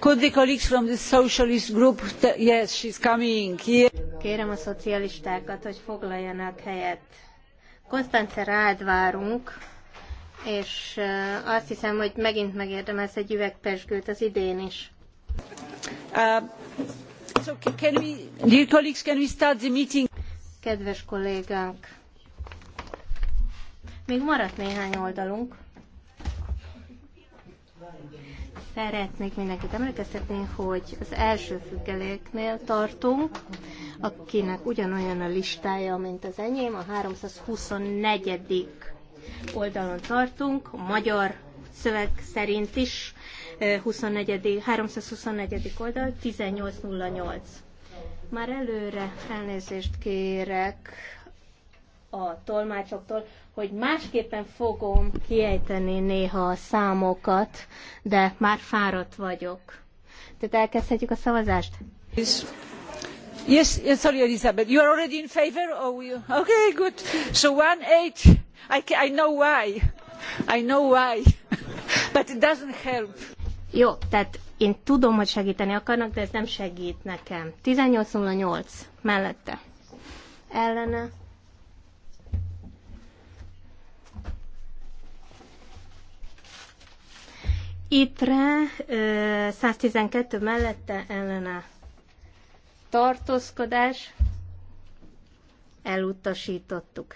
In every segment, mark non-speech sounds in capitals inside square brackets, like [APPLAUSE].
Could the colleagues from the socialist group, yes, she's coming. Here. Kérem a szocialistákat, hogy foglaljanak helyet. Konstance rád várunk, és azt hiszem, hogy megint megérdemelsz egy üveg pesgőt az idén is. Uh, so can we, dear colleagues, can we start the meeting? Kedves kollégánk, még maradt néhány oldalunk. szeretnék mindenkit emlékeztetni, hogy az első függeléknél tartunk, akinek ugyanolyan a listája, mint az enyém, a 324. oldalon tartunk, a magyar szöveg szerint is 24. 324. oldal 1808. Már előre elnézést kérek a tolmácsoktól, hogy másképpen fogom kiejteni néha a számokat, de már fáradt vagyok. Tehát elkezdhetjük a szavazást? Yes, yes, sorry Elizabeth, you are already in favor? will you... okay, good. So one eight, I, I know why. I know why. [LAUGHS] But it doesn't help. Jó, tehát én tudom, hogy segíteni akarnak, de ez nem segít nekem. 1808 mellette. Ellene Ittre 112 mellette ellene tartózkodás elutasítottuk.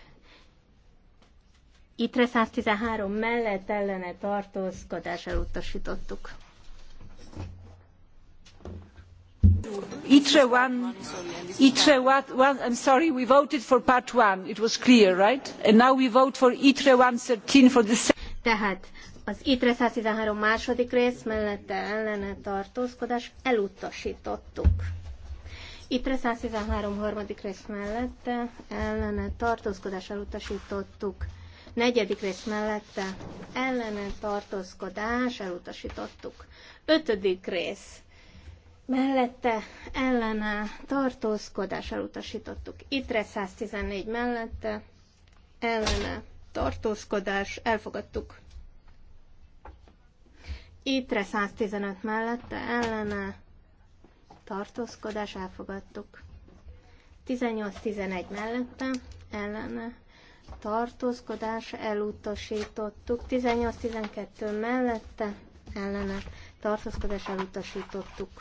Ittre 113 mellett ellene tartózkodás elutasítottuk. Itre one, Itre one, I'm sorry, we voted for part one. It was clear, right? And now we vote for Itre 113 for the. Tehát az ITRE 113 második rész mellette ellene tartózkodás elutasítottuk. ITRE 113 harmadik rész mellette ellene tartózkodás elutasítottuk. Negyedik rész mellette ellene tartózkodás elutasítottuk. Ötödik rész mellette ellene tartózkodás elutasítottuk. ITRE 114 mellette ellene tartózkodás elfogadtuk. Ittre 115 mellette ellene tartózkodás elfogadtuk. 18-11 mellette ellene tartózkodás elutasítottuk. 18-12 mellette ellene tartózkodás elutasítottuk.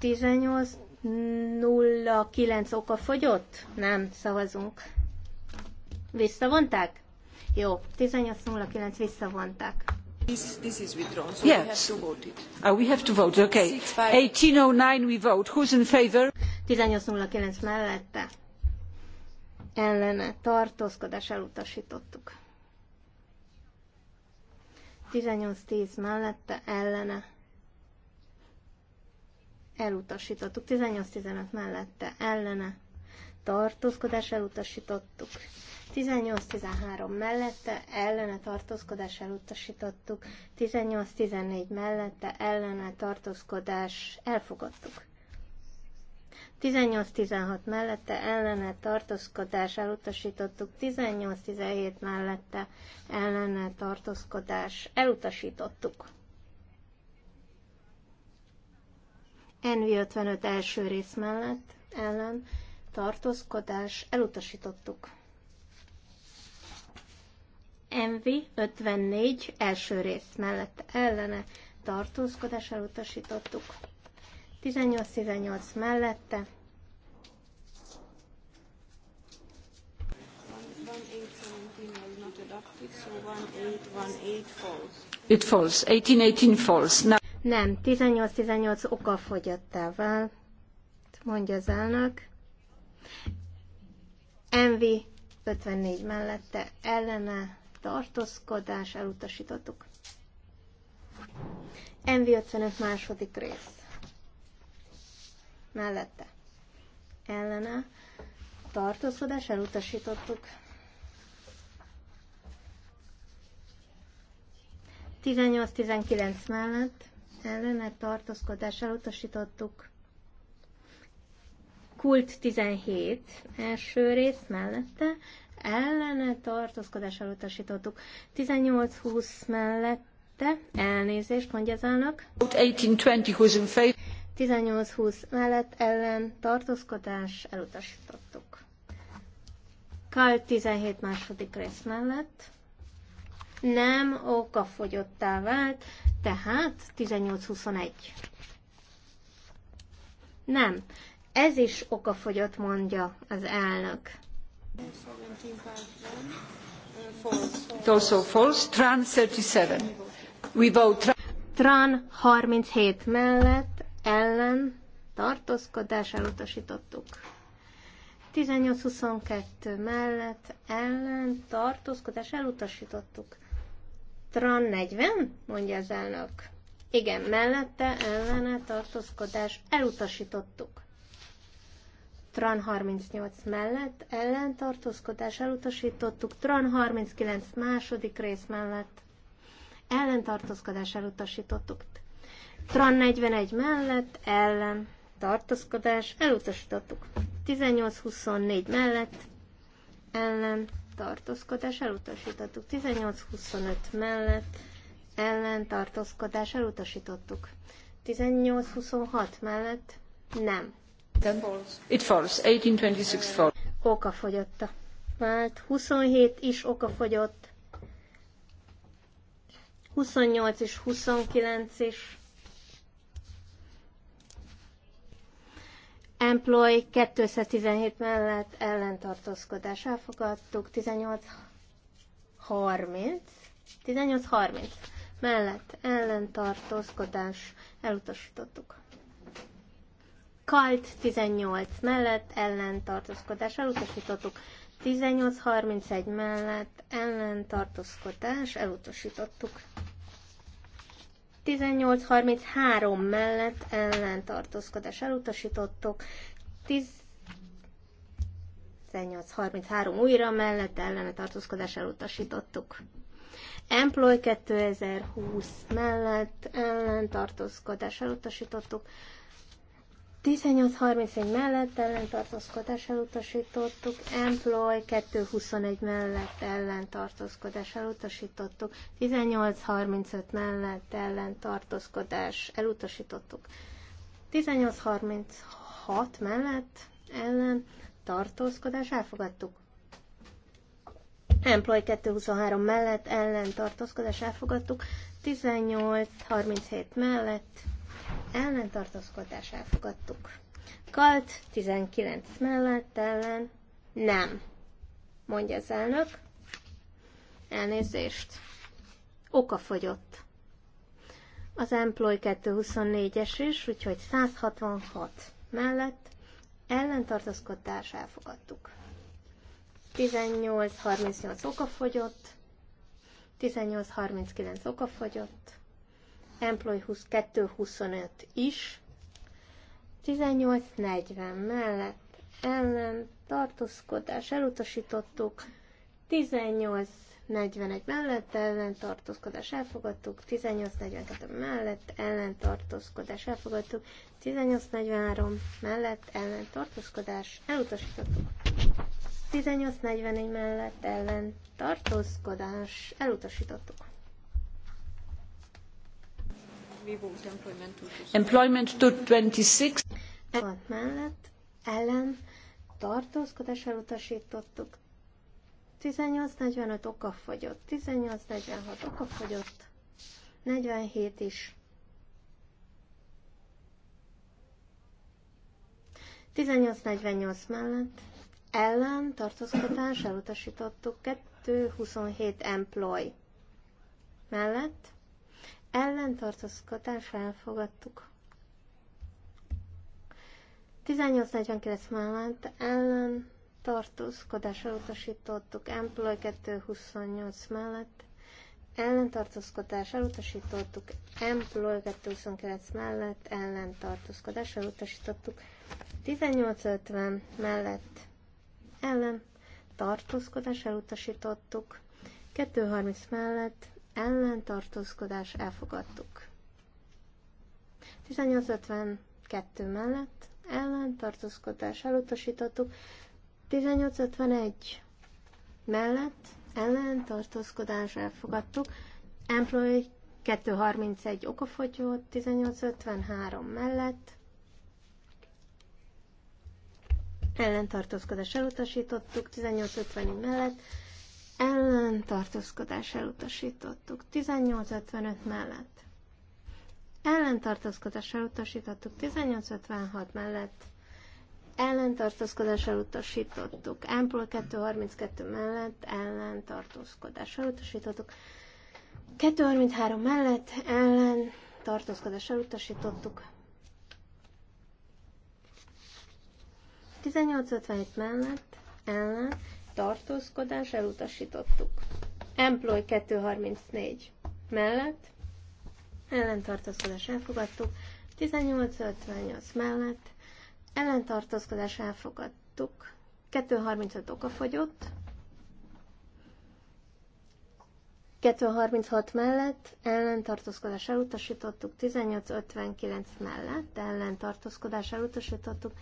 18-09 oka fogyott? Nem, szavazunk. Visszavonták? Jó, 18-09 visszavonták. This, this is withdrawn, so yes. we have to vote it. Oh, we have to vote, okay. 1809 we vote. Who's in favor? 1809 mellette. Ellene tartózkodás elutasítottuk. 1810 mellette ellene elutasítottuk. 1815 mellette ellene tartózkodás elutasítottuk. 18-13 mellette ellene tartózkodás elutasítottuk, 18-14 mellette ellene tartózkodás elfogadtuk. 18-16 mellette ellene tartózkodás elutasítottuk, 18-17 mellette ellene tartózkodás elutasítottuk. NV55 első rész mellett ellen tartózkodás elutasítottuk. Envi 54 első rész mellett ellene tartózkodás utasítottuk. 18-18 mellette. It falls. 18-18 falls. No. Nem, 18-18 oka fogyottá mondja az elnök. Envi 54 mellette ellene tartózkodás elutasítottuk. MV55 második rész. Mellette. Ellene. Tartózkodás elutasítottuk. 18-19 mellett ellene tartózkodás elutasítottuk. Kult 17 első rész mellette ellene tartózkodással utasítottuk. 18-20 mellette elnézést mondja az elnök. 18-20 mellett ellen tartózkodás elutasítottuk. Kal 17 második rész mellett nem fogyottá vált, tehát 18-21. Nem, ez is okafogyott, mondja az elnök false. Tran 37. Tran 37 mellett ellen tartózkodás elutasítottuk. 18-22 mellett ellen tartózkodás elutasítottuk. Tran 40, mondja az elnök. Igen, mellette ellene tartózkodás elutasítottuk. Tran 38 mellett, ellentartózkodás elutasítottuk, Tran 39 második rész mellett, ellentartózkodás elutasítottuk, Tran 41 mellett, ellen tartózkodás elutasítottuk, 18-24 mellett, ellen tartózkodás elutasítottuk, 18-25 mellett, ellen tartózkodás elutasítottuk, 18-26 mellett, nem, It falls. 1826 falls. Okafogyotta. Vált. 27 is okafogyott. 28 és 29 is. Employ 217 mellett ellentartózkodás elfogadtuk, 18.30, 18.30 mellett ellentartózkodás elutasítottuk. Kalt 18 mellett ellentartózkodás elutasítottuk. 1831 mellett tartózkodás elutasítottuk. 1833 mellett tartózkodás elutasítottuk. 1833 újra mellett ellen tartózkodás elutasítottuk. Employ 2020 mellett tartózkodás elutasítottuk. 18.31 mellett ellentartózkodás elutasítottuk, Employ 2.21 mellett ellentartózkodás elutasítottuk, 18.35 mellett ellentartózkodás elutasítottuk, 18.36 mellett ellen elfogadtuk. Employ 2.23 mellett ellen elfogadtuk, 18.37 mellett ellen tartózkodás elfogadtuk. Kalt 19 mellett ellen nem, mondja az elnök. Elnézést. Oka fogyott. Az Employ 224-es is, úgyhogy 166 mellett ellentartózkodás elfogadtuk. 18-38 fogyott, 18-39 okafogyott, Employee 225 is, 1840 mellett ellen tartózkodás elutasítottuk, 1841 mellett ellen tartózkodás elfogadtuk, 1842 mellett ellen tartózkodás elfogadtuk, 1843 mellett ellen tartózkodás elutasítottuk. 1841 mellett ellen tartózkodás elutasítottuk employment to 26. mellett ellen utasítottuk. elutasítottuk. 45 oka fogyott, 18-46 oka fogyott, 47 is. 1848 mellett ellen tartózkodás elutasítottuk 227 employ mellett ellentartózkodás elfogadtuk. 1849 mellett ellen tartózkodásra utasítottuk, Employ 228 mellett ellentartózkodás elutasítottuk, Employ 229 mellett ellentartózkodásra elutasítottuk, 1850 mellett ellen tartózkodás elutasítottuk, 230 mellett ellentartózkodás elfogadtuk. 1852 mellett ellentartózkodás elutasítottuk. 1851 mellett ellentartózkodás elfogadtuk. Employee 231 okafogyó, 1853 mellett ellentartózkodás elutasítottuk, 1854 mellett ellen tartózkodás elutasítottuk. 1855 mellett. Ellentartózkodás elutasítottuk. 1856 mellett. Ellentartózkodás elutasítottuk. Ample 232 mellett ellentartózkodás elutasítottuk. 233 mellett ellen tartózkodás elutasítottuk. 1857 mellett ellen tartózkodás, elutasítottuk. Employ 234 mellett, ellentartózkodás elfogadtuk, 1858 mellett, ellentartózkodás elfogadtuk, 235 okafogyott, 236 mellett ellentartózkodás elutasítottuk, 1859 mellett ellentartózkodás elutasítottuk,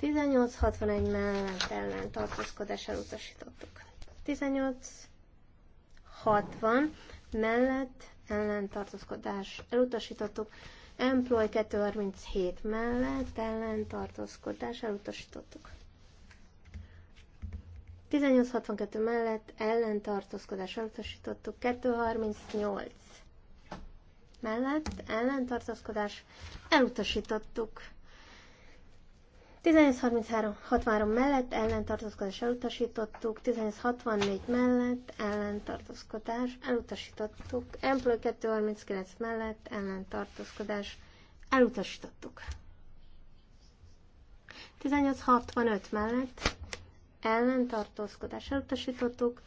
1861 mellett ellentartózkodás elutasítottuk. 1860 mellett ellentartózkodás elutasítottuk, Employ 237 mellett ellentartózkodás elutasítottuk. 1862 mellett ellentartózkodás elutasítottuk, 238 mellett ellentartózkodás elutasítottuk. 1863 mellett ellentartózkodás elutasítottuk, 1864 mellett ellentartózkodás elutasítottuk, Employ 239 mellett ellentartózkodás elutasítottuk. 1865 mellett ellentartózkodás elutasítottuk,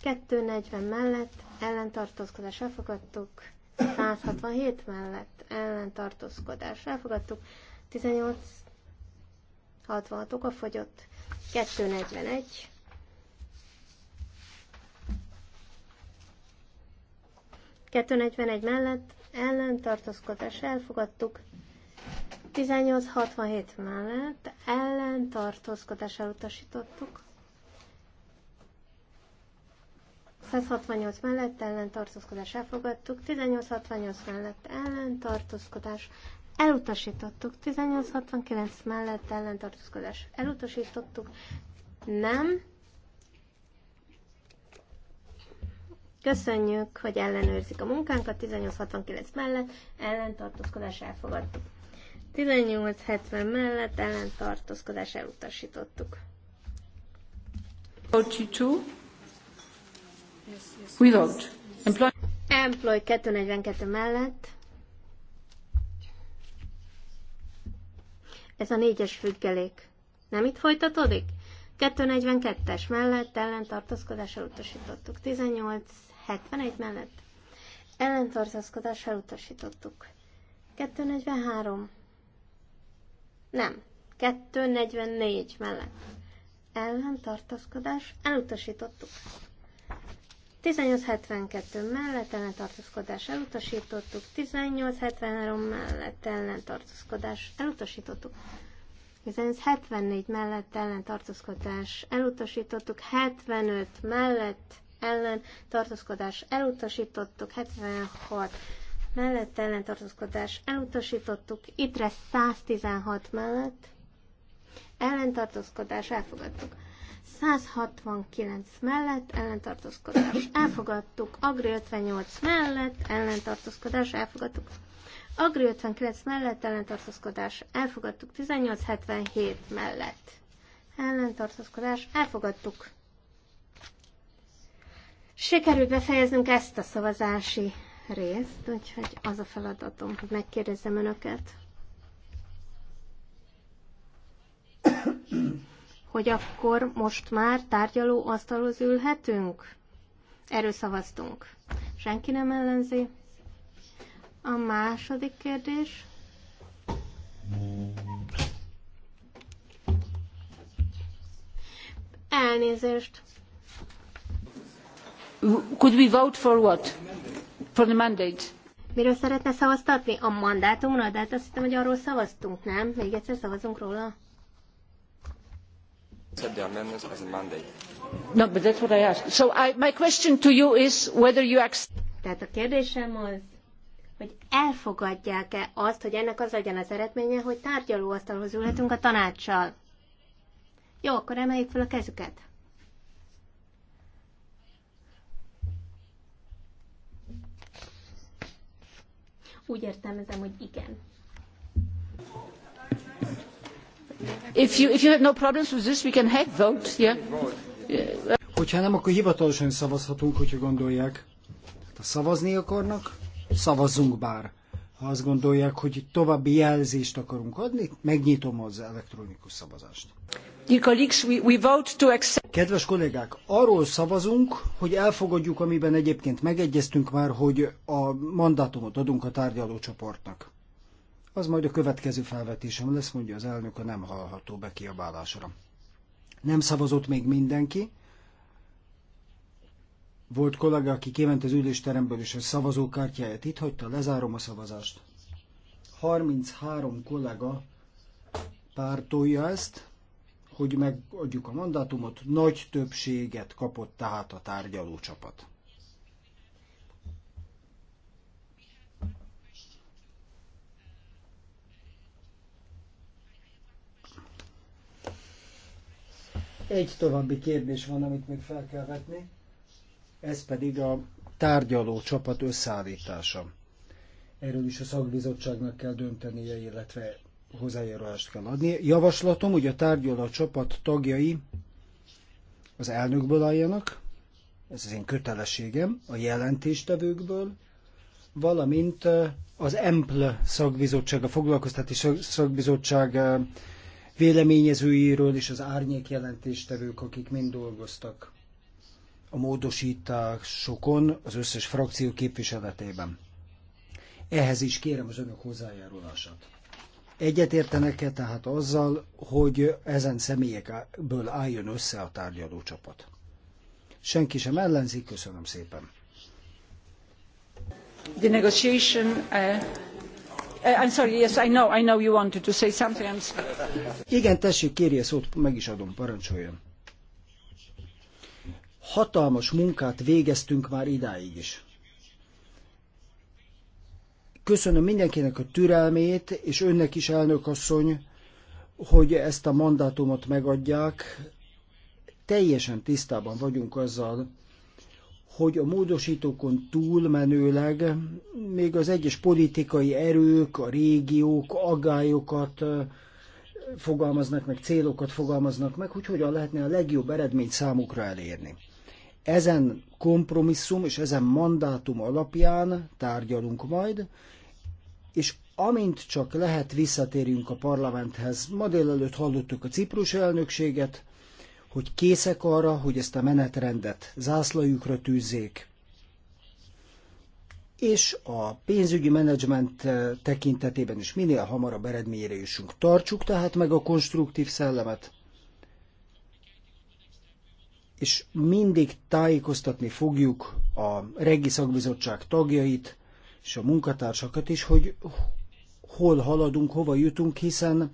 240 mellett ellentartózkodás elfogadtuk, 167 mellett ellentartózkodás elfogadtuk, 18 66 oka fogyott, 241 241 mellett ellentartózkodás elfogadtuk, 1867 mellett ellen tartózkodás elutasítottuk. 168 mellett ellen tartózkodás elfogadtuk, 1868 mellett ellen tartózkodás elutasítottuk, 1869 mellett ellen tartózkodás elutasítottuk, nem. Köszönjük, hogy ellenőrzik a munkánkat, 1869 mellett ellen elfogadtuk. 1870 mellett ellen tartózkodás elutasítottuk. 42. Without. Employ. Employ 242 mellett. Ez a négyes függelék. Nem itt folytatódik? 242-es mellett ellen tartózkodás elutasítottuk. 1871 mellett ellentartózkodás elutasítottuk. 243 nem. 244 mellett. Ellen tartózkodás elutasítottuk. 1872 mellett Ellen ellentartózkodás elutasítottuk, 1873 mellett Ellen ellentartózkodás elutasítottuk, 1874 mellett Ellen ellentartózkodás elutasítottuk, 75 mellett Ellen ellentartózkodás elutasítottuk, 76 mellett ellentartózkodás elutasítottuk, lesz 116 mellett ellentartózkodás elfogadtuk. 169 mellett ellentartózkodás elfogadtuk, Agri 58 mellett ellentartózkodás elfogadtuk. Agri 59 mellett ellentartózkodás elfogadtuk, 1877 mellett ellentartózkodás elfogadtuk. Sikerült befejeznünk ezt a szavazási részt, úgyhogy az a feladatom, hogy megkérdezzem önöket, hogy akkor most már tárgyaló asztalhoz ülhetünk? Erről szavaztunk. Senki nem ellenzi? A második kérdés. Elnézést. Could we vote for what? for the mandate. Miről szeretne szavaztatni? A mandátumra? De hát azt hittem, hogy arról szavaztunk, nem? Még egyszer szavazunk róla? the amendments as a mandate. No, but that's what I asked. So I, my question to you is whether you accept... Tehát a kérdésem az, hogy elfogadják-e azt, hogy ennek az legyen az eredménye, hogy tárgyalóasztalhoz ülhetünk a tanácssal. Jó, akkor emeljük fel a kezüket. Úgy értelmezem, hogy igen. If you, if you have no problems with this, we can vote, yeah? Hogyha nem, akkor hivatalosan szavazhatunk, hogyha gondolják. Ha szavazni akarnak, szavazzunk bár. Ha azt gondolják, hogy további jelzést akarunk adni, megnyitom az elektronikus szavazást. Kedves kollégák, arról szavazunk, hogy elfogadjuk, amiben egyébként megegyeztünk már, hogy a mandátumot adunk a tárgyalócsoportnak. Az majd a következő felvetésem lesz, mondja az elnök a nem hallható bekiabálásra. Nem szavazott még mindenki. Volt kollega, aki kiment az ülésteremből, és a szavazókártyáját itt hagyta, lezárom a szavazást. 33 kollega pártolja ezt, hogy megadjuk a mandátumot, nagy többséget kapott tehát a tárgyaló csapat. Egy további kérdés van, amit még fel kell vetni, ez pedig a tárgyaló csapat összeállítása. Erről is a szakbizottságnak kell döntenie, illetve hozzájárulást kell adni. Javaslatom, hogy a tárgyaló csapat tagjai az elnökből álljanak, ez az én kötelességem, a jelentéstevőkből, valamint eh, az EMPL szakbizottság, a foglalkoztatási szakbizottság eh, véleményezőiről és az árnyék jelentéstevők, akik mind dolgoztak a módosításokon az összes frakció képviseletében. Ehhez is kérem az önök hozzájárulását. Egyetértenek-e tehát azzal, hogy ezen személyekből álljon össze a tárgyaló csapat? Senki sem ellenzik, köszönöm szépen. The negotiation, uh, uh, I'm sorry, yes, I know, I know you wanted to say something. I'm... Igen, tessék, kérje szót, meg is adom, parancsoljon. Hatalmas munkát végeztünk már idáig is Köszönöm mindenkinek a türelmét, és önnek is, elnökasszony, hogy ezt a mandátumot megadják. Teljesen tisztában vagyunk azzal, hogy a módosítókon túlmenőleg még az egyes politikai erők, a régiók, agályokat eh, fogalmaznak meg, célokat fogalmaznak meg, hogy hogyan lehetne a legjobb eredményt számukra elérni. Ezen kompromisszum és ezen mandátum alapján tárgyalunk majd, és amint csak lehet, visszatérjünk a parlamenthez. Ma délelőtt hallottuk a ciprus elnökséget, hogy készek arra, hogy ezt a menetrendet zászlajukra tűzzék, és a pénzügyi menedzsment eh, tekintetében is minél hamarabb eredményre jussunk. Tartsuk tehát meg a konstruktív szellemet, és mindig tájékoztatni fogjuk a regi szakbizottság tagjait, és a munkatársakat is, hogy hol haladunk, hova jutunk, hiszen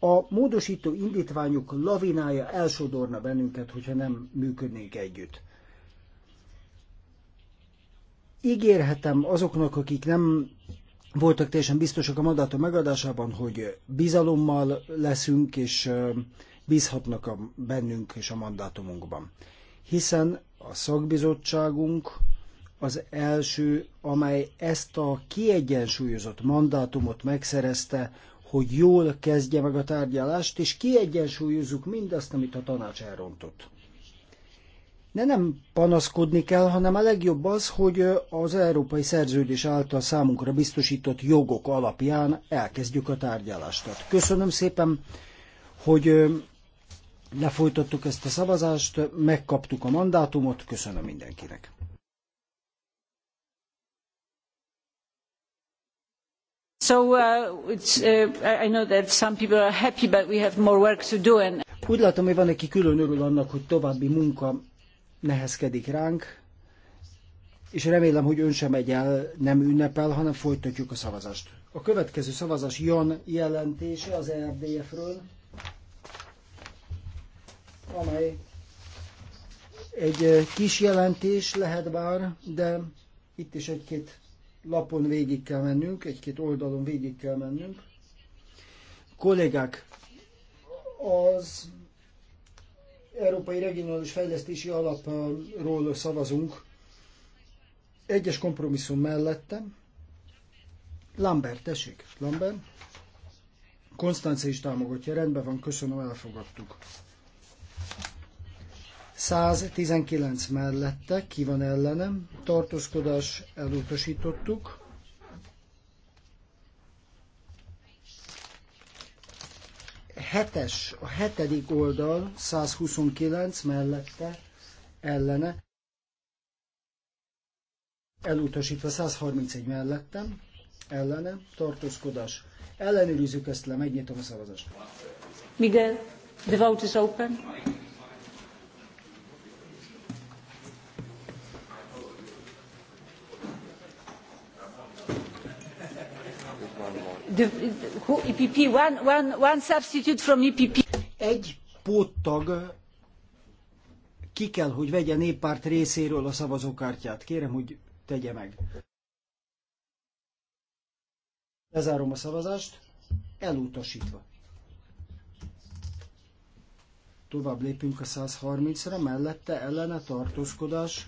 a módosító indítványok lavinája elsodorna bennünket, hogyha nem működnénk együtt. Ígérhetem azoknak, akik nem voltak teljesen biztosak a mandátum megadásában, hogy bizalommal leszünk, és bízhatnak a bennünk és a mandátumunkban. Hiszen a szakbizottságunk az első, amely ezt a kiegyensúlyozott mandátumot megszerezte, hogy jól kezdje meg a tárgyalást, és kiegyensúlyozzuk mindazt, amit a tanács elrontott. De nem panaszkodni kell, hanem a legjobb az, hogy az európai szerződés által számunkra biztosított jogok alapján elkezdjük a tárgyalást. Köszönöm szépen, hogy lefolytottuk ezt a szavazást, megkaptuk a mandátumot, köszönöm mindenkinek. So uh, it's, uh, I know that some people are happy, but we have more work to do. And... Úgy látom, hogy van, aki külön örül annak, hogy további munka nehezkedik ránk, és remélem, hogy ön sem megy el, nem ünnepel, hanem folytatjuk a szavazást. A következő szavazás Jan jelentése az RDF-ről amely egy eh, kis jelentés lehet bár, de itt is egy-két lapon végig kell mennünk, egy-két oldalon végig kell mennünk. Kollégák, az Európai Regionális Fejlesztési Alapról szavazunk. Egyes kompromisszum mellettem. Lambert, tessék, Lambert. Konstancia is támogatja, rendben van, köszönöm, elfogadtuk. 119 mellette, ki van ellenem, tartózkodás elutasítottuk. Hetes, a hetedik oldal, 129 mellette, ellene, elutasítva 131 mellettem, ellene, tartózkodás. Ellenőrizzük ezt le, megnyitom a szavazást. Miguel, the vote is open. EPP, e one, one, one substitute from EPP. Egy póttag ki kell, hogy vegye néppárt részéről a szavazókártyát. Kérem, hogy tegye meg. Lezárom a szavazást. Elutasítva. Tovább lépünk a 130-ra, mellette ellene tartózkodás.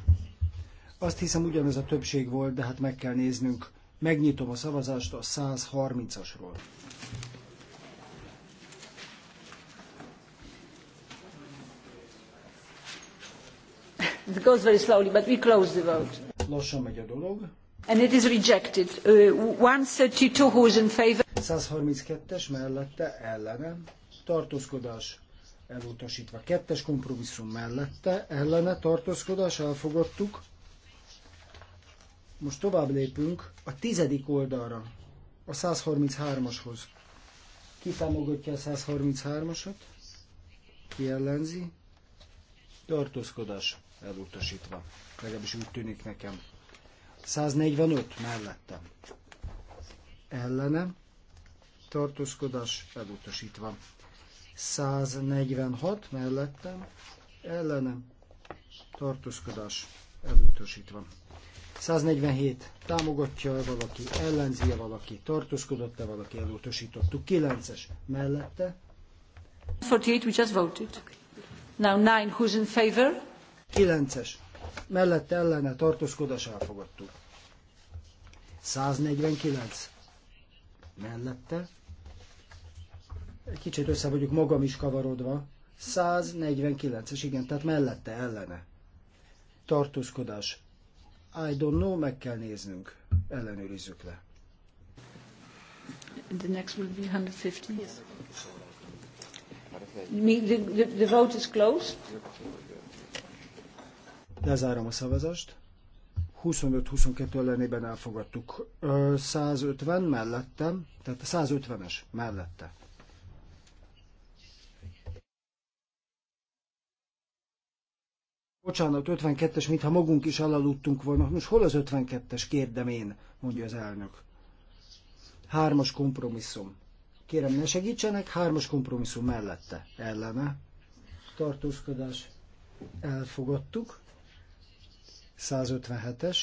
Azt hiszem ugyanez a többség volt, de hát meg kell néznünk. Megnyitom a szavazást a 130-asról. It goes very slowly, but we close the vote. Lassan megy a dolog. And it is rejected. Uh, 132 who is in favor. 132-es mellette ellene. Tartózkodás elutasítva. Kettes kompromisszum mellette ellene tartózkodás elfogadtuk. Most tovább lépünk a tizedik oldalra, a 133-ashoz. Ki támogatja a 133-asat? Ki ellenzi? Tartózkodás elutasítva. Legalábbis úgy tűnik nekem. 145 mellettem. Ellenem. Tartózkodás elutasítva. 146 mellettem. Ellenem. Tartózkodás elutasítva. 147 támogatja -e valaki, ellenzi -e valaki, tartózkodott-e valaki, elutasítottuk. 9-es mellette. 48 we just voted. Now 9 who's in favor? 9-es mellette ellene tartózkodás elfogadtuk. 149 mellette. Kicsit össze vagyok magam is kavarodva. 149-es, igen, tehát mellette ellene. Tartózkodás I don't know, meg kell néznünk. Ellenőrizzük le. The next will be 150. Yes. The, the, the vote is closed. Lezárom a szavazást. 25-22 ellenében elfogadtuk. 150 mellettem, tehát a 150-es mellette. Bocsánat, 52-es, mintha magunk is elaludtunk volna. Most hol az 52-es, kérdem én, mondja az elnök. Hármas kompromisszum. Kérem, ne segítsenek, hármas kompromisszum mellette, ellene. Tartózkodás. Elfogadtuk. 157-es.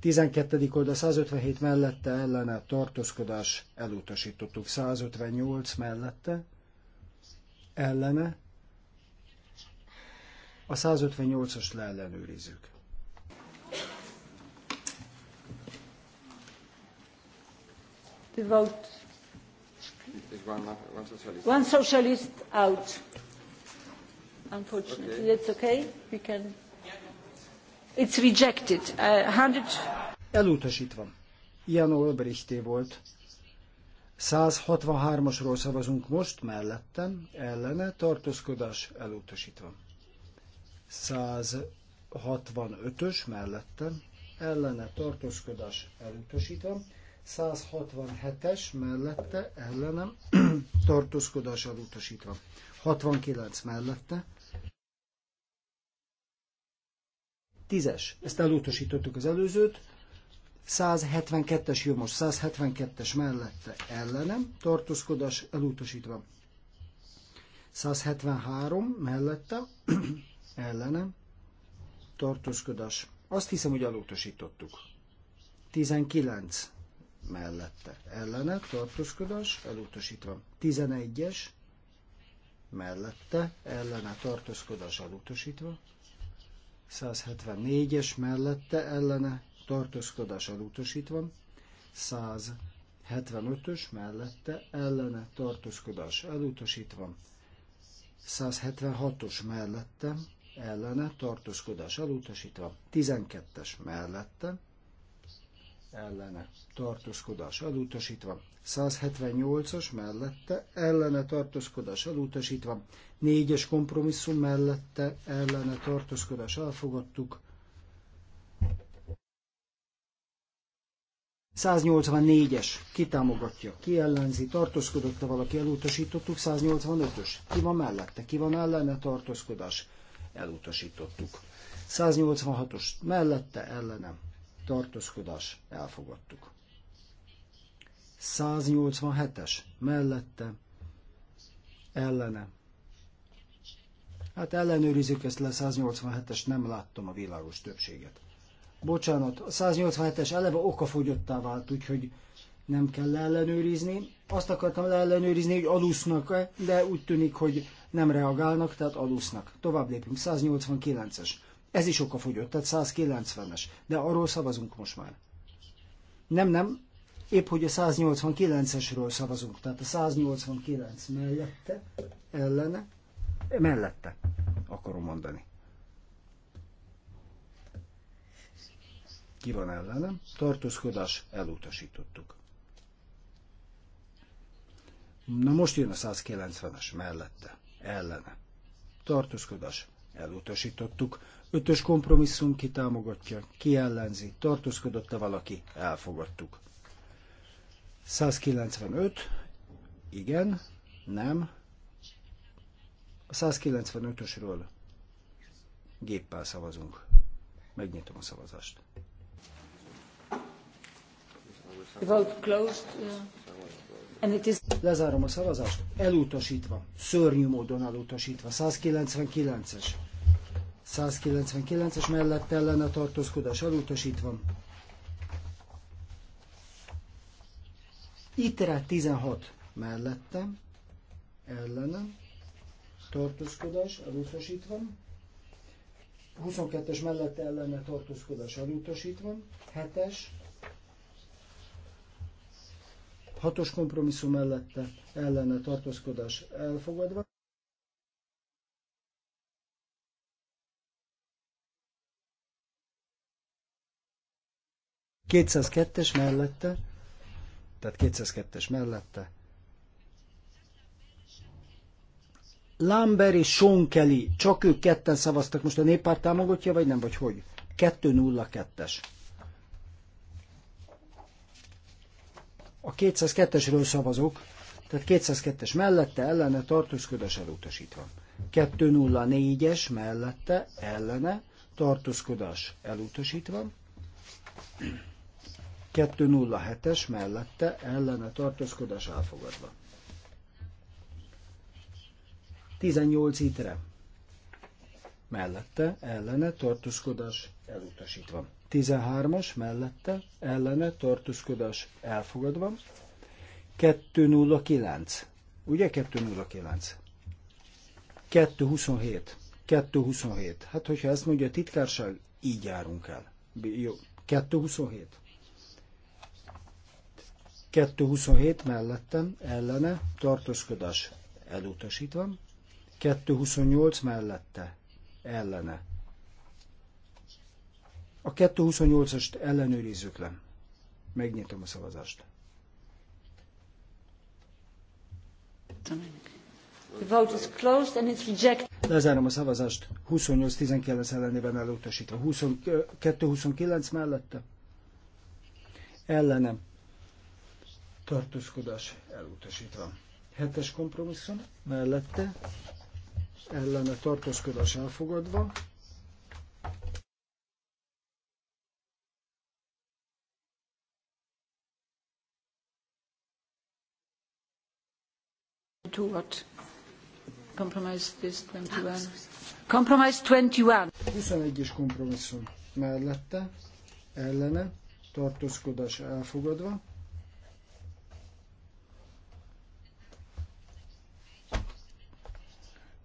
12. oldal 157 mellette ellene tartózkodás elutasítottuk. 158 mellette ellene a 158-as leellenőrizzük. The vote. One, one socialist out. Unfortunately, okay. that's okay. We can. It's rejected. Uh, hundred. Elutasítva. Jan Olbrichté volt. 163-asról szavazunk most, mellettem, ellene, tartózkodás elutasítva. 165-ös mellette ellene tartózkodás elutasítva, 167-es mellette ellenem [CLEARS THROAT] tartózkodás elutasítva, 69 mellette, 10-es, ezt elutasítottuk az előzőt, 172-es jó most, 172-es mellette ellenem, tartózkodás elutasítva. 173 mellette [CLEARS THROAT] ellenem, tartózkodás. Azt hiszem, hogy elutasítottuk. 19 mellette ellene, tartózkodás, elutasítva. 11-es mellette, ellene, tartózkodás, elutasítva. 174-es mellette, ellene, tartózkodás, elutasítva. 175-ös mellette, ellene, tartózkodás, elutasítva. 176-os mellette, ellene, tartózkodás elutasítva, 12-es mellette, ellene, tartózkodás elutasítva, 178-as mellette, ellene, tartózkodás elutasítva, 4-es kompromisszum mellette, ellene, tartózkodás elfogadtuk, 184-es kitámogatja, ki ellenzi, tartózkodott-e valaki, elutasítottuk, 185-ös, ki van mellette, ki van ellene, tartózkodás, elutasítottuk. 186-os mellette ellenem tartózkodás elfogadtuk. 187-es mellette ellene. Hát ellenőrizzük ezt le, 187-es nem láttam a világos többséget. Bocsánat, a 187-es eleve okafogyottá vált, úgyhogy nem kell ellenőrizni. Azt akartam ellenőrizni hogy alusznak -e, de úgy tűnik, hogy nem reagálnak, tehát alusznak. Tovább lépünk, 189-es. Ez is fogyott, tehát 190-es. De arról szavazunk most már. Nem, nem, épp hogy a 189-esről szavazunk, tehát a 189 mellette, ellene, mellette, akarom mondani. Ki van ellenem? Tartózkodás, elutasítottuk. Na most jön a 190-es mellette ellene. Tartózkodás elutasítottuk. Ötös kompromisszum ki támogatja, ki ellenzi, tartózkodott-e valaki, elfogadtuk. 195, igen, nem. A 195-ösről géppel szavazunk. Megnyitom a szavazást. Vote closed. Uh, Lezárom a szavazást. Elutasítva. Szörnyű módon elutasítva. 199-es. 199-es mellett ellene tartózkodás elutasítva. Itre 16 mellettem, ellenem, tartózkodás elutasítva. 22-es mellette ellene tartózkodás elutasítva. 7-es Hatos kompromisszum mellette ellene tartózkodás elfogadva. Kétszázkettes mellette, tehát 202-es mellette. Lambert és Sonkeli, csak ők ketten szavaztak, most a néppárt támogatja, vagy nem, vagy hogy? 202-es. A 202-esről szavazok, tehát 202-es mellette ellene tartózkodás elutasítva. 204-es mellette ellene tartózkodás elutasítva. 207-es mellette ellene tartózkodás elfogadva. 18 itre mellette ellene tartózkodás elutasítva. 13-as mellette ellene tartózkodás elfogadva. 209. Ugye 209? 227. 227. Hát, hogyha ezt mondja a titkárság, így járunk el. Jó. 227. 227 mellettem ellene tartózkodás elutasítva. 228 mellette ellene a 228-ast ellenőrizzük le. Megnyitom a szavazást. The vote is closed and it's rejected. Lezárom a szavazást. 28-19 ellenében elutasítva. 22-29 mellette. Ellenem. Tartózkodás elutasítva. Hetes kompromisszum mellette. Ellene tartózkodás elfogadva. To what? Compromise this 21. Compromise 21. 21-es kompromisszum mellette, ellene, tartózkodás elfogadva.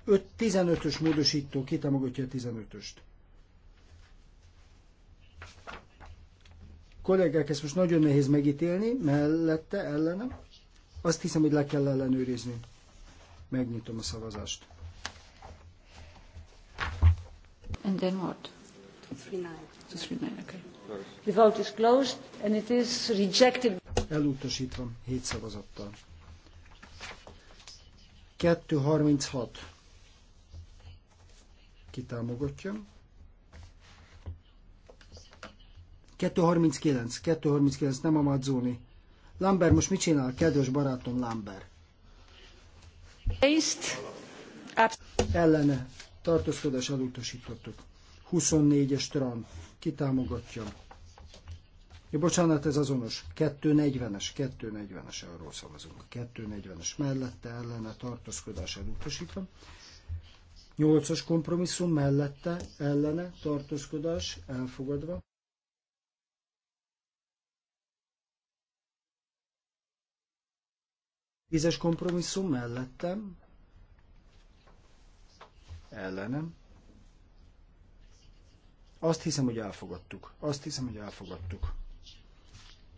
Öt 15-ös módosító kitámogatja a 15-öst. Kollégák, ezt most nagyon nehéz megítélni, mellette, ellene. Azt hiszem, hogy le kell ellenőrizni. Megnyitom a szavazást. And then what? Okay. The vote is closed and it is rejected. Elutasítva 7 szavazattal. 236. Kitámogatja. 239. 239, nem a Mazzoni. Lambert most mit csinál? Kedves barátom Lambert. Ellene tartózkodás elutasítottuk. 24-es tram. Ki támogatja? Ja, bocsánat, ez azonos. 240-es, 240-es arról szavazunk. 240-es mellette ellene tartózkodás elutasítom. 8-as kompromisszum mellette ellene tartózkodás elfogadva. Tízes kompromisszum mellettem, ellenem. Azt hiszem, hogy elfogadtuk. Azt hiszem, hogy elfogadtuk.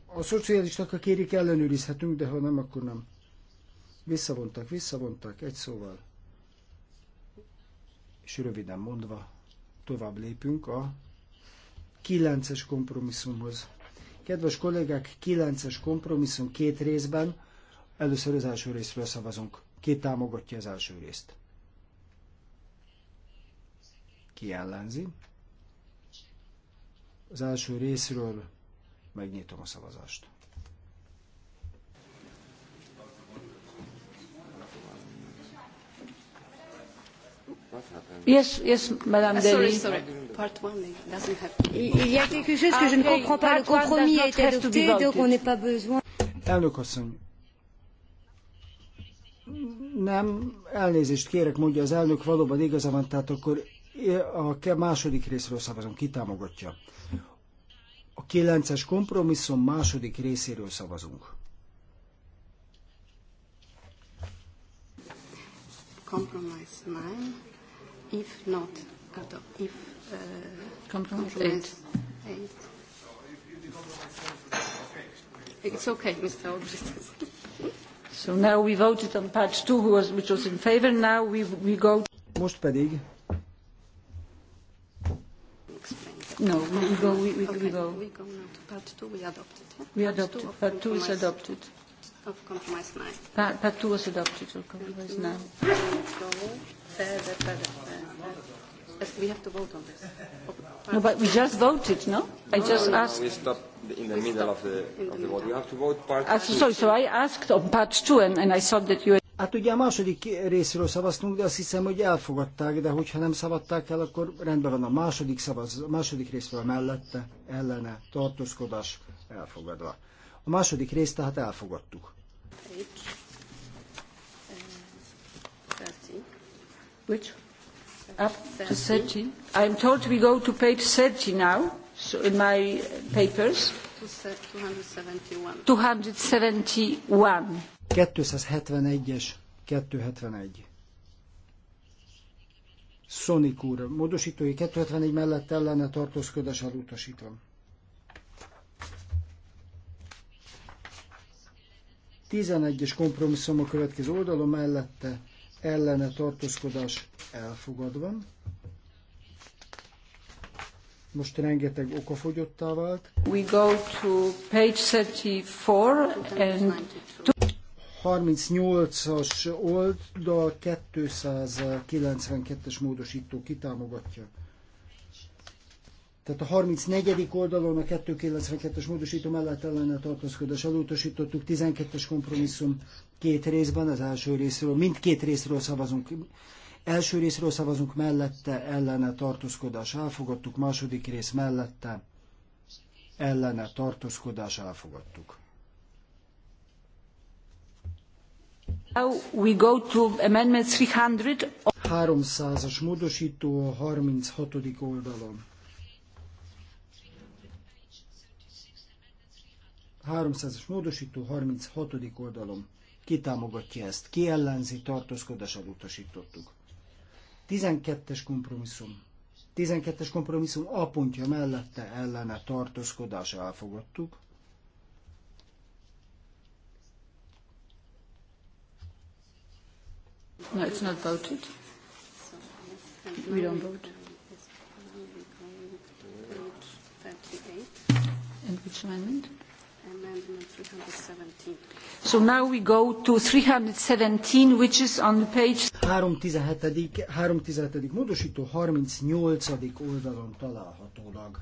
A szocialisták, ha kérik, ellenőrizhetünk, de ha nem, akkor nem. Visszavontak, visszavontak, egy szóval. És röviden mondva, tovább lépünk a 9 kompromisszumhoz. Kedves kollégák, 9 kompromisszum két részben Először az első részről szavazunk. Ki támogatja az első részt? Ki ellenzi? Az első részről megnyitom a szavazást. Yes, yes, Madame ah, Sorry, sorry. Part one doesn't be. Il y a quelque chose que je ne comprends pas. Le compromis a été adopté, donc on n'est pas besoin. Elnök asszony, nem, elnézést kérek, mondja az elnök, valóban igaza van, tehát akkor a második részről szavazom, ki támogatja. A kilences kompromisszum második részéről szavazunk. Compromise 9, if not, if uh, compromise 8. It's okay, Mr. Albrecht. [LAUGHS] Most pedig... No, we, we go, we, we, okay. we go. We go now to part two, we adopted. Huh? We part adopted, two part two is adopted. Of compromise nine. Part, part two was adopted, of compromise nine. Let's go further, further, further. We have to vote on this. [LAUGHS] No, but we just voted, no? I just no, no, asked. No, we stopped in the we middle of the, of the vote. You have to vote part uh, two. Sorry, so I asked on part two, and, and I saw that you. Had... Hát ugye a második részről szavaztunk, de azt hiszem, hogy elfogadták, de hogyha nem szavazták el, akkor rendben van a második, szavaz, a második részről mellette, ellene, tartózkodás elfogadva. A második részt tehát elfogadtuk. Eh, Which? up to 30. I'm told we go to page 30 now, so in my uh, papers. 271. 271. es 271. Szonik úr, módosítói 271 mellett ellene tartózkodás elutasítom. 11-es kompromisszum a következő oldalon mellette ellene tartózkodás elfogadva. Most rengeteg okafogyottá vált. We go to page 34 and 38-as oldal 292-es módosító kitámogatja. Tehát a 34. oldalon a 292-es módosító mellett ellene tartózkodás elutasítottuk, 12-es kompromisszum két részben, az első részről, mindkét részről szavazunk. Első részről szavazunk mellette, ellene tartózkodás elfogadtuk, második rész mellette, ellene tartózkodás elfogadtuk. Now we go to amendment 300. 300-as módosító a 36. oldalon. 300-as módosító 36. oldalon. Ki támogatja ezt? Ki ellenzi? Tartózkodás utasítottuk. 12-es kompromisszum. 12-es kompromisszum A pontja mellette ellene tartózkodás elfogadtuk. No, it's not voted. We don't vote. And which amendment? amendment 317. So now we go to 317, which is on page... 317. 317. módosító 38. oldalon találhatólag.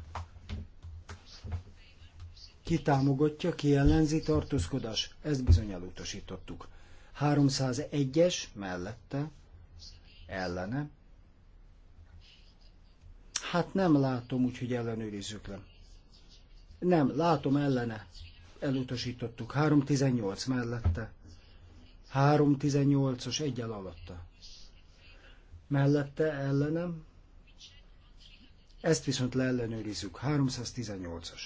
Ki támogatja, ki ellenzi tartózkodás? Ezt bizony elutasítottuk. 301-es mellette, ellene. Hát nem látom, úgyhogy ellenőrizzük le. Nem, látom ellene elutasítottuk. 318 mellette. 318-os egyel alatta. Mellette ellenem. Ezt viszont leellenőrizzük. 318-as.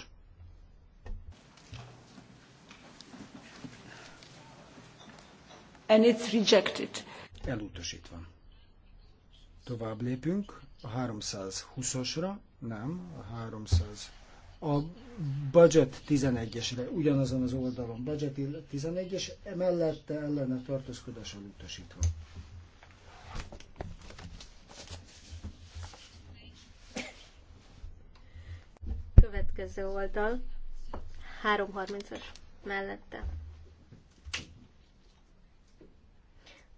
And it's rejected. Elutasítva. Tovább lépünk a 320-asra, nem, a 300 a budget 11-esre, ugyanazon az oldalon, budget 11-es, mellette ellene tartózkodás elutasítva. Következő oldal, 3.30-as, mellette.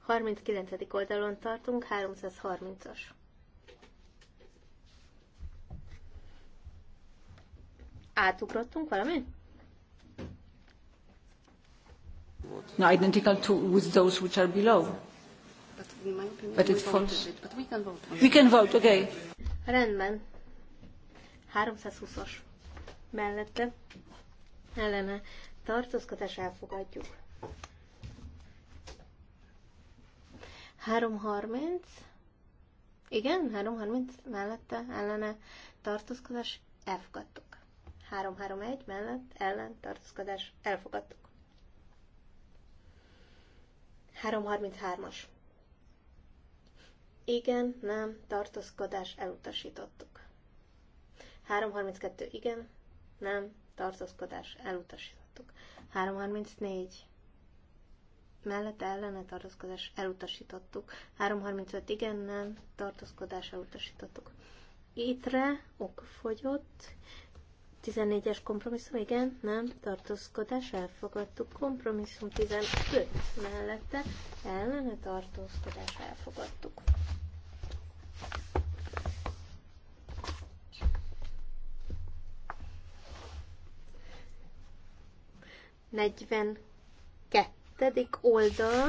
39. oldalon tartunk, 330-as. átugrottunk valami? No, identical to with those which are below. But, in my opinion, but it falls. It, but we can vote. We can vote, okay. Rendben. 320-os. Mellette. Ellene. Tartózkodás elfogadjuk. 330. Igen, 330 mellette ellene tartózkodás elfogadtuk. 331 mellett ellen tartózkodás elfogadtuk. 333-as. Igen, nem, tartózkodás elutasítottuk. 332 igen, nem, tartózkodás elutasítottuk. 334 mellett, ellene tartózkodás elutasítottuk. 335 igen, nem, tartózkodás elutasítottuk. Étre okfogyott, 14-es kompromisszum, igen, nem, tartózkodás, elfogadtuk. Kompromisszum 15 mellette, ellene tartózkodás, elfogadtuk. Negyven kettedik oldal.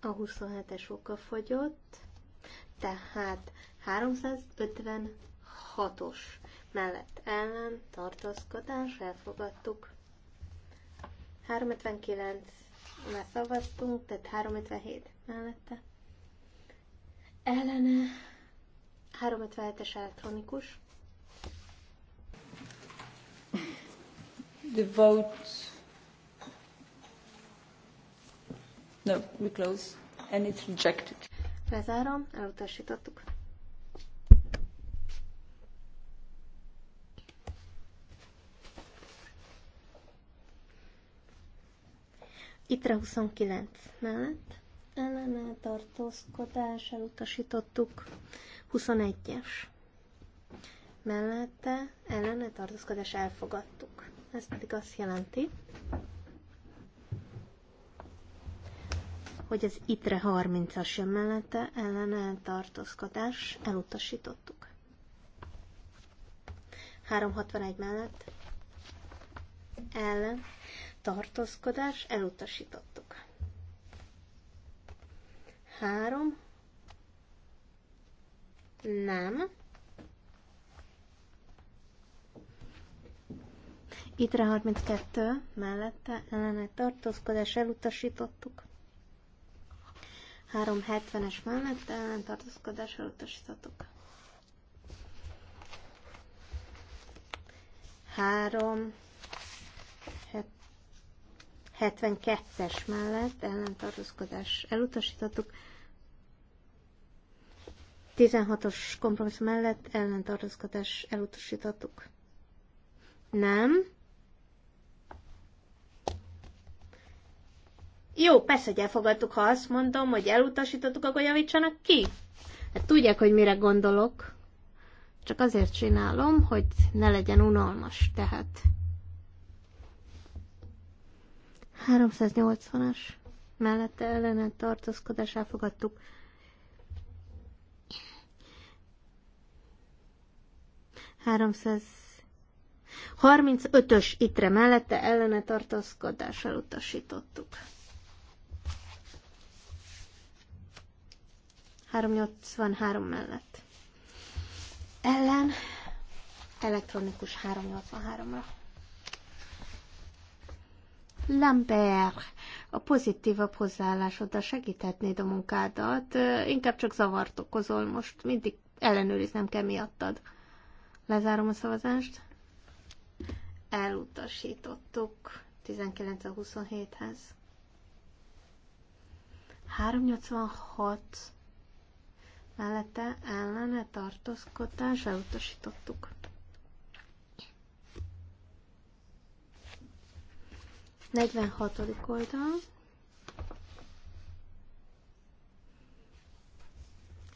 A 27-es oka fogyott. Tehát 356-os mellett ellen tartózkodás elfogadtuk. 359 már szavaztunk, tehát 357 mellette. Ellene 357-es elektronikus. The vote. No, we close. And it's rejected. Lezárom, elutasítottuk. Itre 29 mellett ellene tartózkodás elutasítottuk 21-es. Mellette ellene tartózkodás elfogadtuk. Ez pedig azt jelenti, hogy az ITRE 30-as jön mellette, ellen eltartózkodás, elutasítottuk. 361 mellett ellen tartózkodás, elutasítottuk. 3 nem Itre 32 mellette ellene tartózkodás elutasítottuk. 370-es mellett ellen tartózkodásra utasítatok. 3 72-es mellett ellentartózkodás elutasítottuk, 16-os kompromisszum mellett ellentartózkodás elutasítottuk. Nem, Jó, persze, hogy elfogadtuk, ha azt mondom, hogy elutasítottuk, akkor javítsanak ki. Hát tudják, hogy mire gondolok. Csak azért csinálom, hogy ne legyen unalmas, tehát. 380-as mellette ellene tartózkodás elfogadtuk. Háromszáz 35-ös itre mellette ellene tartózkodás elutasítottuk. 383 mellett. Ellen elektronikus 383-ra. Lambert, a pozitívabb hozzáállásoddal segíthetnéd a munkádat, inkább csak zavart okozol most, mindig ellenőriznem kell miattad. Lezárom a szavazást. Elutasítottuk 19 a 27-hez. 386 mellette ellene tartózkodás elutasítottuk. Negyvenhatodik oldal.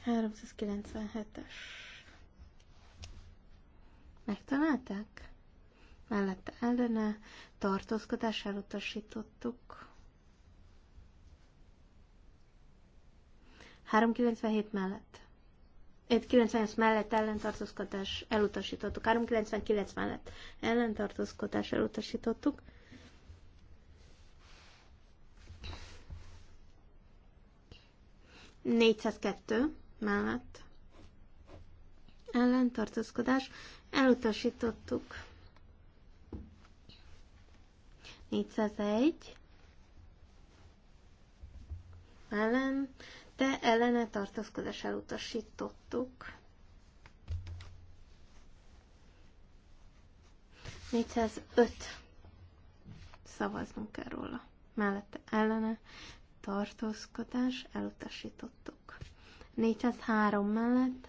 Háromszázkilencvenhetes. Megtalálták? Mellette ellene tartózkodás elutasítottuk. 397 mellett. 98 mellett ellentartózkodás elutasítottuk. 399 mellett ellentartózkodás elutasítottuk. Négyszázkettő mellett ellentartózkodás elutasítottuk. 401 ellen de ellene tartózkodás elutasítottuk. 405 szavaznunk kell róla. Mellette ellene tartózkodás elutasítottuk. 403 mellett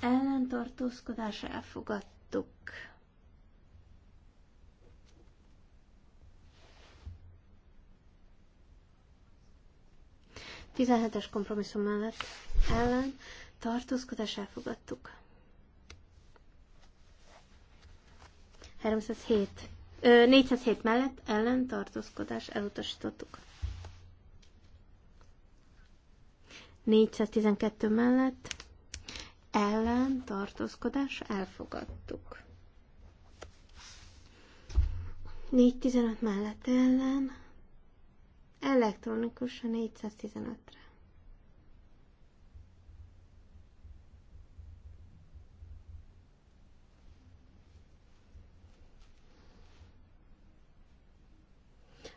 ellentartózkodás elfogadtuk. 17-es kompromisszum mellett ellen tartózkodás elfogadtuk. 307. Ö, 407 mellett ellen tartózkodás elutasítottuk. 412 mellett ellen tartózkodás elfogadtuk. 415 mellett ellen elektronikusan 415-re.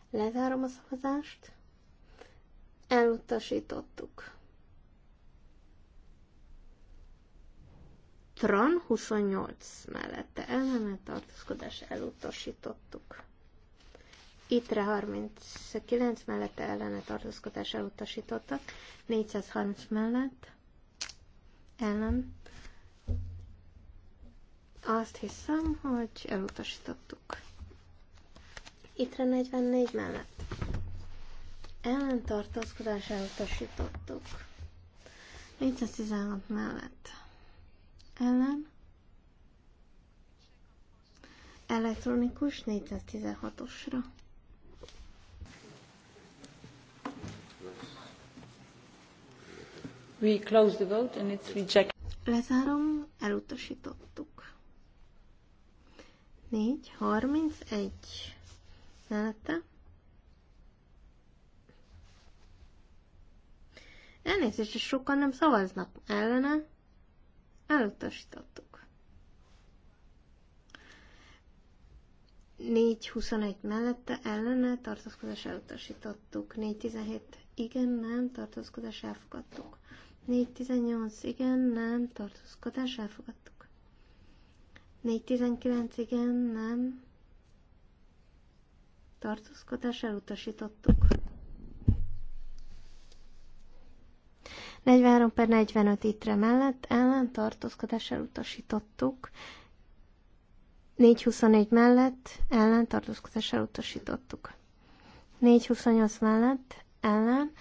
Lezárom a szavazást. Elutasítottuk. Tran 28 mellette ellenet tartózkodás elutasítottuk. Itre 39 mellette ellene tartózkodás elutasítottak, 430 mellett ellen. Azt hiszem, hogy elutasítottuk. Itre 44 mellett ellen tartózkodás elutasítottuk. 416 mellett ellen elektronikus 416-osra. We close the vote and it's rejected. Lezárom, elutasítottuk. 4, 31. Mellette. Elnézést, és sokan nem szavaznak ellene. Elutasítottuk. 4.21 mellette ellene tartózkodás elutasítottuk. 4.17 igen, nem, tartózkodás elfogadtuk. 418, igen, nem, tartózkodás, elfogadtuk. 419, igen, nem, tartózkodás, elutasítottuk. 43 per 45 itre mellett ellen tartózkodás elutasítottuk. 424 mellett ellen tartózkodás elutasítottuk. 428 mellett ellen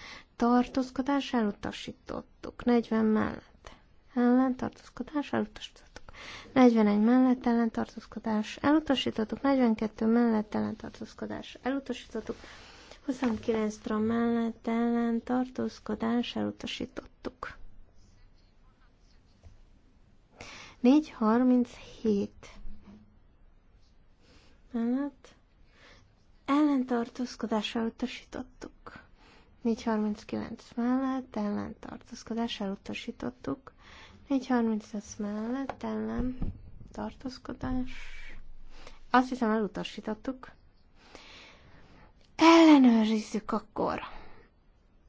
tartózkodására elutasítottuk. 40 mellett ellentartózkodás elutasítottuk. 41 mellett tartózkodás elutasítottuk. 42 mellett tartózkodás elutasítottuk. 29 tra mellett tartózkodás elutasítottuk. 4.37 mellett ellentartózkodásra utasítottuk. 439 mellett ellen tartózkodás elutasítottuk. 438 mellett ellen tartózkodás. Azt hiszem elutasítottuk. Ellenőrizzük akkor.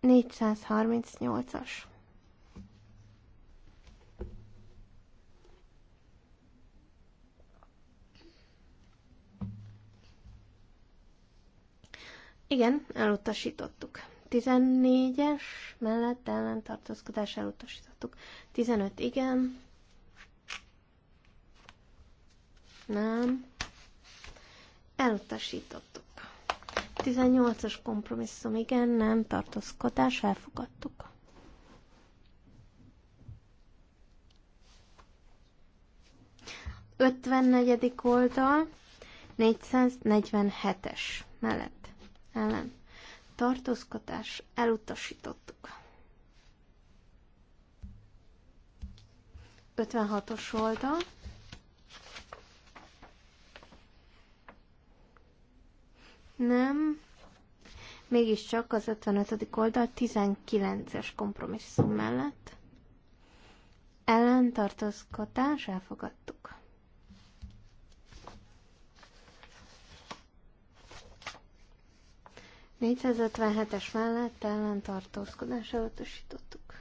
438-as. Igen, elutasítottuk. 14-es mellett tartózkodás elutasítottuk. 15 igen. Nem. Elutasítottuk. 18-as kompromisszum igen, nem tartózkodás, elfogadtuk. Ötvennegyedik oldal, 447-es mellett ellen tartózkodás elutasítottuk. 56-os oldal. Nem. Mégiscsak az 55. oldal 19-es kompromisszum mellett. Ellentartózkodás elfogadtuk. 457-es mellett ellen tartózkodás elutasítottuk.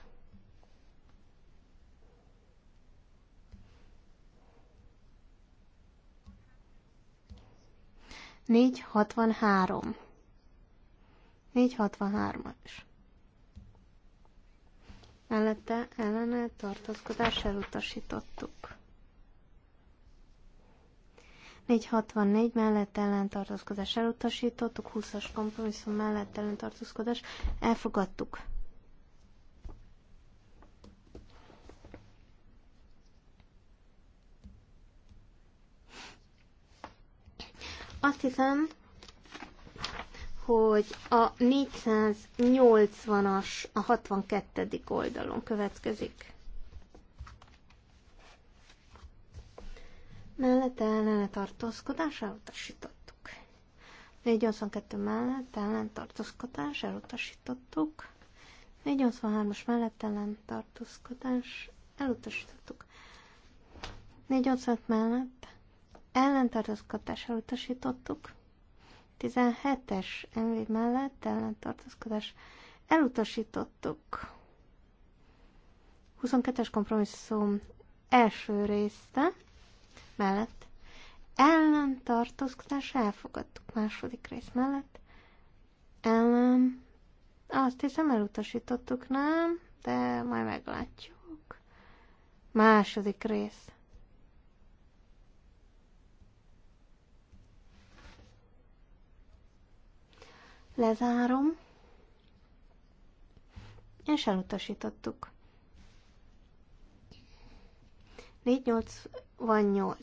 Négy hatvanhárom. Négy hatvanhármas. Mellette ellene tartózkodás elutasítottuk. 464 mellett ellentartózkodás elutasítottuk, 20-as kompromisszum mellett ellentartózkodás elfogadtuk. Azt hiszem, hogy a 480-as a 62. oldalon következik. mellette ellene tartózkodás elutasítottuk. 482 mellett ellen tartózkodás elutasítottuk. 483-as mellett ellen tartózkodás elutasítottuk. 485 mellett ellentartózkodás elutasítottuk. 17-es MV mellett ellentartózkodás elutasítottuk. 22-es kompromisszum első része mellett ellen tartózkodás elfogadtuk második rész mellett. Ellen, azt hiszem elutasítottuk, nem? De majd meglátjuk. Második rész. Lezárom. És elutasítottuk. 4-8 van 8.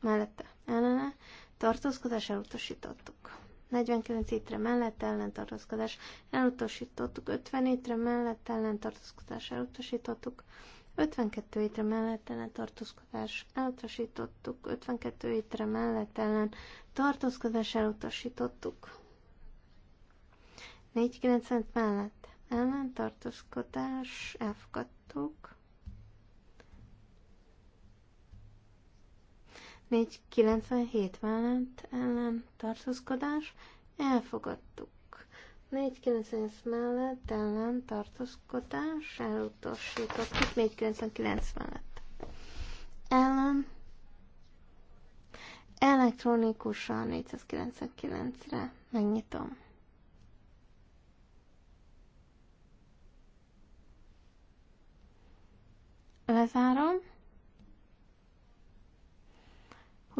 Mellette ellene tartózkodás elutasítottuk. 49 étre mellett tartózkodás elutasítottuk. 50 étre mellett tartózkodás elutasítottuk. 52 étre mellett ellen tartózkodás elutasítottuk, 52 étre mellett ellen tartózkodás elutasítottuk. 490 mellett ellen tartózkodás elfogadtuk, 497 mellett ellen tartózkodás, elfogadtuk. 490 mellett ellen tartózkodás, elutasítottuk 499 mellett. Ellen elektronikusan 499-re megnyitom. Lezárom.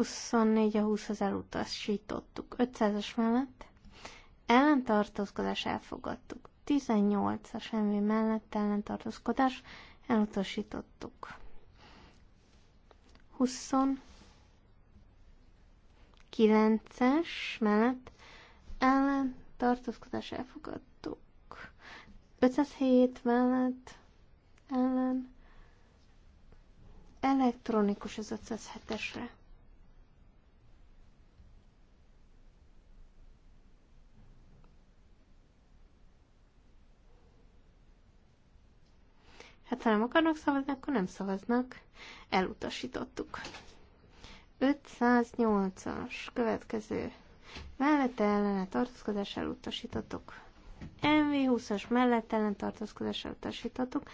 24 a 20 ezer elutasítottuk. 500-as mellett ellentartózkodás elfogadtuk. 18 a semmi mellett ellentartózkodás elutasítottuk. 29-es mellett ellentartózkodás elfogadtuk. 507 mellett ellen elektronikus az 507-esre. Hát ha nem akarnak szavazni, akkor nem szavaznak. Elutasítottuk. 508-as következő. Mellette ellene tartózkodás elutasítottuk. MV20-as mellette ellen tartózkodás elutasítottuk.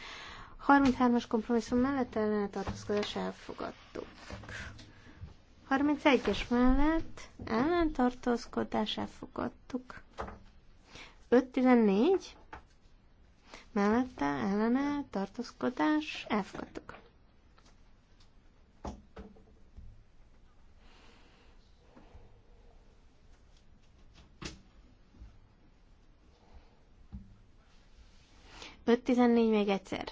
33-as kompromisszum mellett ellene tartózkodás elfogadtuk. 31-es mellett ellentartózkodás elfogadtuk. 514 mellette, ellene, tartózkodás, elfogadtuk. Öt tizennégy még egyszer.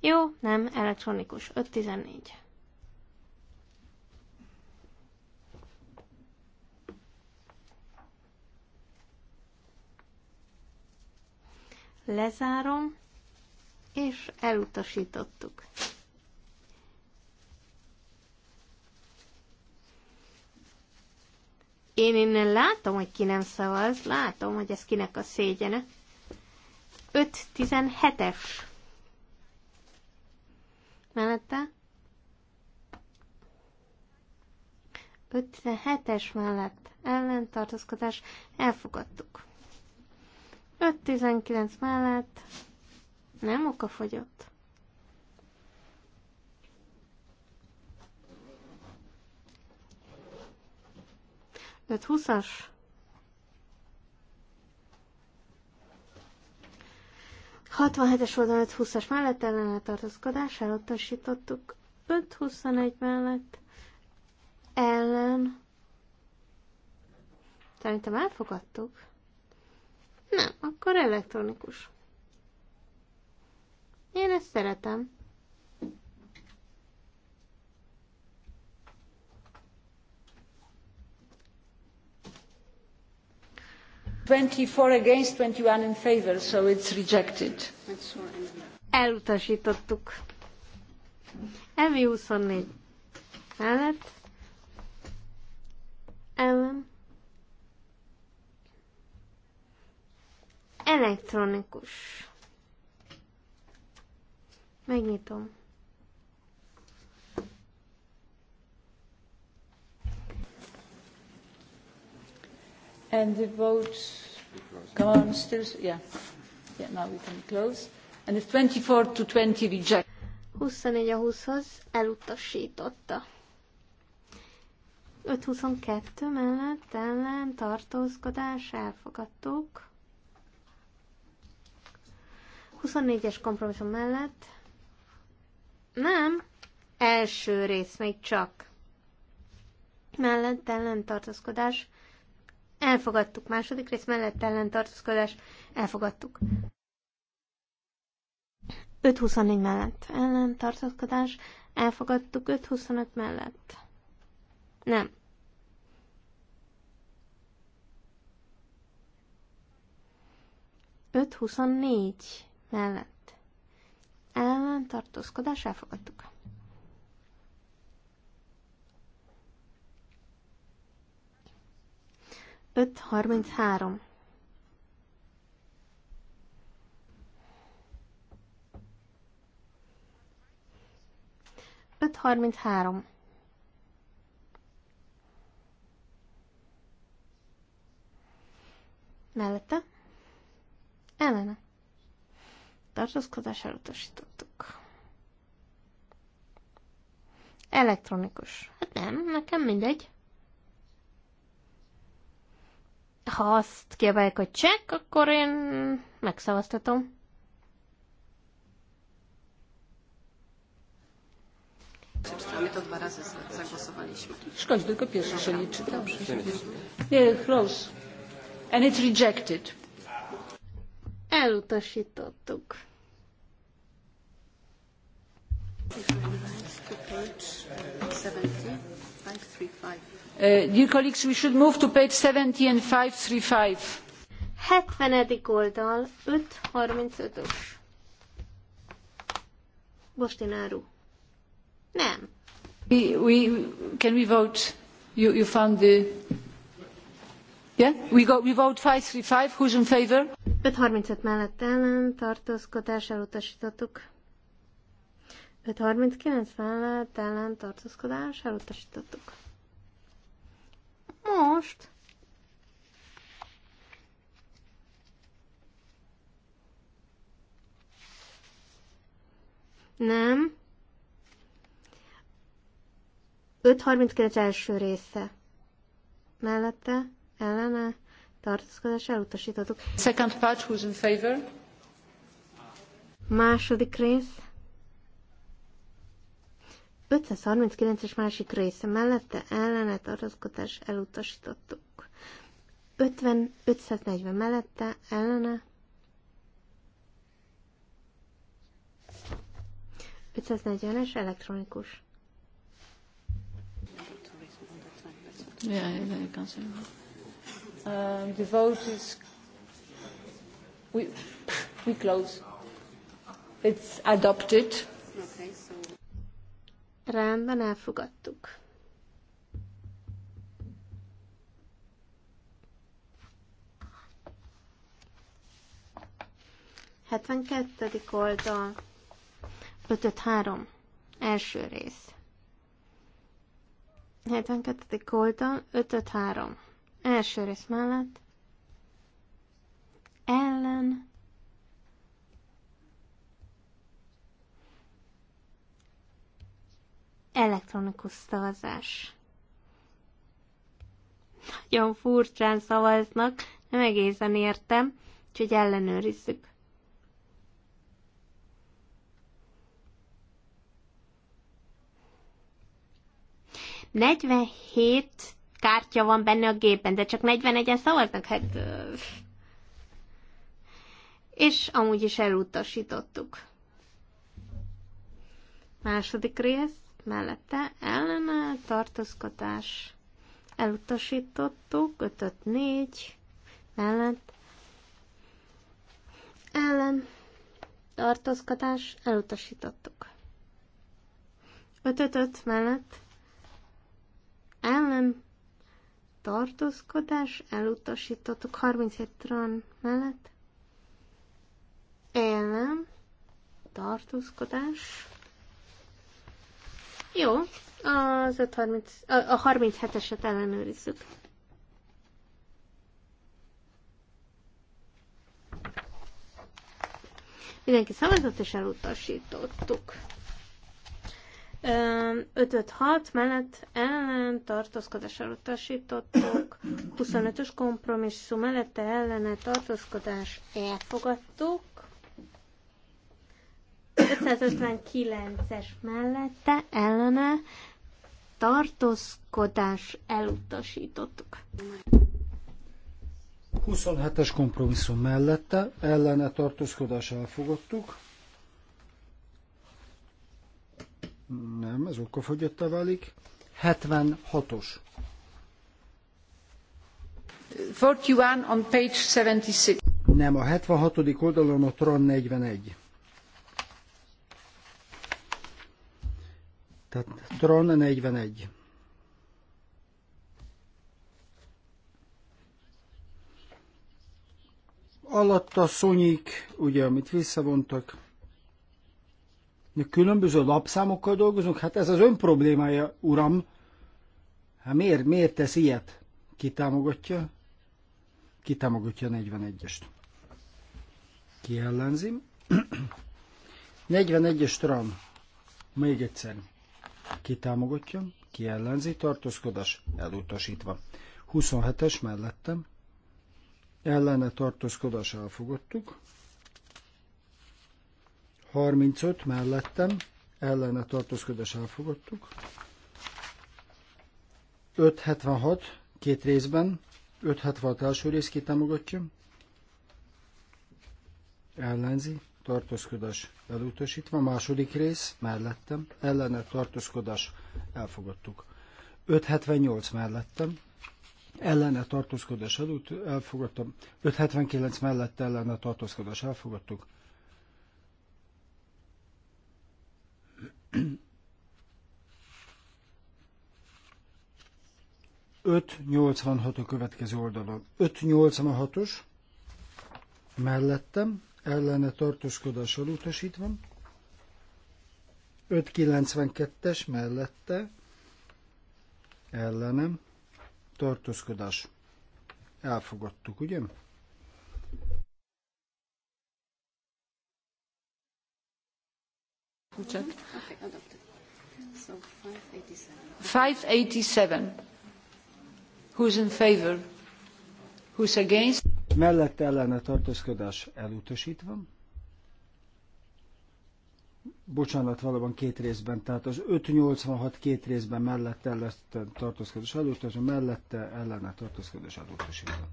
Jó, nem, elektronikus. Öt tizennégy. Lezárom, és elutasítottuk. Én innen látom, hogy ki nem szavaz, látom, hogy ez kinek a szégyene. 5-17-es. Mellette? 57-es mellett ellentartózkodás elfogadtuk. 5-19 mellett nem oka fogyott. Öt húszas. Hatvanhetes oldalon 5 20-as mellett ellene tartózkodás, elutasítottuk. Öt huszonegy mellett ellen. Szerintem elfogadtuk. Nem, akkor elektronikus. Én ezt szeretem. Twenty-four against, twenty-one in favor, so it's rejected. Elutasítottuk. Evi 24 mellett ellen Elektronikus. Megnyitom. And the vote come on still yeah. Yeah, now we can close. And it's 24 to 20 reject. 24 a 20-hoz elutasította. 5-22 mellett ellen tartózkodás elfogadtuk. 24-es kompromisszum mellett nem, első rész még csak. Mellett ellentartozkodás. Elfogadtuk. Második rész mellett ellentartozkodás. Elfogadtuk. 5-24 mellett ellentartozkodás. Elfogadtuk 5.25 mellett. Nem. Öt huszonnégy mellett ellen tartózkodás elfogadtuk. Öt harminc három. Öt harminc három. Mellette? Ellene tartózkodás elutasítottuk. Elektronikus. Hát nem, nekem mindegy. Ha azt kiabálják, hogy csekk, akkor én megszavaztatom. My to dwa razy zagłosowaliśmy. Szkodzi, tylko się liczy. Dobrze. Nie, close. And it's rejected. Elutasítottuk. Uh, dear colleagues, 535. 70. oldal, 535-ös. Bostináru. Nem. We, we, can we vote? You, you found the... Yeah? We, go, we vote 535. Who's in favor? 535 mellett ellen tartózkodás elutasítottuk. Tehát 39 mellett ellen tartózkodás elutasítottuk. Most Nem. 5.39 első része. Mellette, ellene, tartózkodás elutasítottuk. Second part, who's in favor? Második rész. 539-es másik része mellette ellene tartózkodás elutasítottuk. 50, 540 mellette ellene 540-es elektronikus. Yeah, yeah, yeah, can um, the vote is we [LAUGHS] we close. It's adopted. Okay, so Rendben, elfogadtuk. Hetvenkettedik oldal. három Első rész. Hetvenkettedik oldal, három Első rész mellett. Ellen elektronikus szavazás. Nagyon furcsán szavaznak, nem egészen értem, úgyhogy ellenőrizzük. Negyvenhét kártya van benne a gépen, de csak 41-en szavaznak, hát... És amúgy is elutasítottuk. Második rész mellette ellene tartózkodás elutasítottuk, 5 4 mellett ellen tartózkodás elutasítottuk. 5 mellett ellen tartózkodás elutasítottuk 37 tron mellett ellen tartózkodás jó, az 30, a 37-eset ellenőrizzük. Mindenki szavazott és elutasítottuk. 556 mellett ellen tartózkodás elutasítottuk, 25-ös kompromisszum mellette ellene tartózkodás elfogadtuk, 559-es mellette ellene tartózkodás elutasítottuk. 27-es kompromisszum mellette ellene tartózkodás elfogadtuk. Nem, ez okafogyottá válik. 76-os. 41 on page 76. Nem, a 76. oldalon a TRAN 41. Tehát Tron 41. Alatta szonyik, ugye, amit visszavontak. Különböző lapszámokkal dolgozunk? Hát ez az ön problémája, uram. Hát miért, miért tesz ilyet? Ki támogatja? Ki támogatja a 41-est? Ki ellenzi? 41-es [CLEARS THROAT] tram. Még egyszer. Ki támogatja? Ki ellenzi? Tartózkodás elutasítva. 27-es mellettem. Ellene tartózkodás elfogadtuk. 35 mellettem. Ellene tartózkodás elfogadtuk. 576 két részben. 576 első rész támogatja, Ellenzi tartózkodás elutasítva, második rész mellettem, ellene tartózkodás elfogadtuk. 578 mellettem, ellene tartózkodás előtt elfogadtam, 579 mellett ellene tartózkodás elfogadtuk. Öt nyolcvanhat a következő oldalon. Öt nyolcvanhatos mellettem, ellene tartózkodás utasítva. 592-es mellette ellenem tartózkodás. Elfogadtuk, ugye? Check. 587. Who's in favor? 20 against. Mellette ellene tartózkodás elutasítva. Bocsánat, valóban két részben, tehát az 586 két részben mellette ellene tartózkodás elutasítva, mellette ellene tartózkodás elutasítva.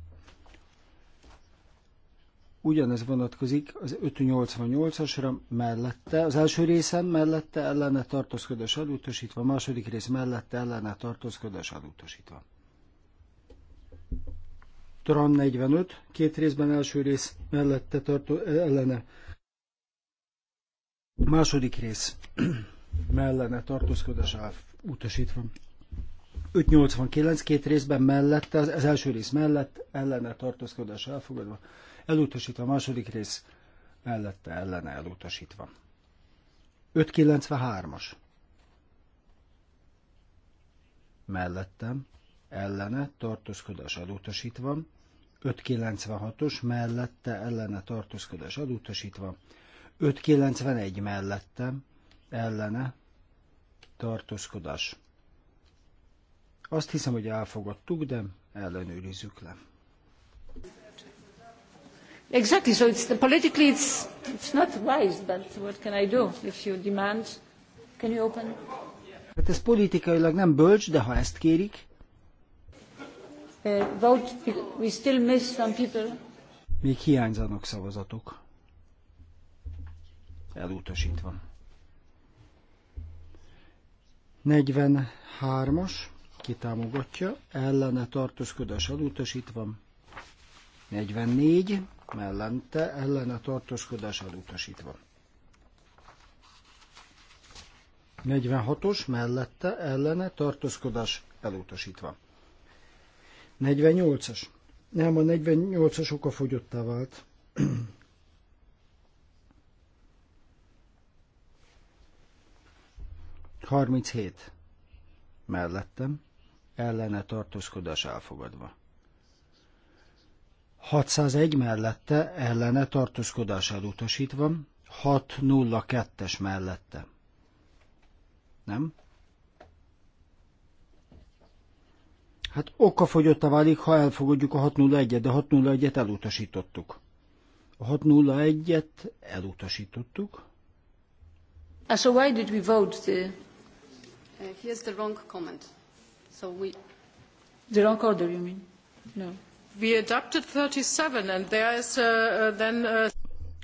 Ugyanez vonatkozik az 588-asra mellette, az első részen mellette ellene tartózkodás elutasítva, a második rész mellette ellene tartózkodás elutasítva. Tram 45, két részben első rész mellette tartó eh, ellene. Második rész [CLEARS THROAT] mellene tartózkodás utasítva. 589, két részben mellette, az első rész mellett, ellene tartózkodás elfogadva, elutasítva, a második rész mellette, ellene elutasítva. 593-as. Mellettem, ellene tartózkodás elutasítva, 596-os mellette ellene tartózkodás adutasítva, 591 mellette ellene tartózkodás. Azt hiszem, hogy elfogadtuk, de ellenőrizzük le. Exactly, so it's the, politically it's, it's not wise, but what can I do if you demand? Can you open? Hát ez politikailag nem bölcs, de ha ezt kérik, Uh, vote, we still miss some people. Még hiányzanak szavazatok. Elutasítva. 43-as, kitámogatja, ellene tartózkodás elutasítva. 44, mellente ellene tartózkodás elutasítva. 46-os mellette ellene tartózkodás elutasítva. 48-as. Nem, a 48-as fogyottá vált. [CLEARS THROAT] hét. Mellettem. Ellene tartózkodás elfogadva. 601 mellette ellene tartózkodás elutasítva, 602-es mellette. Nem? Hát oka a válik, ha elfogadjuk a 601-et, de 601-et elutasítottuk. A 601-et elutasítottuk. Uh, so why did we vote the... Uh, here's the wrong comment. So we... The wrong order, you mean? No. We adopted 37 and there is uh, uh, then... Uh...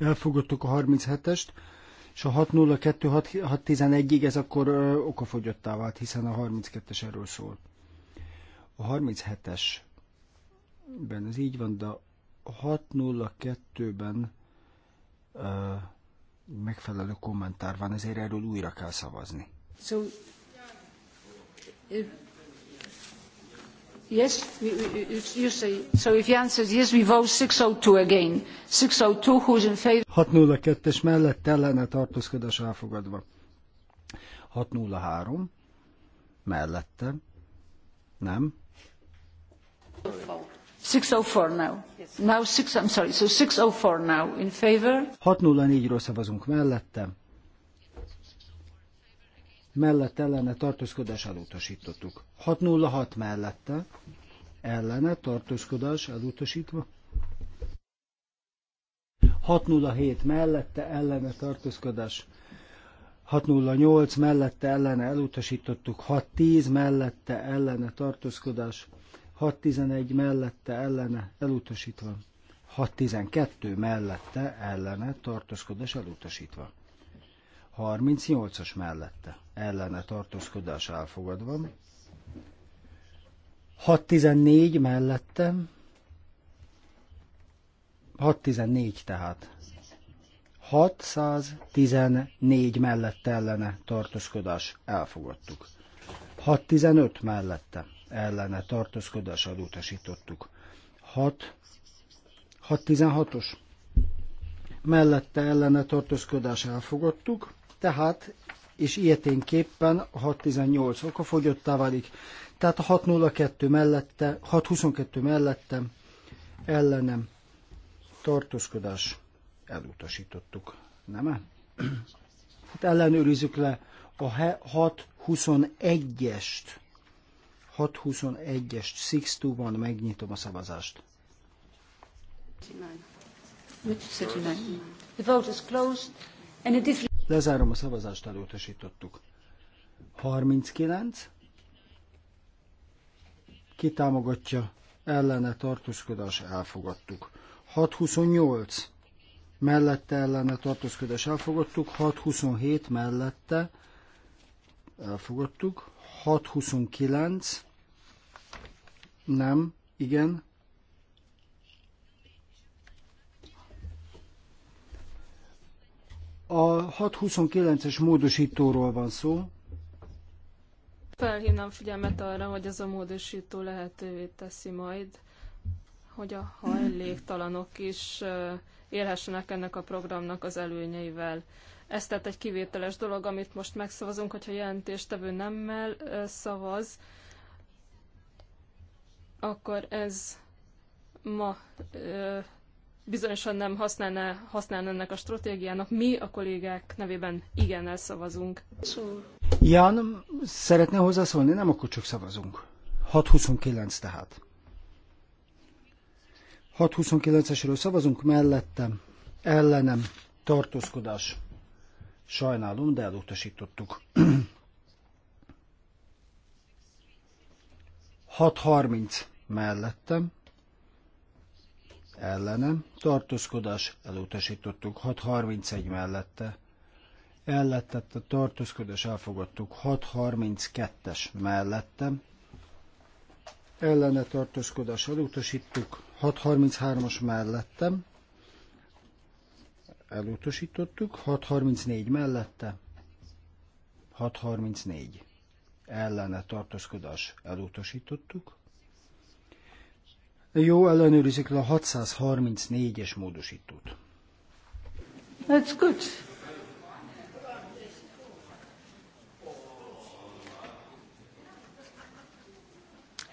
Elfogadtuk a 37-est, és a 602-611-ig ez akkor uh, okafogyottá vált, hiszen a 32-es erről szólt. A 37 es ben ez így van, de a 602-ben uh, megfelelő kommentár van, ezért erről újra kell szavazni. So, if, yes, we, you say, so if Jan says yes, we vote 602 again. 602, who's in favor? 602-es mellett ellene tartózkodás elfogadva. 603 mellette, nem, 604 now. Now I'm sorry, so 604 now in ről szavazunk mellette. Mellette ellene tartózkodás elutasítottuk. 606 mellette ellene tartózkodás elutasítva. 607 mellette ellene tartózkodás 608 mellette ellene elutasítottuk, 610 mellette ellene tartózkodás 611 mellette ellene elutasítva. 612 mellette ellene tartózkodás elutasítva. 38-as mellette ellene tartózkodás elfogadva. 614 mellette 614 tehát 614 mellett ellene tartózkodás elfogadtuk. 615 mellette ellene tartózkodás elutasítottuk. 6, 6.16-os mellette ellene tartózkodás elfogadtuk, tehát és ilyeténképpen a 618 okafogyottá válik, tehát a 602 mellette, 622 mellette ellenem tartózkodás elutasítottuk, nem -e? Hát ellenőrizzük le a 621-est 621-es 6 van, megnyitom a szavazást. The vote is closed. And a different... Lezárom a szavazást, elutasítottuk. 39. Ki támogatja? Ellene tartózkodás elfogadtuk. 628. Mellette ellene tartózkodás elfogadtuk. 627 mellette elfogadtuk. 629. Nem, igen. A 629-es módosítóról van szó. Felhívnám figyelmet arra, hogy ez a módosító lehetővé teszi majd, hogy a hajléktalanok is élhessenek ennek a programnak az előnyeivel. Ez tehát egy kivételes dolog, amit most megszavazunk, hogyha jelentéstevő nemmel szavaz, akkor ez ma bizonyosan nem használná, használna ennek a stratégiának. Mi a kollégák nevében igen szavazunk. Ján szeretne hozzászólni? Nem, akkor csak szavazunk. 6.29 tehát. 6.29-esről szavazunk, mellettem, ellenem, tartózkodás. Sajnálom, de elutasítottuk. 6.30 [CLEARS THROAT] mellettem, ellenem, tartózkodás, elutasítottuk. 6.31 mellette, ellettette, tartózkodás, elfogadtuk. 6.32-es mellettem, ellene tartózkodás, elutasítottuk. 6.33-as mellettem, elutasítottuk, 634 mellette, 634 ellene tartózkodás elutasítottuk. Jó, ellenőrizik le a 634-es módosítót. That's good.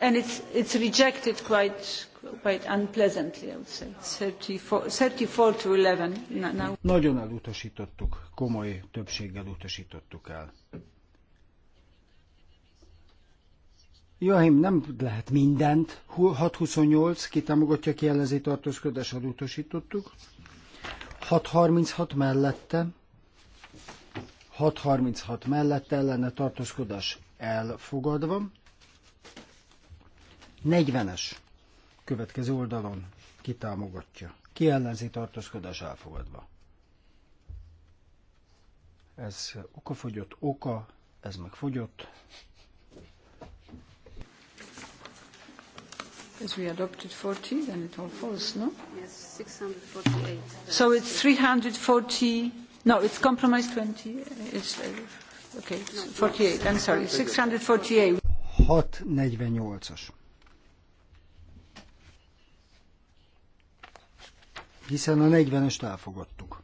And it's, it's rejected quite quite unpleasantly, I would say. 34, 34 to 11. Nagyon elutasítottuk, komoly többséggel utasítottuk el. Joachim, nem lehet mindent. 628, ki támogatja ki ellenzé tartózkodás, elutasítottuk. 636 mellette, 636 mellette ellene tartózkodás elfogadva. 40-es következő oldalon kitámogatja. Ki ellenzi tartózkodás elfogadva. Ez oka fogyott, oka, ez meg fogyott. As we adopted 40, then it all falls, no? Yes, 648. So it's 340, no, it's compromise 20, it's, okay, 48, I'm sorry, 648. 648-as. hiszen a 40-est elfogadtuk.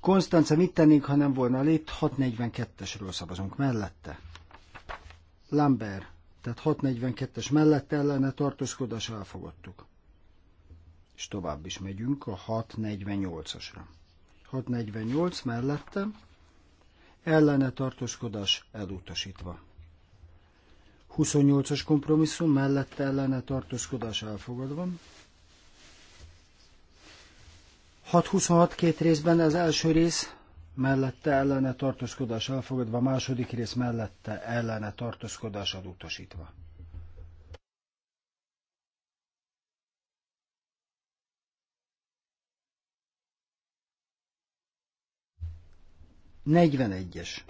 Konstance, mit tennénk, ha nem volna lét? 642-esről szavazunk mellette. Lambert, tehát 642-es mellette ellene tartózkodás elfogadtuk. És tovább is megyünk a 648-asra. 648 mellette ellene tartózkodás elutasítva. 28-as kompromisszum mellette ellene tartózkodás elfogadva. 626 két részben az első rész mellette ellene tartózkodás elfogadva, a második rész mellette ellene tartózkodás 41 Negyvenegyes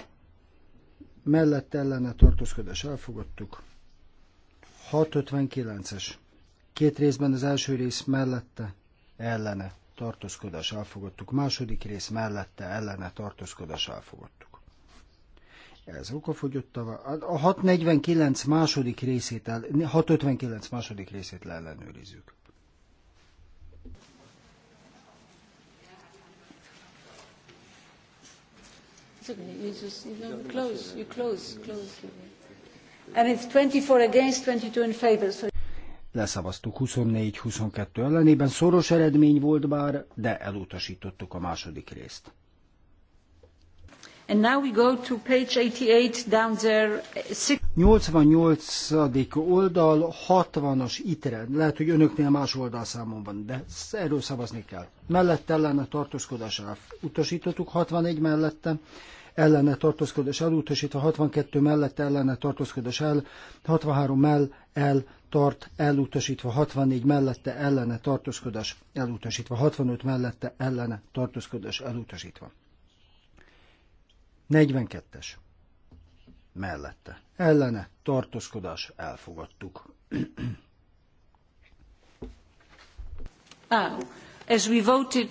mellette ellene tartózkodás elfogadtuk. 659-es. Két részben az első rész mellette ellene tartózkodás elfogadtuk, második rész mellette ellene tartózkodás elfogadtuk. Ez okafogyott a... A 649 második részét, el, 659 második részét leellenőrizzük. You just you don't close. You close. Close. And it's 24 against, 22 in favor. So leszavaztuk 24-22 ellenében, szoros eredmény volt bár, de elutasítottuk a második részt. And now we go to page 88 down there. 88. oldal, 60-as itre. Lehet, hogy önöknél más oldalszámon van, de erről szavazni kell. Mellette ellen a tartózkodásra utasítottuk, 61 mellette ellene tartózkodás elutasítva, 62 mellette ellene tartózkodás el, 63 mell el tart elutasítva, 64 mellette ellene tartózkodás elutasítva, 65 mellette ellene tartózkodás elutasítva. 42-es mellette. Ellene tartózkodás elfogadtuk. As we voted...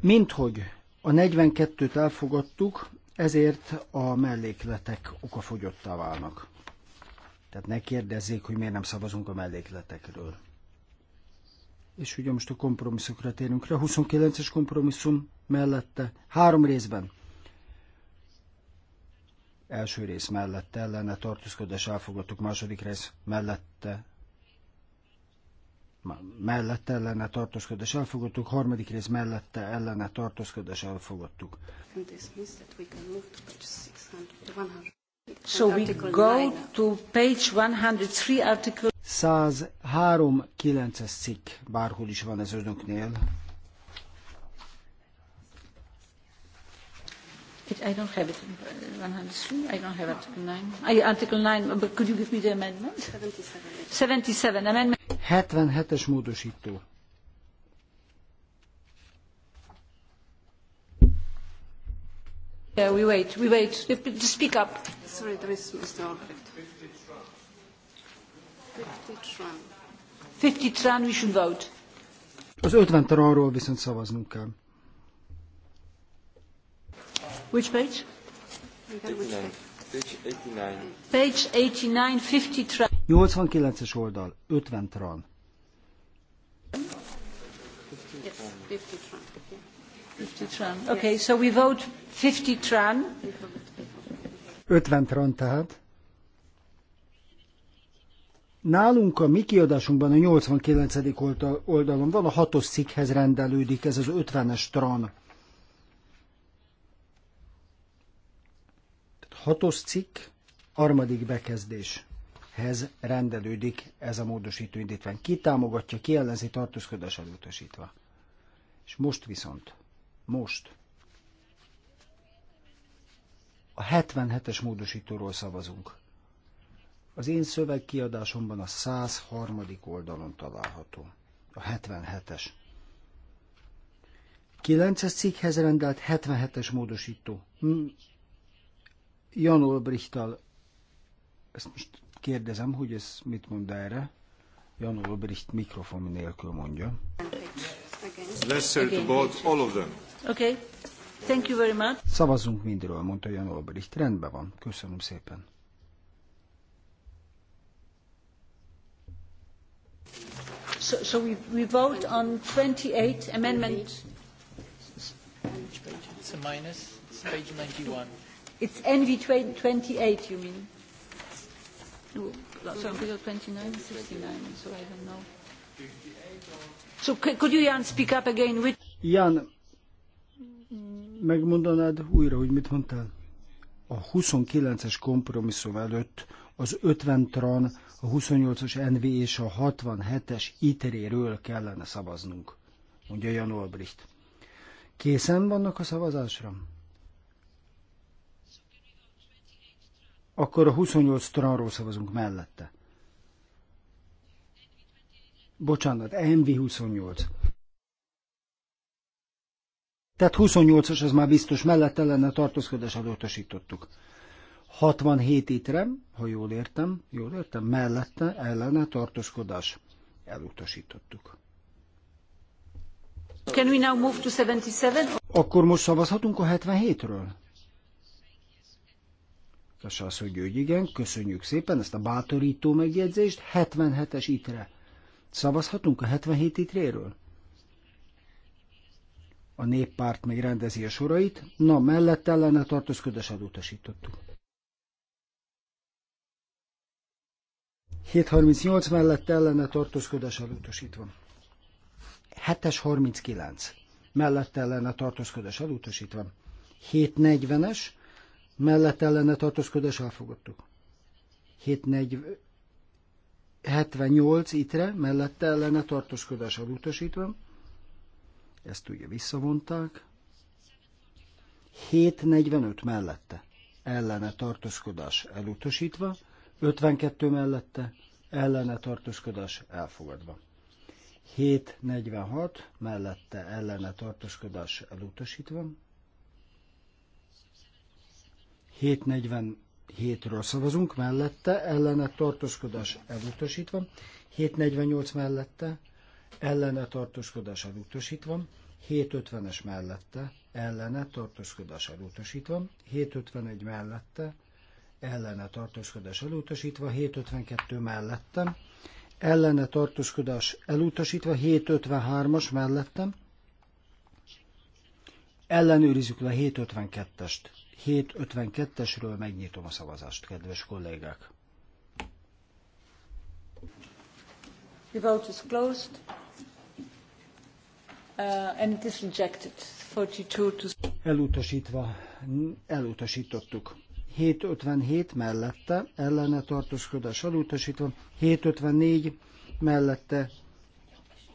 Minthogy a 42-t elfogadtuk, ezért a mellékletek okafogyottá válnak. Tehát ne kérdezzék, hogy miért nem szavazunk a mellékletekről. És ugye most a kompromisszokra térünk rá. 29-es kompromisszum mellette, három részben. Első rész mellette ellene tartózkodás elfogadtuk, második rész mellette mellette ellene tartózkodás elfogadtuk, harmadik rész mellette ellene tartózkodás elfogadtuk. So we go to page 103, article 103.9-es cikk, bárhol is van ez önöknél. It, I don't have it. 103? Uh, I don't have Article 9. I, Article 9, uh, but could you give me the amendment? 77. 77 amendment. 77-es módosító. Yeah, we wait, we wait. Just speak up. Sorry, there is Mr. Albrecht. 50 tran. 50 tran, we should vote. Az 50 tranról viszont szavaznunk kell. Which page? 89. Page 89. 50 tran. 89-es oldal, 50 tran. 50 tran. Okay, so we vote 50 tran. 50 tran tehát. Nálunk a mi kiadásunkban a 89. oldalon van, a hatos cikkhez rendelődik ez az 50-es tran Hatos cikk, harmadik bekezdéshez rendelődik ez a módosító indítvány. Ki támogatja, ki ellenzi tartózkodás elutasítva. És most viszont, most a 77-es módosítóról szavazunk. Az én szövegkiadásomban a 103. oldalon található. A 77-es. 9-es cikkhez rendelt 77-es módosító. Hmm, Jan Olbrichtal, ezt most kérdezem, hogy ez mit mond erre? Jan Olbricht mikrofon nélkül mondja. Szavazunk all of them. Okay. Thank you very much. mindről, mondta Jan Olbricht. Rendben van. Köszönöm szépen. So, so we, we vote on 28 amendment. It's a minus. It's page 91. It's NV 28, you mean? 29, 69, so could you, Jan, speak up again? Jan, megmondanád újra, hogy mit mondtál? A 29-es kompromisszum előtt az 50 tran, a 28-as NV és a 67-es iteréről kellene szavaznunk, mondja Jan Olbricht. Készen vannak a szavazásra? akkor a 28 tranról szavazunk mellette. Bocsánat, Mv 28 Tehát 28-as az már biztos mellette lenne, tartózkodás adótosítottuk. 67 étrem, ha jól értem, jól értem, mellette ellene tartózkodás elutasítottuk. Can we now move to 77? Akkor most szavazhatunk a 77-ről? Tassa az, hogy igen, köszönjük szépen ezt a bátorító megjegyzést, 77-es itre. Szavazhatunk a 77 itréről? A néppárt még rendezi a sorait, na mellett ellene tartózkodás utasítottuk. 738 mellett ellene tartózkodás elutasítva. 7-es 39 mellett ellene tartózkodás elutasítva. 740-es mellett ellene tartózkodás elfogadtuk. 78 itre mellette ellene tartózkodás elutasítva. Ezt ugye visszavonták. 745 mellette ellene tartózkodás elutasítva, 52 mellette ellene tartózkodás elfogadva. 746 mellette ellene tartózkodás elutasítva, 747-ről szavazunk, mellette ellene tartózkodás elutasítva, 748 mellette ellene tartózkodás elutasítva, 750-es mellette ellene tartózkodás elutasítva, 751 mellette ellene tartózkodás elutasítva, 752 mellette, ellene tartózkodás elutasítva, 753-as mellettem, ellenőrizzük le 752-est. 752-esről megnyitom a szavazást, kedves kollégák. The vote is closed. Uh, and it is rejected. 42 to... Elutasítva, elutasítottuk. 757 mellette, ellene tartózkodás elutasítva, 754 mellette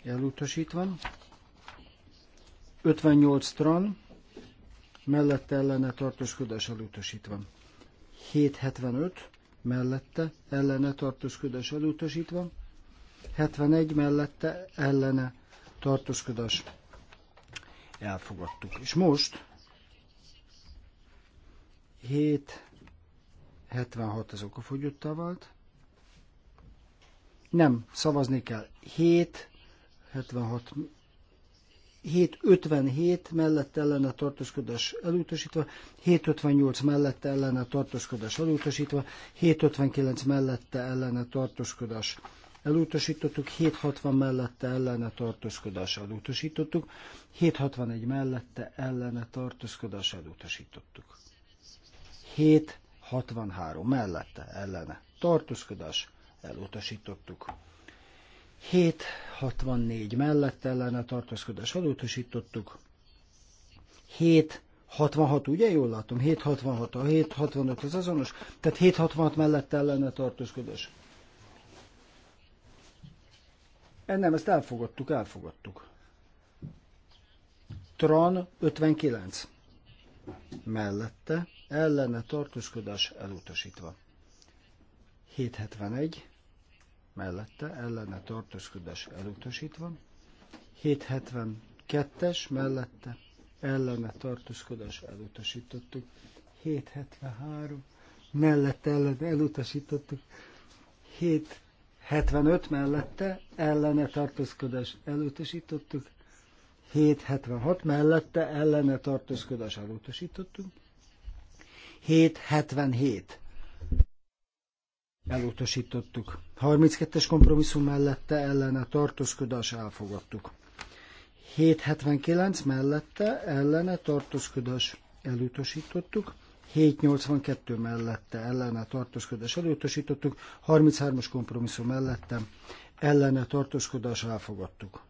elutasítva, 58 tran, mellette ellene tartózkodás elutasítva. 775 mellette ellene tartózkodás elutasítva. 71 mellette ellene tartózkodás elfogadtuk. És most 776 az okafogyottá vált. Nem, szavazni kell. 776 757 mellette ellene tartózkodás elutasítva, 758 mellette ellene tartózkodás elutasítva, 759 mellette ellene tartózkodás elutasítottuk, 760 mellette ellene tartózkodás elutasítottuk, 761 mellette ellene tartózkodás elutasítottuk. 763 mellette ellene tartózkodás elutasítottuk. 764 mellett ellene tartózkodás elutasítottuk. 766, ugye jól látom? 766, a 765 az azonos, tehát 766 mellett ellene tartózkodás. Eh, nem, ezt elfogadtuk, elfogadtuk. Tran 59. Mellette ellene tartózkodás elutasítva. 771 mellette ellene tartózkodás elutasítva, 772-es mellette ellene tartózkodás elutasítottuk, 773 mellette ellene elutasítottuk, 775 mellette ellene tartózkodás elutasítottuk, 776 mellette ellene tartózkodás elutasítottuk, 777 elutasítottuk. 32-es kompromisszum mellette ellene tartózkodás elfogadtuk. 779 mellette ellene tartózkodás elutasítottuk. 782 mellette ellene tartózkodás elutasítottuk, 33-as kompromisszum mellette ellene tartózkodás elfogadtuk.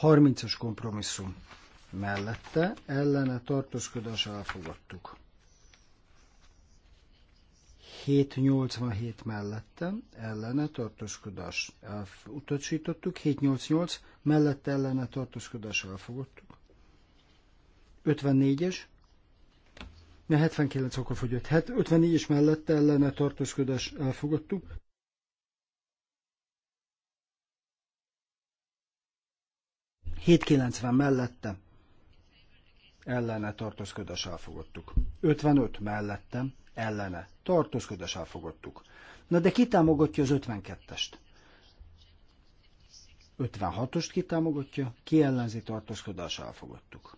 30-as kompromisszum mellette ellene tartózkodás elfogadtuk. 787 mellette ellene tartózkodás elutasítottuk, 788 mellette ellene tartózkodás elfogadtuk. 54-es, ne 79 akkor fogyott, 54-es mellette ellene tartózkodás elfogadtuk. kilencven mellette ellene tartózkodás elfogadtuk. 55 mellettem ellene. Tartózkodás elfogadtuk. Na de ki támogatja az 52-est? 56-ost ki támogatja, ki ellenzi tartózkodás elfogadtuk.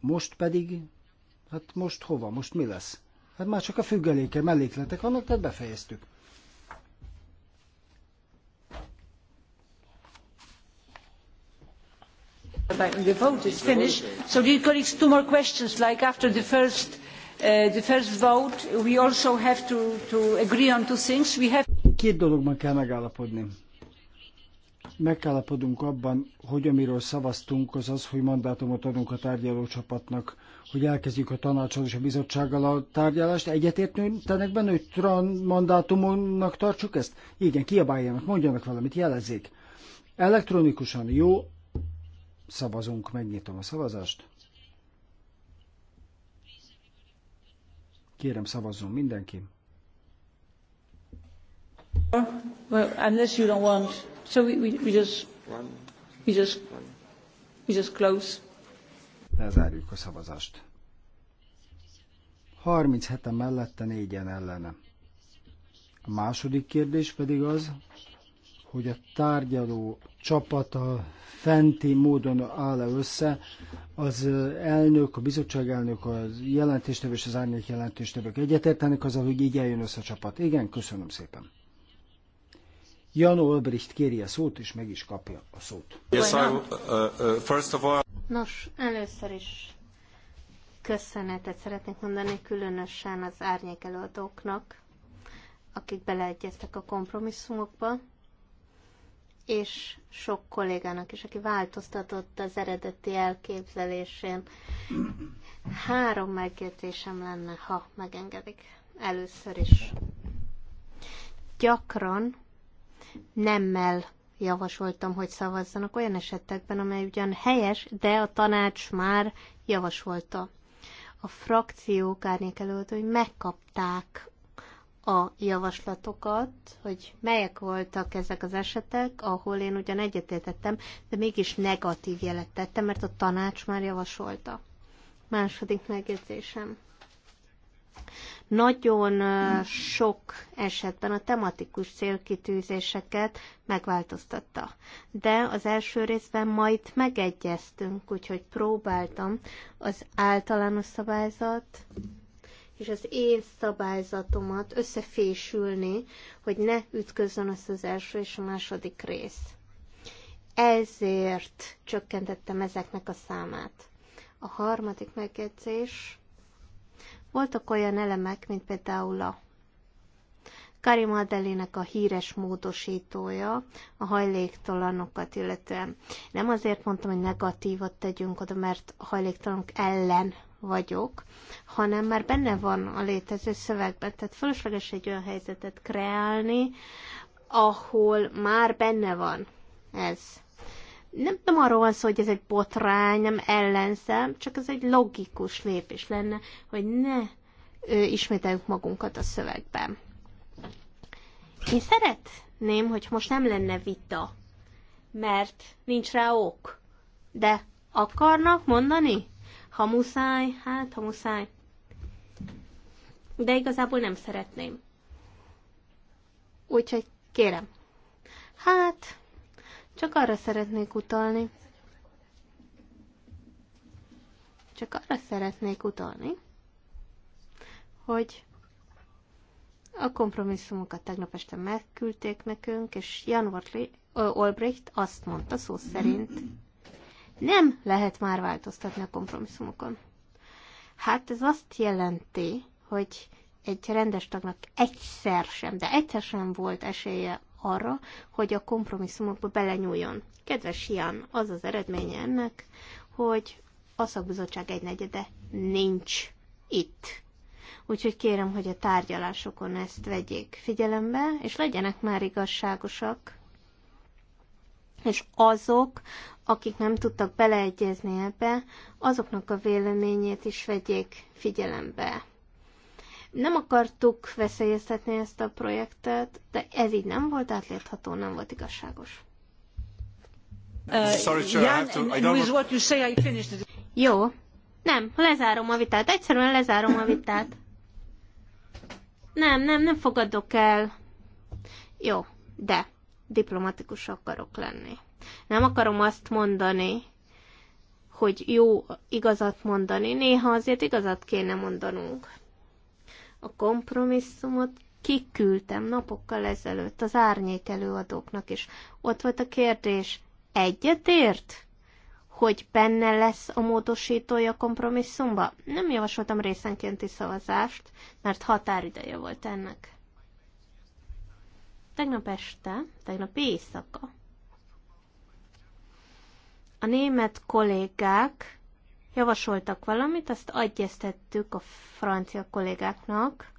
Most pedig, hát most hova, most mi lesz? Hát már csak a függeléke, mellékletek vannak, tehát befejeztük. The vote is finished. So, dear colleagues, two more questions, like after the first Uh, the first vote, we also have to, to agree on two things. We have... Két dologban kell megállapodni. Megállapodunk abban, hogy amiről szavaztunk, az az, hogy mandátumot adunk a tárgyalócsapatnak, hogy elkezdjük a tanácsal és a bizottsággal a tárgyalást. Egyetértenek benne, hogy tran mandátumonnak tartsuk ezt? Igen, kiabáljanak, mondjanak valamit, jelezzék. Elektronikusan jó, szavazunk, megnyitom a szavazást. Kérem, szavazzon mindenki. Well, unless you don't want, so we, we, we just, we just, we just close. Lezárjuk a szavazást. 37 mellette, négyen ellene. A második kérdés pedig az, hogy a tárgyaló csapata fenti módon áll -e össze, az elnök, a bizottság elnök, a jelentéstevő és az árnyék jelentéstevők egyetértenek azzal, hogy így eljön össze a csapat. Igen, köszönöm szépen. Jan Olbricht kéri a szót, és meg is kapja a szót. Yes, I, uh, uh, first of all... Nos, először is köszönetet szeretnék mondani különösen az árnyék előadóknak, akik beleegyeztek a kompromisszumokba és sok kollégának is, aki változtatott az eredeti elképzelésén. Három megjegyzésem lenne, ha megengedik. Először is. Gyakran nemmel javasoltam, hogy szavazzanak olyan esetekben, amely ugyan helyes, de a tanács már javasolta. A frakciók árnyékelődői megkapták a javaslatokat, hogy melyek voltak ezek az esetek, ahol én ugyan egyetértettem, de mégis negatív jelet tettem, mert a tanács már javasolta. Második megjegyzésem. Nagyon sok esetben a tematikus célkitűzéseket megváltoztatta. De az első részben majd megegyeztünk, úgyhogy próbáltam az általános szabályzat és az én szabályzatomat összefésülni, hogy ne ütközön össze az első és a második rész. Ezért csökkentettem ezeknek a számát. A harmadik megjegyzés. Voltak olyan elemek, mint például a Karim Adelének a híres módosítója a hajléktalanokat illetően. Nem azért mondtam, hogy negatívat tegyünk oda, mert a hajléktalanok ellen vagyok, hanem már benne van a létező szövegben. Tehát fölösleges egy olyan helyzetet kreálni, ahol már benne van ez. Nem, nem arról van szó, hogy ez egy botrány, nem ellenszem, csak ez egy logikus lépés lenne, hogy ne ö, ismételjük magunkat a szövegben. Én szeretném, hogy most nem lenne vita, mert nincs rá ok. De akarnak mondani? Ha muszáj, hát ha muszáj. De igazából nem szeretném. Úgyhogy kérem. Hát, csak arra szeretnék utalni. Csak arra szeretnék utalni, hogy a kompromisszumokat tegnap este megküldték nekünk, és Jan Orli, Olbricht azt mondta szó szerint, nem lehet már változtatni a kompromisszumokon. Hát ez azt jelenti, hogy egy rendes tagnak egyszer sem, de egyszer sem volt esélye arra, hogy a kompromisszumokba belenyúljon. Kedves Ian, az az eredménye ennek, hogy a szakbizottság egynegyede nincs itt. Úgyhogy kérem, hogy a tárgyalásokon ezt vegyék figyelembe, és legyenek már igazságosak, és azok, akik nem tudtak beleegyezni ebbe, azoknak a véleményét is vegyék figyelembe. Nem akartuk veszélyeztetni ezt a projektet, de ez így nem volt átlétható, nem volt igazságos. Uh, Sorry, I have to, I don't... what you say, I finished Jó. Nem, lezárom a vitát. Egyszerűen lezárom a vitát. Nem, nem, nem fogadok el. Jó, de diplomatikus akarok lenni. Nem akarom azt mondani, hogy jó igazat mondani, néha azért igazat kéne mondanunk. A kompromisszumot kiküldtem napokkal ezelőtt az árnyék előadóknak is. Ott volt a kérdés, egyetért? Hogy benne lesz a módosítója a kompromisszumba? Nem javasoltam részenkénti szavazást, mert határideje volt ennek. Tegnap este, tegnap éjszaka a német kollégák javasoltak valamit, azt adjesztettük a francia kollégáknak.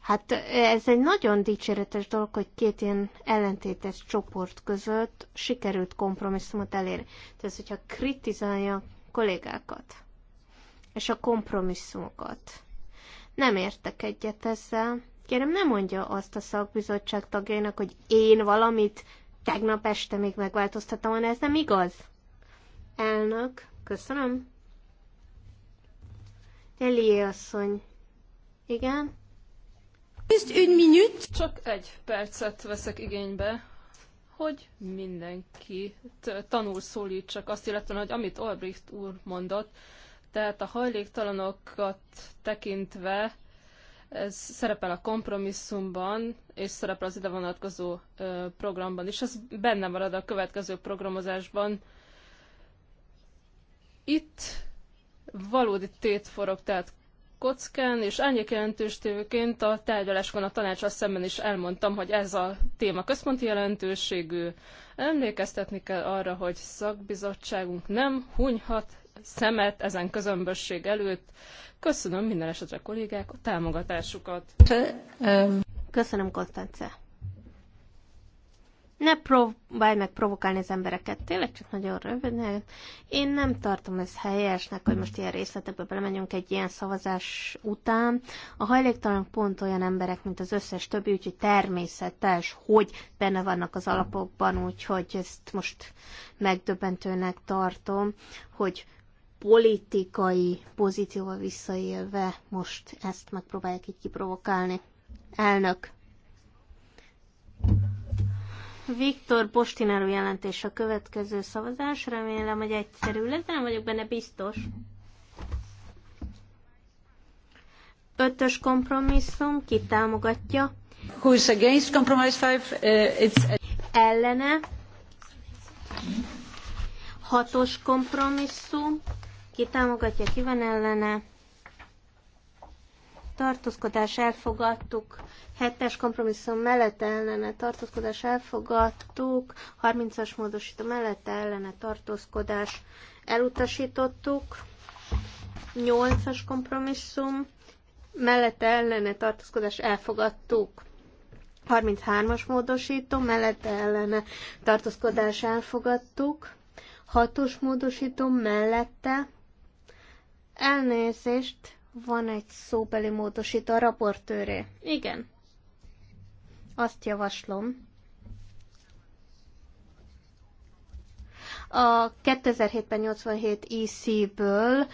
Hát ez egy nagyon dicséretes dolog, hogy két ilyen ellentétes csoport között sikerült kompromisszumot elérni. Tehát, hogyha kritizálja a kollégákat és a kompromisszumokat. Nem értek egyet ezzel, Kérem, ne mondja azt a szakbizottság tagjainak, hogy én valamit tegnap este még megváltoztattam, hanem ez nem igaz. Elnök, köszönöm. Elié asszony. Igen? Just egy minut. Csak egy percet veszek igénybe, hogy mindenki tanul szólítsak azt illetően, hogy amit Albrecht úr mondott, tehát a hajléktalanokat tekintve ez szerepel a kompromisszumban, és szerepel az ide vonatkozó programban is. Ez benne marad a következő programozásban. Itt valódi tét forog, tehát kockán, és árnyék jelentőstőként a tárgyaláskon a azt szemben is elmondtam, hogy ez a téma központi jelentőségű. Emlékeztetni kell arra, hogy szakbizottságunk nem hunyhat szemet ezen közömbösség előtt. Köszönöm minden esetre kollégák a támogatásukat. Köszönöm, Konstance. Ne próbálj meg provokálni az embereket, tényleg csak nagyon röviden. Én nem tartom ezt helyesnek, hogy most ilyen részletekbe belemenjünk egy ilyen szavazás után. A hajléktalanok pont olyan emberek, mint az összes többi, úgyhogy természetes, hogy benne vannak az alapokban, úgyhogy ezt most megdöbbentőnek tartom, hogy politikai pozícióval visszaélve most ezt megpróbálják így kiprovokálni. Elnök. Viktor Postináró jelentés a következő szavazás. Remélem, hogy egyszerű lesz, nem vagyok benne biztos. Ötös kompromisszum, ki támogatja? Who is against compromise five? Uh, it's... Ellene. Hatos kompromisszum, ki támogatja, ki van ellene. Tartózkodás elfogadtuk. Hetes kompromisszum mellett ellene tartózkodás elfogadtuk. 30-as módosító mellett ellene tartózkodás elutasítottuk. 8-as kompromisszum mellette ellene tartózkodás elfogadtuk. 33-as módosító, mellette ellene tartózkodás elfogadtuk. 6-os módosító mellette Elnézést, van egy szóbeli módosító a raportőré. Igen. Azt javaslom. A 2007 87 EC-ből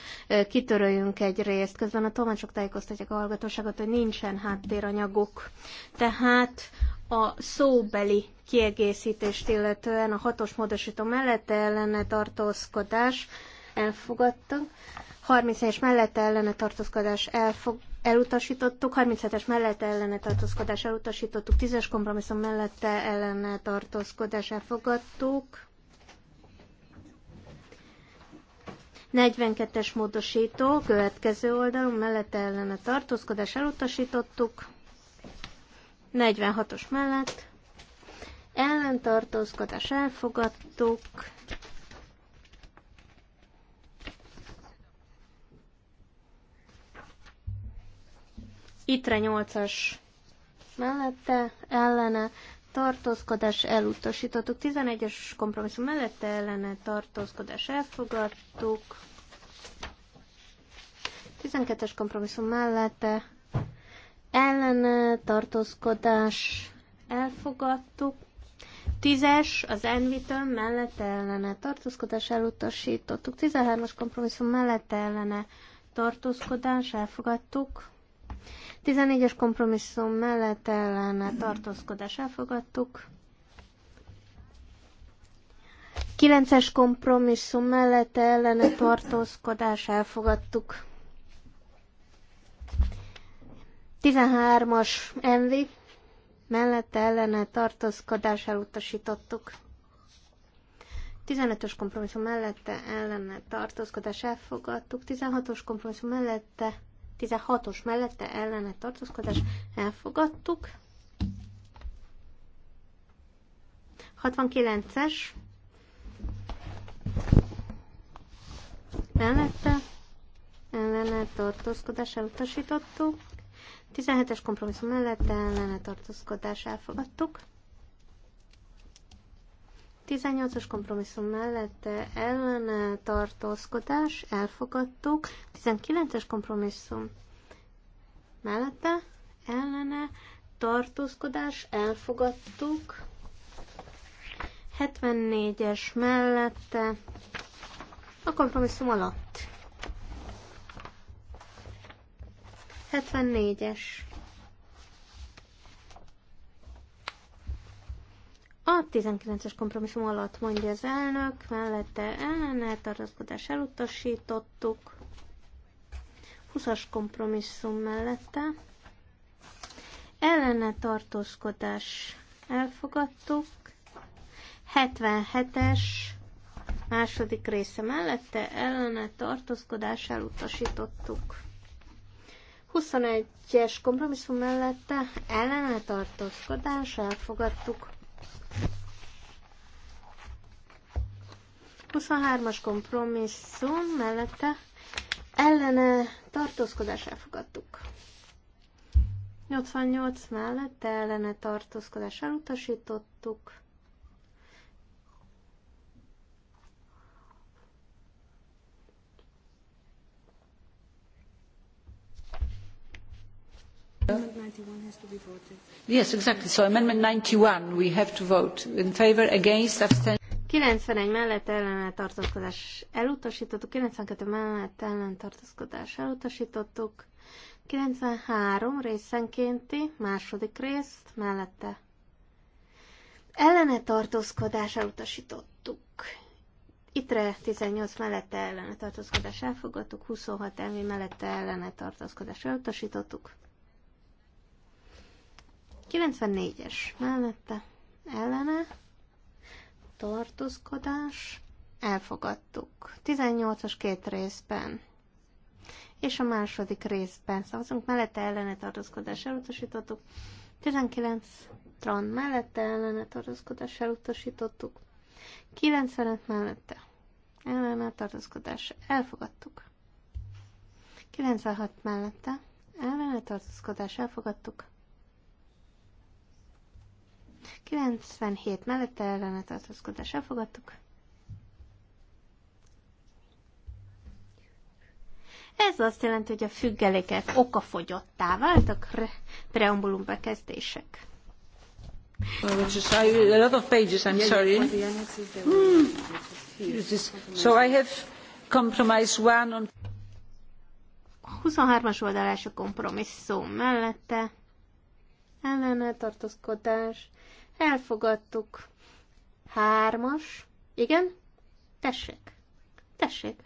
kitöröljünk egy részt, közben a tolmácsok tájékoztatják a hallgatóságot, hogy nincsen háttéranyagok. Tehát a szóbeli kiegészítést illetően a hatos módosító mellett ellene tartózkodás elfogadtak. 30 es mellette ellene tartózkodás elfog, elutasítottuk, 37-es mellette ellene tartózkodás elutasítottuk, 10-es kompromisszum mellette ellene tartózkodás elfogadtuk. 42-es módosító, következő oldalon mellette ellene tartózkodás elutasítottuk. 46-os mellett ellentartózkodás elfogadtuk. Itre 8-as mellette, ellene, tartózkodás elutasítottuk. 11-es kompromisszum mellette, ellene, tartózkodás elfogadtuk. 12-es kompromisszum mellette, ellene, tartózkodás elfogadtuk. 10-es az Envitől mellette ellene tartózkodás elutasítottuk. 13-as kompromisszum mellette ellene tartózkodás elfogadtuk. 14-es kompromisszum mellett ellene tartózkodás elfogadtuk. 9-es kompromisszum mellett ellene tartózkodás elfogadtuk. 13-as envi mellette ellene tartózkodás elutasítottuk. 15-ös kompromisszum mellette ellene tartózkodás elfogadtuk. 16-os kompromisszum mellette 16-os mellette ellene tartózkodás elfogadtuk. 69-es mellette ellene tartózkodás elutasítottuk. 17-es kompromisszum mellette ellene tartózkodás elfogadtuk. 18-as kompromisszum mellette ellene tartózkodás, elfogadtuk. 19-es kompromisszum mellette ellene tartózkodás, elfogadtuk. 74-es mellette a kompromisszum alatt. 74-es A 19-es kompromisszum alatt mondja az elnök, mellette ellene tartozkodás elutasítottuk. 20-as kompromisszum mellette ellene tartózkodás elfogadtuk. 77-es második része mellette ellene tartózkodás elutasítottuk. 21-es kompromisszum mellette ellene tartózkodás elfogadtuk. 23-as kompromisszum mellette ellene tartózkodás elfogadtuk. 88 mellette ellene tartózkodás elutasítottuk. 91, mellett ellenállt tartózkodás elutasítottuk, 92 mellett tartózkodás elutasítottuk, 93 részenkénti, második részt mellette ellene tartózkodás elutasítottuk. Ittre 18 mellette ellene tartózkodás elfogadtuk, 26 elmi mellette ellene tartózkodás elutasítottuk. 94-es mellette ellene tartózkodás elfogadtuk. 18-as két részben és a második részben szavazunk mellette ellene tartózkodás elutasítottuk. 19 Tron mellette ellene tartózkodás elutasítottuk. 95 mellette ellene tartózkodás elfogadtuk. 96 mellette ellene tartózkodás elfogadtuk. 97 mellette ellene tartózkodás elfogadtuk. Ez azt jelenti, hogy a függelékek okafogyottá váltak preambulum bekezdések. Which is I, a lot of pages, I'm sorry. Mm. So I have compromise one on... 23-as oldalás a kompromisszum mellette. Ellene tartózkodás Elfogadtuk. Hármas. Igen? Tessék. Tessék.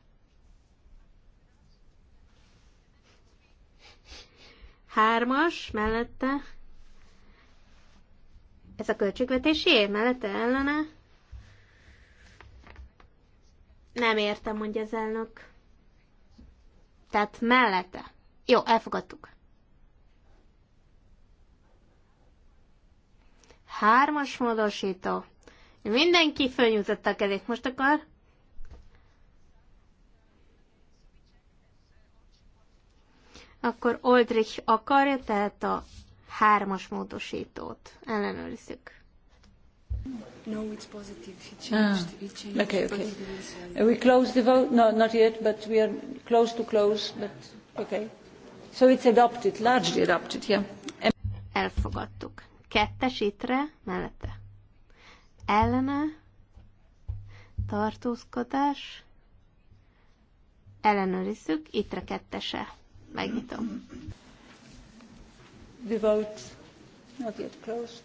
Hármas, mellette. Ez a év Mellette ellene? Nem értem, mondja az elnök. Tehát mellette. Jó, elfogadtuk. Hármas módosító. Mindenki fölnyújtotta a kezét. Most akkor akkor Oldrich akarja, tehát a hármas módosítót ellenőrizzük. No, it's positive. It changed. Ah. It changed. Okay, okay. We close the vote. No, not yet, but we are close to close. But okay. So it's adopted, largely adopted, yeah. Elfogadtuk. Kettes itre, mellette. Ellene, tartózkodás, ellenőrizzük, itre kettese. Megnyitom. Without, not yet closed.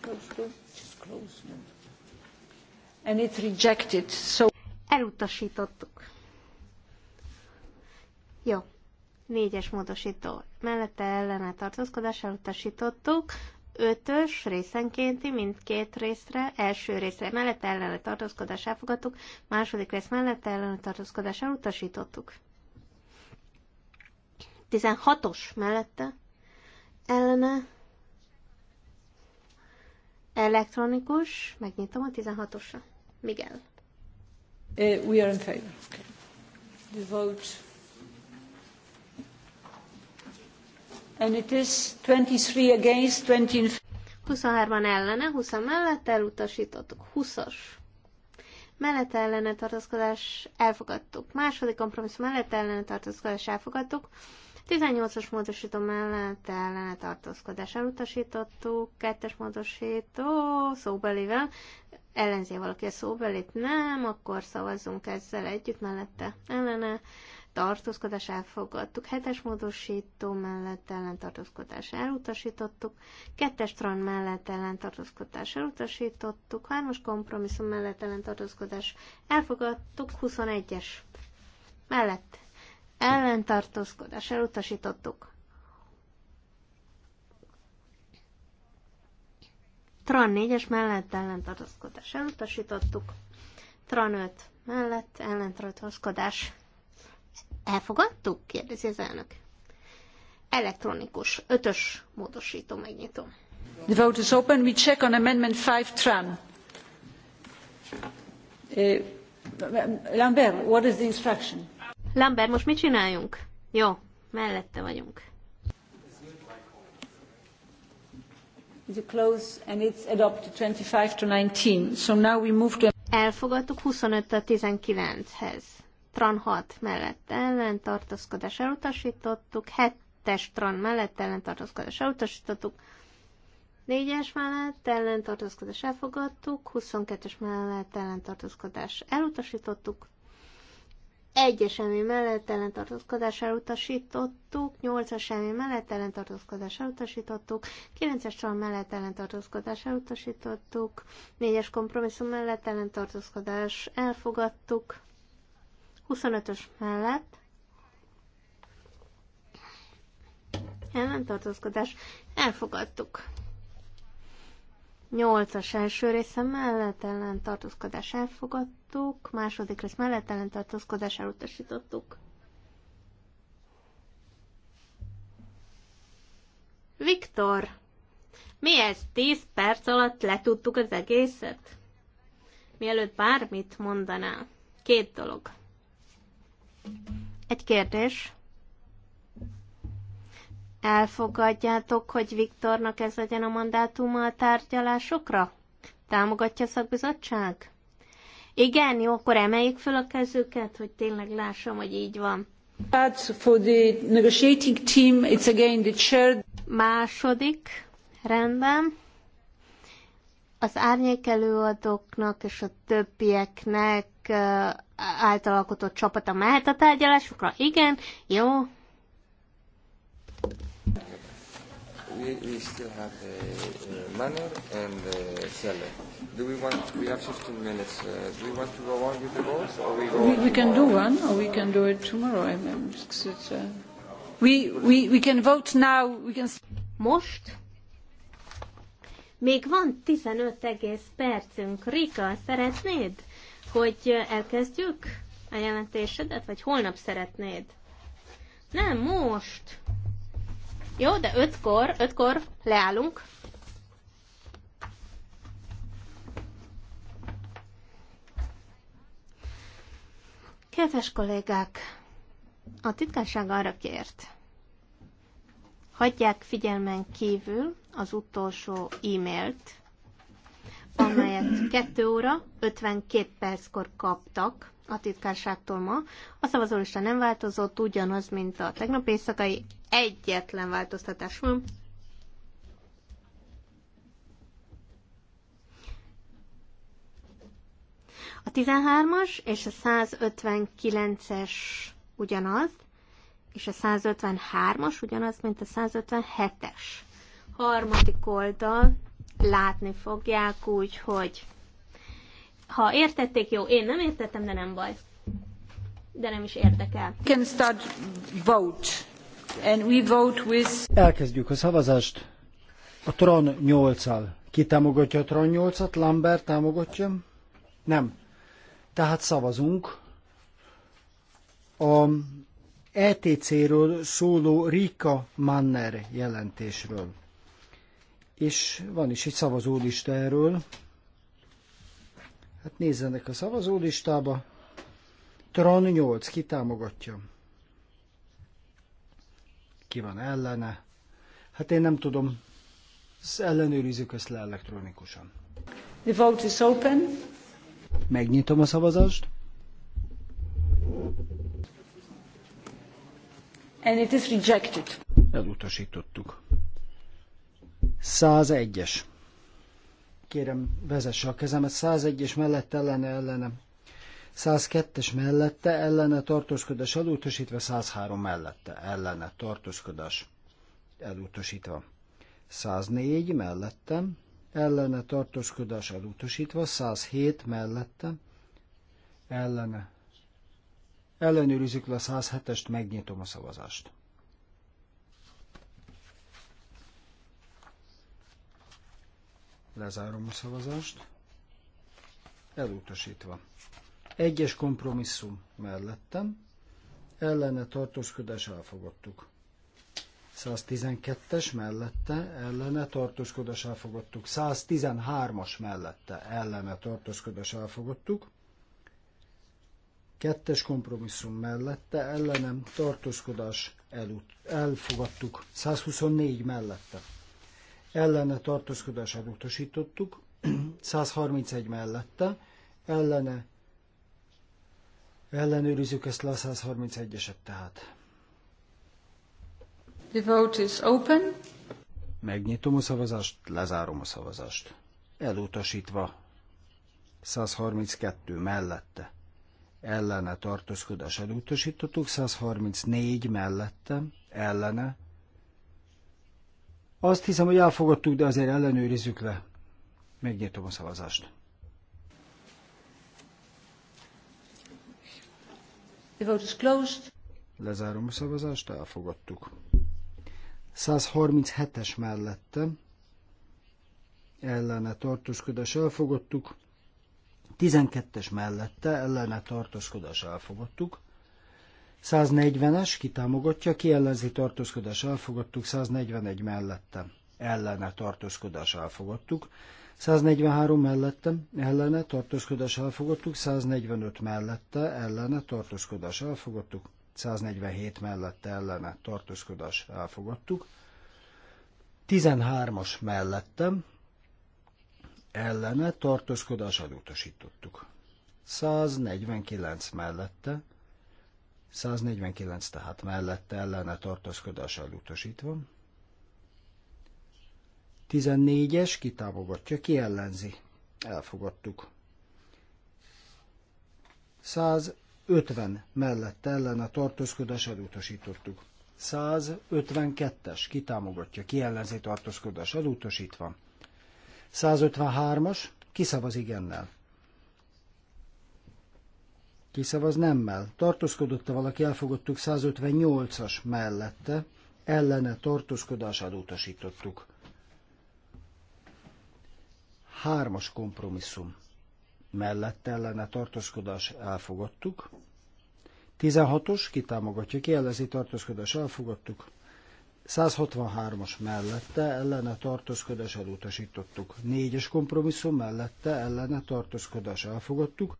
Closed to closed. And it rejected. So elutasítottuk. Jó, Négyes módosító mellette ellene tartózkodás elutasítottuk. Ötös részenkénti mindkét részre, első részre mellette ellene tartózkodás elfogadtuk, második rész mellette ellene tartózkodás elutasítottuk. 16-os mellette ellene elektronikus, megnyitom a 16-osra. Miguel. Uh, we are in favor. Okay. The vote and it is 23 against 20 23-an ellene, 20 mellett elutasítottuk. 20-as. Mellett ellene tartózkodás elfogadtuk. Második kompromisszum mellett ellene tartózkodás elfogadtuk. 18-as módosító mellett ellene tartózkodás elutasítottuk. Kettes módosító szóbelivel. Ellenzi valaki a szóbelit? Nem, akkor szavazzunk ezzel együtt mellette ellene tartózkodás elfogadtuk, hetes módosító mellett ellentartózkodás elutasítottuk, kettes tran mellett ellentartózkodás elutasítottuk, hármas kompromisszum mellett ellentartózkodás elfogadtuk, 21-es mellett ellentartózkodás elutasítottuk. Tran 4-es mellett ellentartózkodás elutasítottuk, Tran 5 mellett ellentartózkodás Elfogadtuk? kérdezi az elnök. Elektronikus, ötös módosító, megnyitom. The vote is open. We check on amendment 5 tram. Eh, Lambert, what is the instruction? Lambert, most mit csináljunk? Jó, mellette vagyunk. The close and it's adopted 25 to 19. So now we move to... Elfogadtuk 25 a 19-hez. Tran 6 mellett ellentartózkodás elutasítottuk, 7-es Tran mellett ellentartózkodás elutasítottuk, 4-es mellett ellentartózkodás elfogadtuk, 22-es mellett ellentartózkodás elutasítottuk, 1-es emi mellett ellentartózkodás elutasítottuk, 8-as emi mellett ellentartózkodás elutasítottuk, 9-es csal mellett ellentartózkodás elutasítottuk, 4-es kompromisszum mellett ellentartózkodás elfogadtuk, 25-ös mellett ellentartózkodás elfogadtuk. 8-as első része mellett ellentartózkodás elfogadtuk, második rész mellett ellentartózkodás elutasítottuk. Viktor, mi ez? 10 perc alatt letudtuk az egészet? Mielőtt bármit mondanál. Két dolog. Egy kérdés. Elfogadjátok, hogy Viktornak ez legyen a mandátuma a tárgyalásokra? Támogatja a szakbizottság? Igen, jó, akkor emeljék föl a kezüket, hogy tényleg lássam, hogy így van. For the negotiating team, it's again the chair. Második, rendben. Az árnyékelőadóknak és a többieknek által alkotott csapata mehet a tárgyalásokra? Igen, jó. We, we still have uh, uh and uh, Do we want? We have 15 minutes. Uh, do we want to go on with the or we go? We, we can do one, or we can do it tomorrow. I mean, it's, uh, we, we, we can vote now. We can. Most még van 15 egész percünk. Rika, szeretnéd? hogy elkezdjük a jelentésedet, vagy holnap szeretnéd? Nem, most. Jó, de ötkor, ötkor leállunk. Kedves kollégák, a titkárság arra kért, hagyják figyelmen kívül az utolsó e-mailt, amelyet 2 óra 52 perckor kaptak a titkárságtól ma. A szavazólista nem változott, ugyanaz, mint a tegnap éjszakai. Egyetlen változtatás van. A 13-as és a 159-es ugyanaz, és a 153-as ugyanaz, mint a 157-es. Harmadik oldal, látni fogják, úgyhogy ha értették, jó, én nem értettem, de nem baj. De nem is érdekel. Can start vote. And we vote with... Elkezdjük a szavazást. A Tron 8-al. Ki támogatja a Tron 8-at? Lambert támogatja? Nem. Tehát szavazunk. A ETC-ről szóló Rika Manner jelentésről és van is egy szavazólista erről. Hát nézzenek a szavazólistába. Tron 8, ki támogatja? Ki van ellene? Hát én nem tudom. Ezt ellenőrizzük ezt le elektronikusan. The vote is open. Megnyitom a szavazást. And it is rejected. Elutasítottuk. 101-es. Kérem, vezesse a kezemet. 101-es mellette ellene ellene. 102-es mellette ellene tartózkodás elutasítva, 103 mellette ellene tartózkodás elutasítva. 104 mellette ellene tartózkodás elutasítva, 107 mellette ellene. Ellenőrizzük le a 107-est, megnyitom a szavazást. Lezárom a szavazást. Elutasítva. Egyes kompromisszum mellettem. Ellene tartózkodás elfogadtuk. 112-es mellette, ellene tartózkodás elfogadtuk. 113-as mellette, ellene tartózkodás elfogadtuk. Kettes kompromisszum mellette, ellenem tartózkodás elut- elfogadtuk. 124 mellette ellene tartózkodását utasítottuk, 131 [CLEARS THROAT] mellette, ellene ellenőrizzük ezt le a 131-eset tehát. The vote is open. Megnyitom a szavazást, lezárom a szavazást. Elutasítva 132 mellette. Ellene tartózkodás elutasítottuk, 134 mellette, ellene azt hiszem, hogy elfogadtuk, de azért ellenőrizzük le. Megnyitom a szavazást. The vote is closed. Lezárom a szavazást, elfogadtuk. 137-es mellette ellene tartózkodás elfogadtuk. 12-es mellette ellene tartózkodás elfogadtuk. 140-es, ki támogatja, ki ellenzi tartózkodás elfogadtuk, 141 mellettem, ellene tartózkodás elfogadtuk, 143 mellettem, ellene tartózkodás elfogadtuk, 145 mellette, ellene tartózkodás elfogadtuk, 147 mellette, ellene tartózkodás elfogadtuk, 13-as mellettem, ellene tartózkodás elutasítottuk. 149 mellette, 149 tehát mellette ellene tartózkodás elutasítva. 14-es kitámogatja, ki ellenzi. Elfogadtuk. 150 mellette ellene tartózkodás elutasítottuk. 152-es kitámogatja, ki ellenzi tartózkodás elutasítva. 153-as kiszavaz igennel kiszavaz nemmel. Tartózkodott-e valaki, elfogadtuk 158-as mellette, ellene tartózkodását utasítottuk. Hármas kompromisszum. Mellette ellene tartózkodás elfogadtuk. 16-os kitámogatja, kielezi tartózkodás elfogadtuk. 163-as mellette ellene tartózkodás elutasítottuk. 4-es kompromisszum mellette ellene tartózkodás elfogadtuk.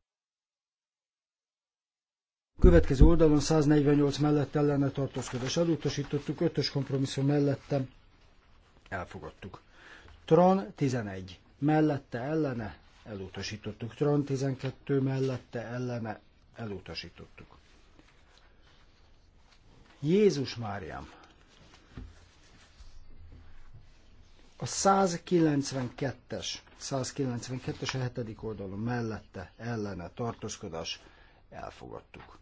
Következő oldalon 148 mellett ellene tartózkodás elutasítottuk, 5-ös kompromisszum mellette elfogadtuk. Tron 11 mellette ellene elutasítottuk. Tron 12 mellette ellene elutasítottuk. Jézus Máriam! A 192-es, 192-es a hetedik oldalon mellette ellene tartózkodás elfogadtuk.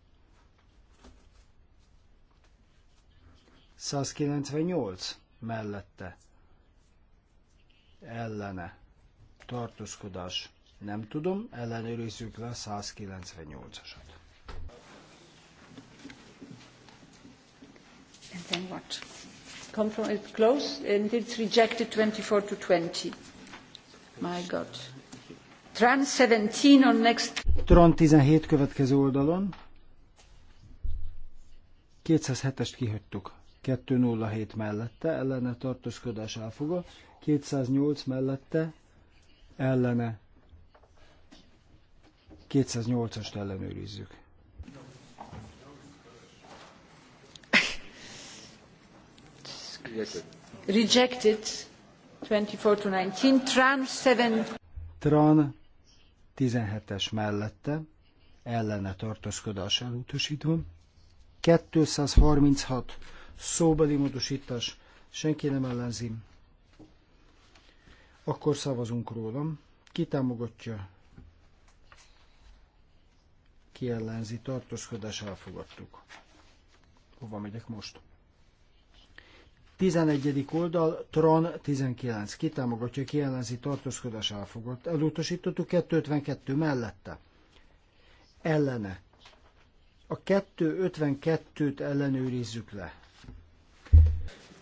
198 mellette ellene tartózkodás. Nem tudom, ellenőrizzük le 198-asat. And then what? Come from it close and it's rejected 24 to 20. My God. Tran 17 on next. Tran 17 következő oldalon. 207-est kihagytuk. 207 mellette, ellene tartózkodás elfoga, 208 mellette, ellene 208-ast ellenőrizzük. Rejected 24 to 19, Tran 7. Tran 17-es mellette, ellene tartózkodás elutasítva. 236 szóbeli módosítás, senki nem ellenzi. Akkor szavazunk rólam. Ki támogatja? Ki ellenzi? Tartózkodás elfogadtuk. Hova megyek most? 11. oldal, Tron 19. Ki támogatja, ki ellenzi, tartózkodás elfogadt. Elutasítottuk 252 mellette. Ellene. A 252-t ellenőrizzük le.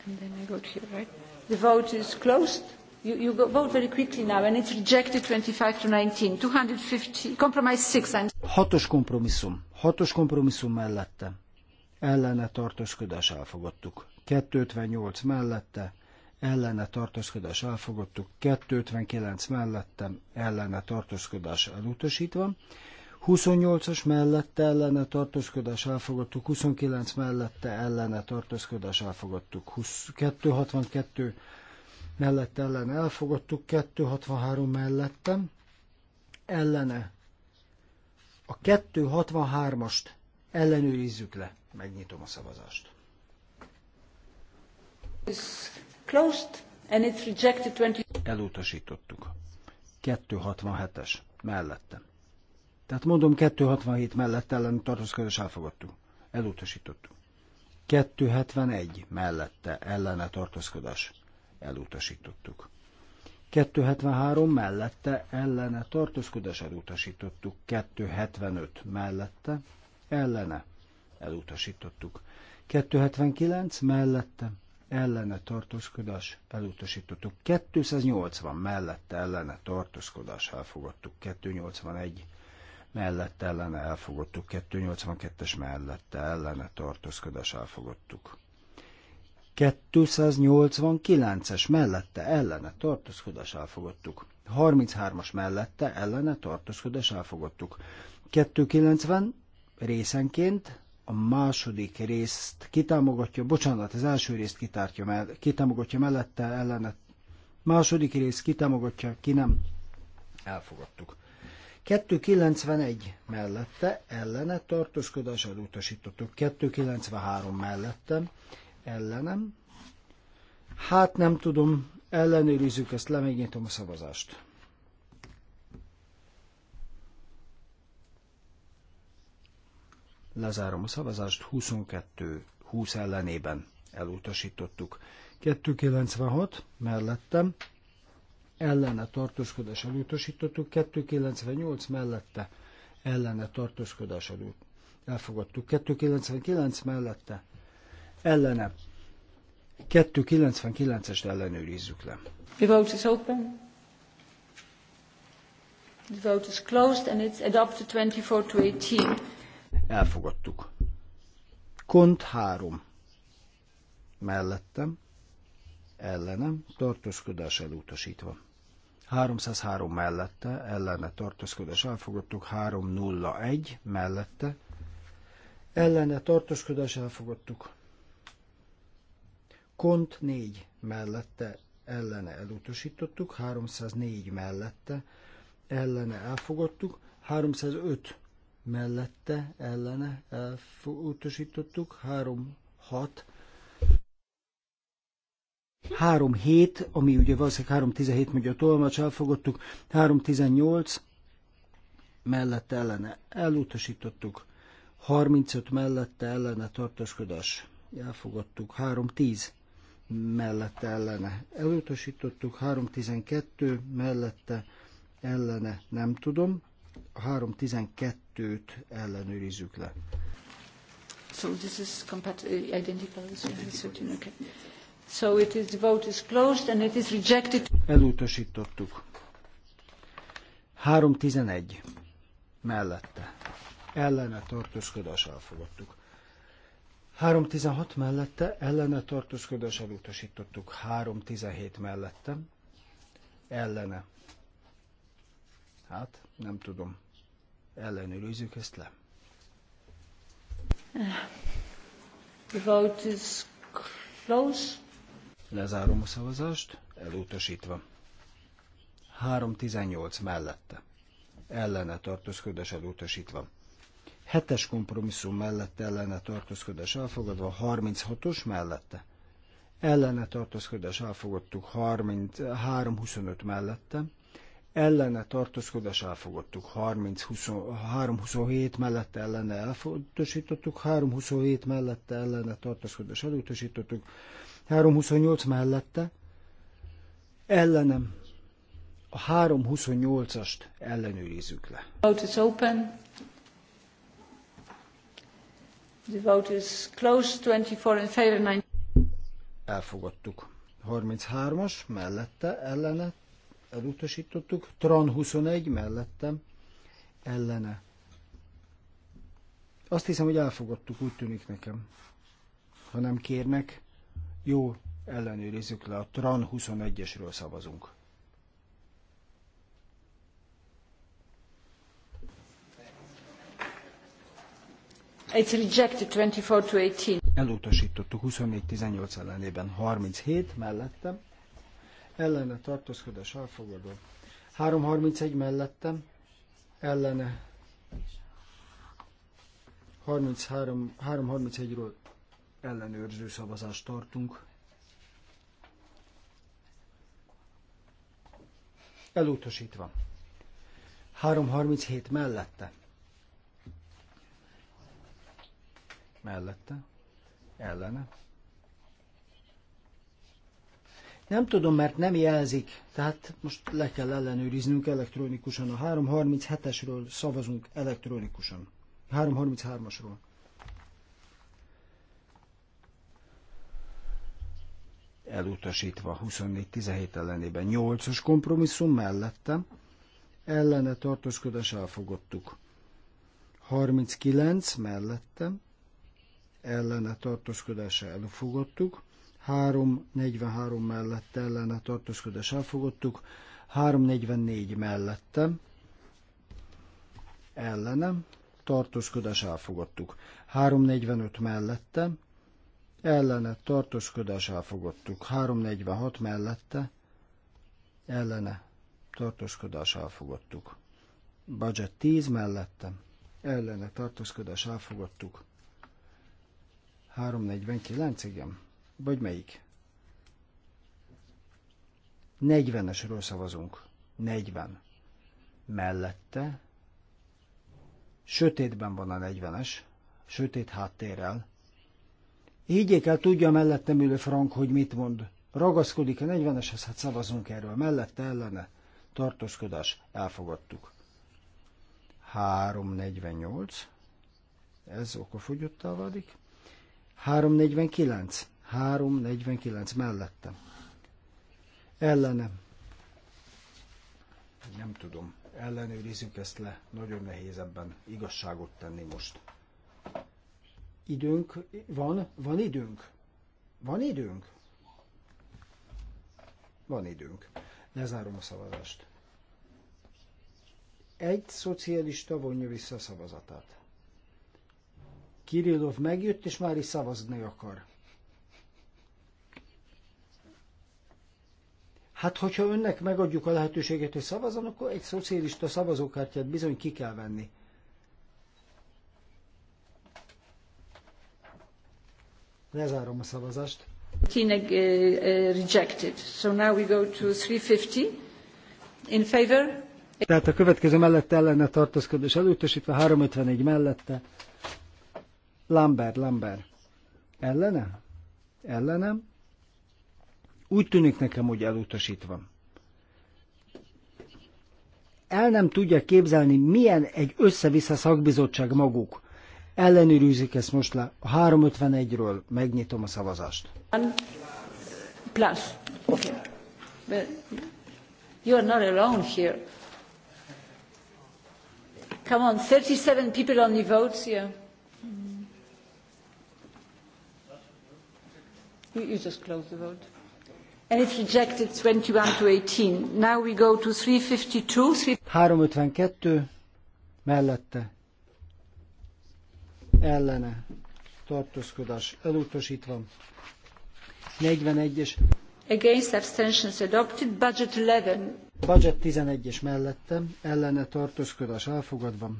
And then I vote here, right? The vote is closed. You, you go, vote very quickly now, and it's rejected 25 to 19. 250, compromise 6. And... Hatos kompromisszum. Hatos kompromisszum mellette. Ellene tartózkodás elfogadtuk. 258 mellette. Ellene tartózkodás elfogadtuk. 259 mellettem. Ellene tartózkodás elutasítva. 28-as mellette ellene tartózkodás elfogadtuk, 29 mellette ellene tartózkodás elfogadtuk, 262 mellette ellene elfogadtuk, 263 mellettem ellene. A 263-ast ellenőrizzük le. Megnyitom a szavazást. Elutasítottuk. 267-es mellettem tehát mondom, 267 mellett ellen tartózkodás elfogadtuk. Elutasítottuk. 271 mellette ellene tartózkodás elutasítottuk. 273 mellette ellene tartózkodás elutasítottuk. 275 mellette ellene elutasítottuk. 279 mellette ellene tartózkodás elutasítottuk. 280 mellette ellene tartózkodás elfogadtuk. 281 mellett ellene elfogottuk, 282-es mellette ellene tartózkodás elfogottuk. 289-es mellette ellene tartózkodás elfogottuk. 33-as mellette ellene tartózkodás elfogottuk. 290 részenként a második részt kitámogatja, bocsánat, az első részt kitártja mell kitámogatja mellette ellene. Második részt kitámogatja, ki nem. Elfogadtuk. 291 mellette ellene tartózkodás utasítottuk. 293 mellettem ellenem. Hát nem tudom, ellenőrizzük ezt, lemegnyitom a szavazást. Lezárom a szavazást 22 20 ellenében elutasítottuk. 296 mellettem ellene tartózkodás elutasítottuk, 298 mellette ellene tartózkodás előtt elfogadtuk, 299 mellette ellene 299-est ellenőrizzük le. The vote is open. The vote is closed and it's adopted 24 to 18. Elfogadtuk. Kont 3. Mellettem, ellenem, tartózkodás elutasítva. 303 mellette, ellene tartózkodás elfogadtuk, 301 mellette, ellene tartózkodás elfogadtuk. Kont 4 mellette, ellene elutasítottuk, 304 mellette, ellene elfogadtuk, 305 mellette, ellene elutasítottuk, 36 3 hét, ami ugye valószínűleg 3 17 mondja a tolmács, elfogadtuk, 3 18 mellette ellene elutasítottuk, 35 mellette ellene tartaskodás, elfogadtuk, 3 10 mellette ellene elutasítottuk, 3 12 mellette ellene nem tudom, a 12 t ellenőrizzük le. So this is compatible, uh, identical with 13, okay. So it is, the vote is closed and it is rejected. Elutasítottuk. 3.11 mellette. Ellene tartózkodás elfogadtuk. 3.16 mellette ellene tartózkodás elutasítottuk. 3.17 mellette ellene. Hát, nem tudom. Ellenőrizzük ezt le. The vote is closed. Lezárom a szavazást, elutasítva. 318 mellette. Ellene tartózkodás elutasítva. 7-es kompromisszum mellette ellene tartózkodás elfogadva, 36-os mellette. Ellene tartózkodás elfogadtuk 325 mellette. Ellene tartózkodás elfogadtuk 30, 20, 327 mellette ellene elutasítottuk, 327 mellette ellene tartózkodás elutasítottuk, 328 mellette, ellenem a 328-ast ellenőrizzük le. Vote is open. The vote is closed. 24 in favor, 9. Elfogadtuk. 33-as mellette, ellene, elutasítottuk. Tran 21 mellette ellene. Azt hiszem, hogy elfogadtuk, úgy tűnik nekem. Ha nem kérnek, jó, ellenőrizzük le, a TRAN 21-esről szavazunk. It's rejected 24 to 18. Elutasítottuk 24-18 ellenében, 37 mellettem, ellene tartózkodás elfogadó. 331 mellettem, ellene 33, 331-ről ellenőrző szavazást tartunk. Elutasítva. 337 mellette. Mellette. Ellene. Nem tudom, mert nem jelzik, tehát most le kell ellenőriznünk elektronikusan. A 337-esről szavazunk elektronikusan. 333-asról. elutasítva 24-17 ellenében. 8 os kompromisszum mellettem, ellene tartózkodás elfogadtuk. 39 mellettem, ellene tartózkodása elfogadtuk, 343 mellett ellene tartózkodás elfogadtuk, 344 mellettem, ellenem, tartózkodás elfogadtuk. 345 mellettem, ellene tartózkodás elfogadtuk. 346 mellette ellene tartózkodás elfogadtuk. Budget 10 mellette ellene tartózkodás elfogadtuk. 349, igen. Vagy melyik? 40-esről szavazunk. 40. Mellette. Sötétben van a 40-es. Sötét háttérrel. Higgyék el, tudja mellettem ülő Frank, hogy mit mond. Ragaszkodik a 40-eshez, hát szavazunk erről. Mellette ellene. Tartózkodás. Elfogadtuk. 348. Ez okofogyottá válik. 349. 349 mellette. Ellene. Nem tudom. Ellenőrizzük ezt le. Nagyon nehéz ebben igazságot tenni most. Időnk van? Van időnk? Van időnk? Van időnk. Lezárom a szavazást. Egy szocialista vonja vissza a szavazatát. Kirillov megjött, és már is szavazni akar. Hát, hogyha önnek megadjuk a lehetőséget, hogy szavazzon, akkor egy szocialista szavazókártyát bizony ki kell venni. Lezárom a szavazást. Uh, uh, rejected. So now we go to 350. In favor? Tehát a következő mellette ellene tartózkodás elutasítva, 351 mellette. Lambert, Lambert. Ellene? Ellenem? Úgy tűnik nekem, hogy elutasítva. El nem tudja képzelni, milyen egy össze-vissza szakbizottság maguk. Ellenőrizzük ezt most le. A 351-ről megnyitom a szavazást. Plus. Okay. you are not alone here. Come on, 37 people only votes here. you just close the vote. And it's rejected 21 to 18. Now we go to 352. 352 mellette ellene tartózkodás elutasítva. 41-es Against abstentions adopted, budget 11. Budget 11-es mellette, ellene tartózkodás elfogadva.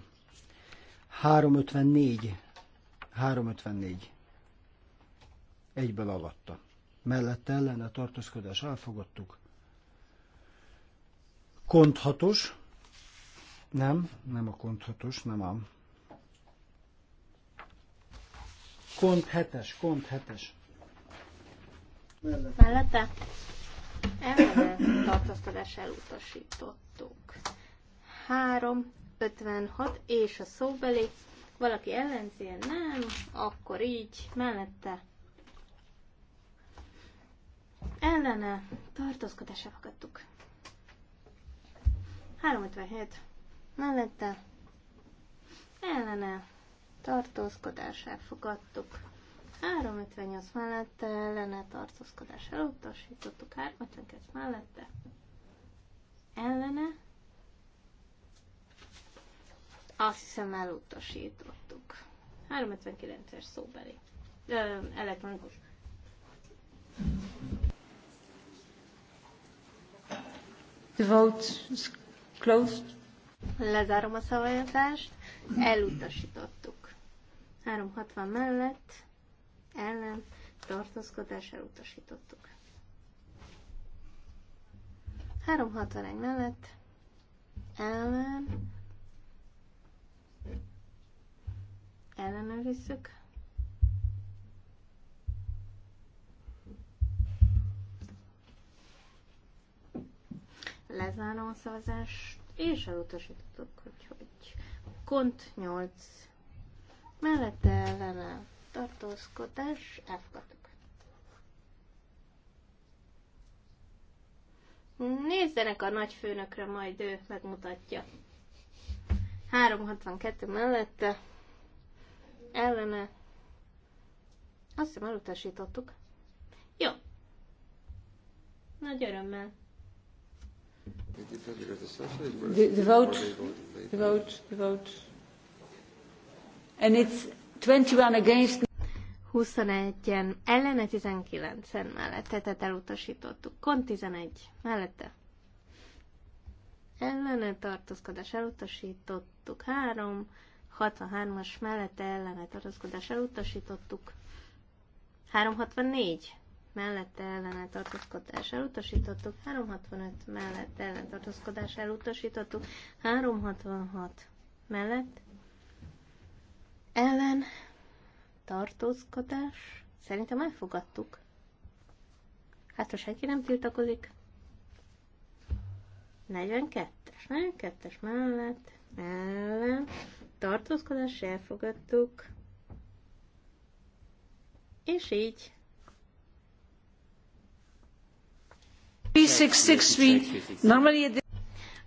354. 354. Egyből alatta. Mellette ellene tartózkodás elfogadtuk. Konthatos. Nem, nem a konthatos, nem ám. Kont hetes, kont hetes. es Mellette? Ellene tartózkodás elutasítottuk. 3, 56 és a szóbeli. Valaki ellenzi, nem, akkor így, mellette. Ellene tartózkodás elfogadtuk. 357 mellette. Ellene tartózkodását fogadtuk. 358 mellette ellene tartózkodás elutasítottuk, 352 mellette ellene. Azt hiszem elutasítottuk. 359-es szóbeli. Ö, elektronikus. The vote is closed. Lezárom a szavazást. Elutasítottuk. 360 mellett ellen tartózkodás elutasítottuk. 361 mellett ellen ellenőrizzük. Lezárom a szavazást, és elutasítottuk, hogy kont 8 mellette ellene tartózkodás elfogadtuk. Nézzenek a nagyfőnökre, majd ő megmutatja. 362 mellette ellene azt hiszem elutasítottuk. Jó. Nagy örömmel. The, the vote, the vote, the vote. And 21 against 21-en, ellene 19-en mellette, tehát elutasítottuk. Kont 11 mellette. Ellene tartózkodás elutasítottuk. 3, 63-as mellette ellene tartózkodás elutasítottuk. 364 mellette ellene tartózkodás elutasítottuk. 365 mellette ellen tartózkodás elutasítottuk. 366 mellett ellen tartózkodás. Szerintem elfogadtuk. Hát, ha senki nem tiltakozik. 42-es, 42-es mellett ellen tartózkodás elfogadtuk. És így.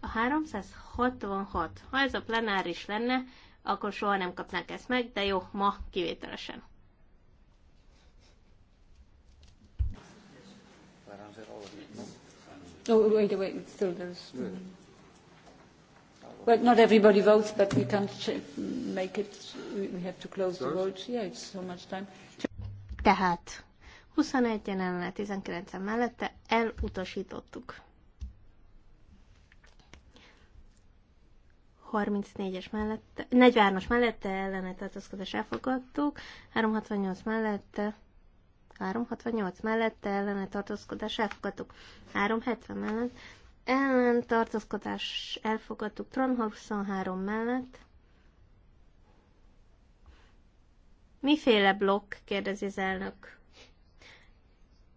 A 366. Ha ez a plenáris lenne, akkor soha nem kapnánk ezt meg, de jó, ma kivételesen. No, wait, wait, still there's... Well, not everybody votes, but we can't make it. We have to close the vote. Yeah, it's so much time. Tehát 21-en ellene, 19-en mellette elutasítottuk. 34-es mellette, 43-as mellette ellene tartózkodás elfogadtuk, 368 mellette, 368 mellette ellene tartózkodás elfogadtuk, 370 mellett ellen tartózkodás elfogadtuk, Tron 23 mellett. Miféle blokk? kérdezi az elnök.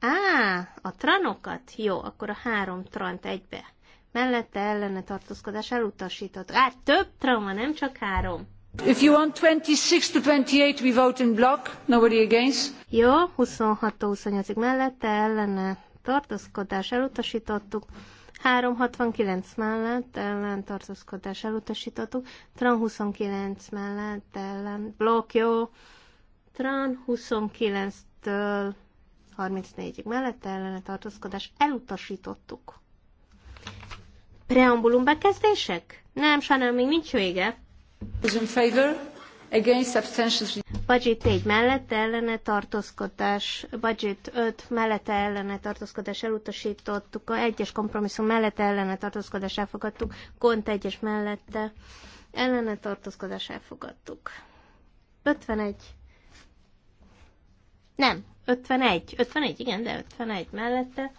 Á, a tranokat? Jó, akkor a három trant egybe mellette ellene tartózkodás elutasított. Hát több trauma, nem csak három. If you want 26 to 28, we vote in block. Nobody against. Jó, 26-28-ig mellette ellene tartózkodás elutasítottuk. 369 mellett ellen tartózkodás elutasítottuk. Tran 29 mellett ellen blokk, jó. Tran 29-től 34-ig mellette ellene tartózkodás elutasítottuk. Preambulum bekezdések? Nem, sajnálom, még nincs vége. Is in favor? Against abstentions. Budget 4 mellette ellene tartózkodás, budget 5 mellette ellene tartózkodás elutasítottuk, a 1-es kompromisszum mellette ellene tartózkodás elfogadtuk, kont 1-es mellette ellene tartózkodás elfogadtuk. 51. Nem, 51. 51, igen, de 51 mellette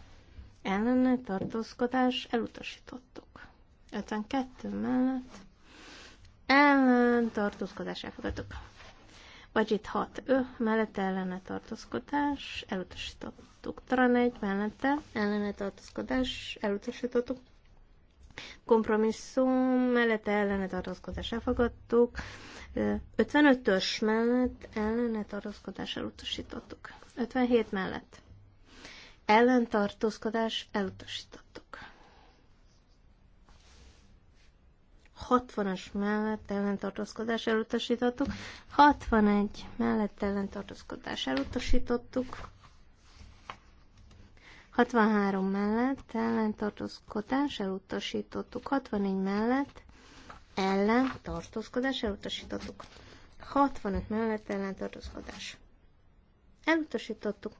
ellene tartózkodás elutasítottuk. 52 mellett ellen tartózkodás elfogadtuk. Vagy itt 6 ő mellette ellene tartózkodás elutasítottuk. Talán egy mellette ellene tartózkodás elutasítottuk. Kompromisszum mellette ellene tartózkodás elfogadtuk. 55-ös mellett ellene tartózkodás elutasítottuk. 57 mellett ellentartózkodás elutasítottuk. 60-as mellett ellentartózkodás elutasítottuk, 61 mellett ellentartózkodás elutasítottuk, 63 mellett ellentartózkodás elutasítottuk, 64 mellett ellentartózkodás elutasítottuk, 65 mellett ellentartózkodás elutasítottuk,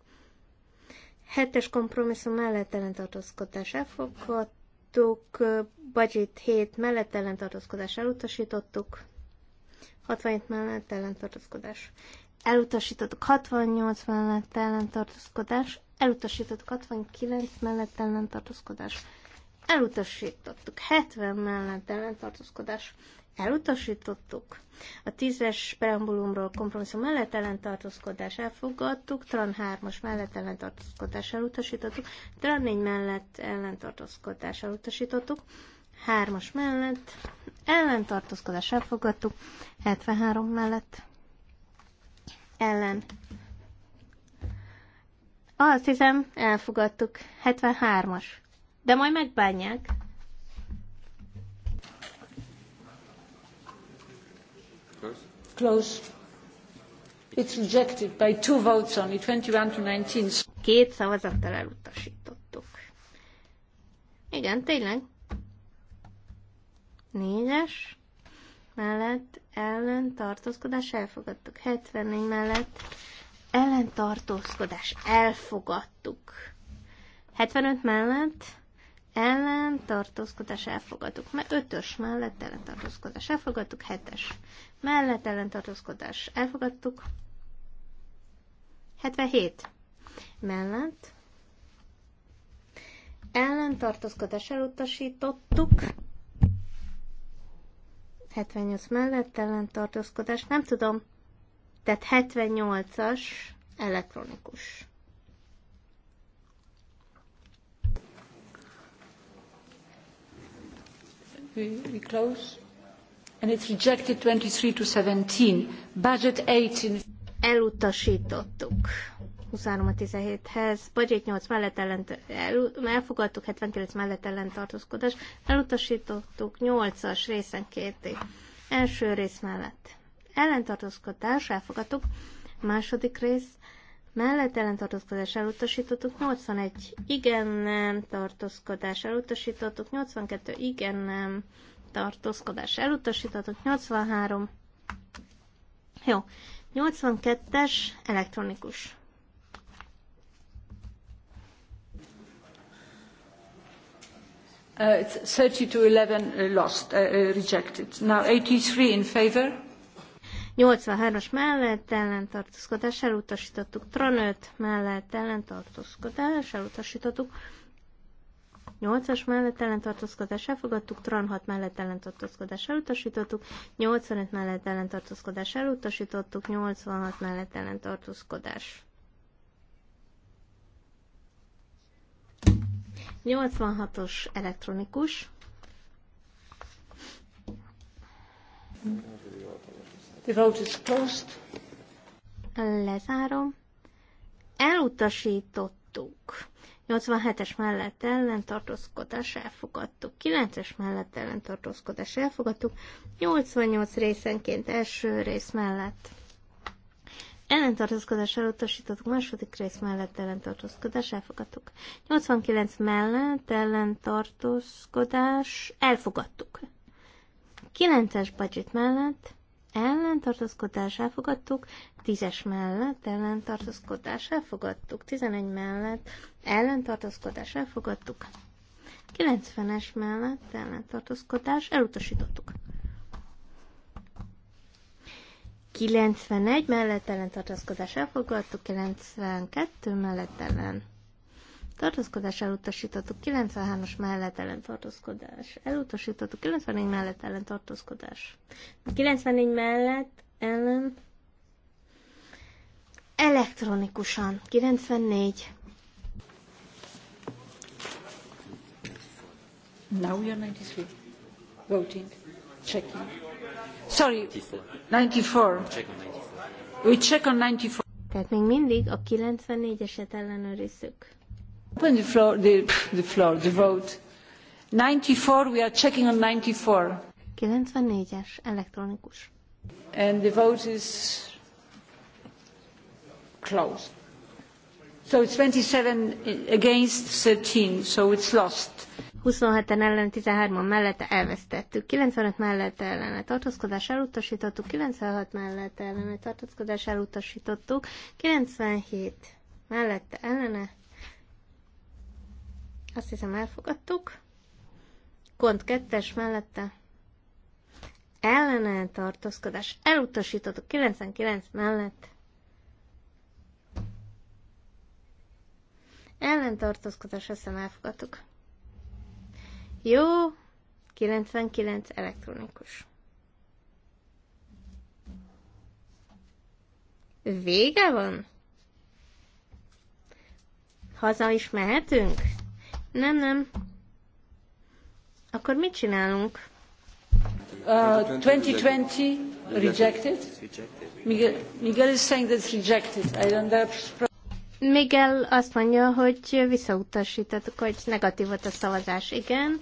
Hetes kompromisszum mellett ellentartózkodás elfogadtuk, budget 7 mellett ellentartózkodás elutasítottuk, 67 mellett ellentartózkodás elutasítottuk, 68 mellett ellentartózkodás elutasítottuk, 69 mellett ellentartózkodás elutasítottuk, 70 mellett ellentartózkodás elutasítottuk. A tízes preambulumról kompromisszum mellett ellentartózkodás elfogadtuk, TRAN 3-as mellett ellentartózkodás elutasítottuk, TRAN 4 mellett ellentartózkodás elutasítottuk, 3-as mellett ellentartózkodás elfogadtuk, 73 mellett ellen. Azt hiszem, elfogadtuk. 73-as. De majd megbánják. Close. It's rejected by two votes only, 21 to 19. Két szavazattal elutasítottuk. Igen, tényleg. Négyes mellett ellen tartózkodás elfogadtuk. 74 mellett ellen tartózkodás elfogadtuk. 75 mellett ellen tartózkodás elfogadtuk, mert ötös mellett ellen tartózkodás elfogadtuk, hetes mellett ellen tartózkodás elfogadtuk, 77 mellett ellen tartózkodás elutasítottuk, 78 mellett ellen tartózkodás, nem tudom, tehát 78-as elektronikus. we, we close. And it's rejected 23 to 17. Budget 18. Elutasítottuk. 23 a 17-hez, budget 8 mellett ellen, el, elfogadtuk 79 mellett tartózkodás, elutasítottuk 8-as két. Első rész mellett ellentartózkodás, elfogadtuk. Második rész mellett ellentartózkodás elutasítottuk, 81 igen nem, tartózkodás elutasítottuk, 82 igen nem, tartózkodás elutasítottuk, 83 jó, 82-es elektronikus. Uh, it's 30 to 11 uh, lost, uh, uh rejected. Now 83 in favor 83-as mellett ellentartózkodás elutasítottuk. Tran mellett ellentartózkodás elutasítottuk. 8-as mellett ellentartózkodás elfogadtuk, Tran 6 mellett ellentartózkodás elutasítottuk, 85 mellett ellentartózkodás elutasítottuk, 86 mellett ellentartózkodás. 86-os elektronikus. Mm. The vote is closed. Lezárom. Elutasítottuk. 87-es mellett ellentartózkodás elfogadtuk, 9-es mellett ellentartózkodás elfogadtuk, 88 részenként első rész mellett ellentartózkodás elutasítottuk, második rész mellett ellentartózkodás elfogadtuk, 89 mellett ellentartózkodás elfogadtuk, 9-es budget mellett ellentartózkodás elfogadtuk, 10-es mellett ellentartózkodás elfogadtuk, 11 mellett ellentartózkodás elfogadtuk, 90-es mellett ellentartózkodás elutasítottuk. 91 mellett ellentartózkodás elfogadtuk, 92 mellett ellen tartózkodás elutasítottuk, 93-as mellett ellen tartózkodás. elutasítottuk, 94 mellett ellen tartózkodás. 94 mellett ellen elektronikusan, 94. Now we are 93. Voting. Checking. Sorry, 94. We check on 94. Tehát még mindig a 94-eset ellenőrizzük. Open the floor, the, the floor, the vote. 94, we are checking on 94. 94-es, elektronikus. And the vote is closed. So it's 27 against 13, so it's lost. 27-en ellen, 13-an mellette elvesztettük, 95 mellette ellene tartózkodás elutasítottuk, 96 mellette ellene tartózkodás elutasítottuk, 97 mellette ellene azt hiszem elfogadtuk. Kont kettes mellette ellene tartózkodás elutasítottuk 99 mellett. Ellentartózkodás azt hiszem elfogadtuk. Jó, 99 elektronikus. Vége van? Haza is mehetünk? Nem, nem. Akkor mit csinálunk? Uh, 2020 rejected. Miguel, Miguel is saying that's rejected. I don't have... Miguel azt mondja, hogy visszautasítottuk, hogy negatív volt a szavazás. Igen,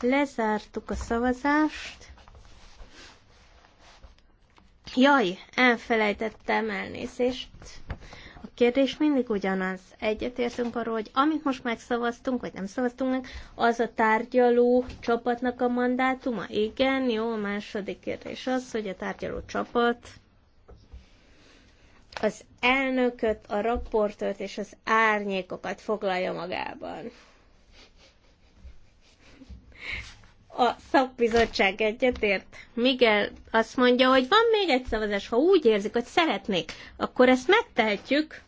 lezártuk a szavazást. Jaj, elfelejtettem elnézést kérdés mindig ugyanaz. Egyetértünk arról, hogy amit most megszavaztunk, vagy nem szavaztunk meg, az a tárgyaló csapatnak a mandátuma. Igen, jó, a második kérdés az, hogy a tárgyaló csapat az elnököt, a raportőt és az árnyékokat foglalja magában. a szakbizottság egyetért. Miguel azt mondja, hogy van még egy szavazás, ha úgy érzik, hogy szeretnék, akkor ezt megtehetjük.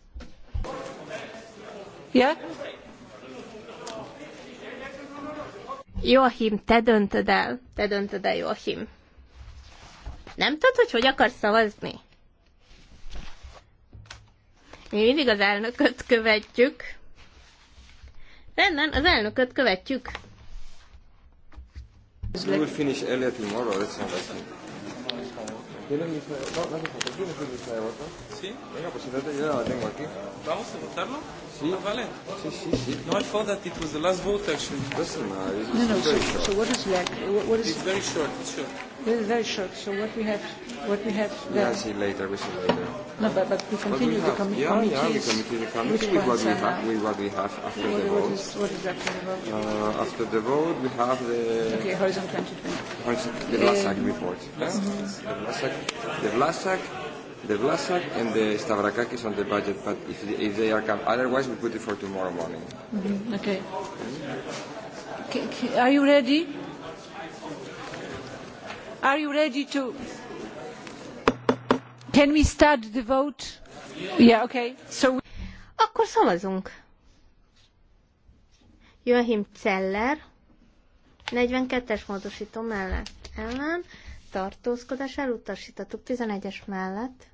Yeah? Joachim, te döntöd el. Te döntöd el, Joachim. Nem tudod, hogy hogy akarsz szavazni? Mi mindig az elnököt követjük. Rendben, az elnököt követjük. We will finish early tomorrow, that's not ¿Tienes mi No, no hace falta. ¿Tienes mi lista de votos? Sí. Venga, pues si no te ayuda, la tengo aquí. ¿Vamos a votarlo? Sí. Ah, vale. Sí, sí, sí. No, I thought that it was the last vote, actually. No, no, no, so, so what is left? What, what is... It's very short. It's short. This is very short. So what we have, what we have. There. Yeah, I see later. We see later. No, but but we continue but we have, the committee. yeah, Yeah, we continue the committee with what we have. With what we have after what, the vote. What is, what is after the vote? Uh, after the vote, we have the. Okay, Horizon 2020. Horizon, the Vlasak um, report. Yeah? Mm-hmm. The Vlasak. The Vlasak the Vlasak and the Stavrakakis on the budget, but if, the, if they are come, otherwise we put it for tomorrow morning. Mm-hmm. Okay. Mm-hmm. Are you ready? Are you ready to? Can we start the vote? Yeah, okay. So. Akkor szavazunk. Joachim Zeller, 42-es módosító mellett ellen, tartózkodás elutasítottuk 11-es mellett.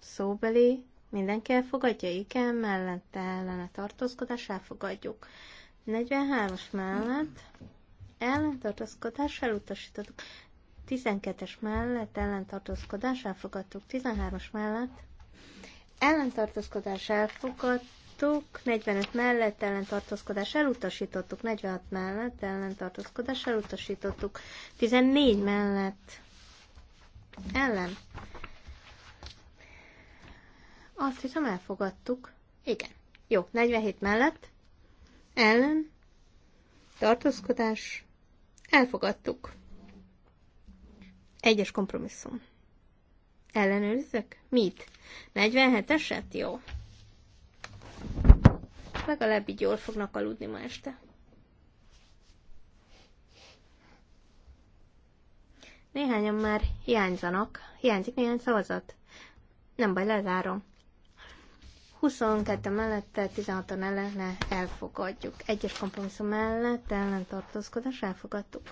Szóbeli, mindenki elfogadja, igen, mellette ellene tartózkodás elfogadjuk. 43-as mellett ellentartózkodás elutasítottuk. 12-es mellett ellentartózkodás elfogadtuk. 13-as mellett ellentartózkodás elfogadtuk. 45 mellett ellentartózkodás elutasítottuk. 46 mellett ellentartózkodás elutasítottuk. 14 mellett ellen. Azt hiszem elfogadtuk. Igen. Jó, 47 mellett ellen tartózkodás Elfogadtuk. Egyes kompromisszum. Ellenőrizzek? Mit? 47-eset? Jó. Legalább így jól fognak aludni ma este. Néhányan már hiányzanak. Hiányzik néhány szavazat. Nem baj, lezárom. 22 mellette, 16-an ellene elfogadjuk. Egyes kompromisszum mellett ellentartózkodás elfogadtuk.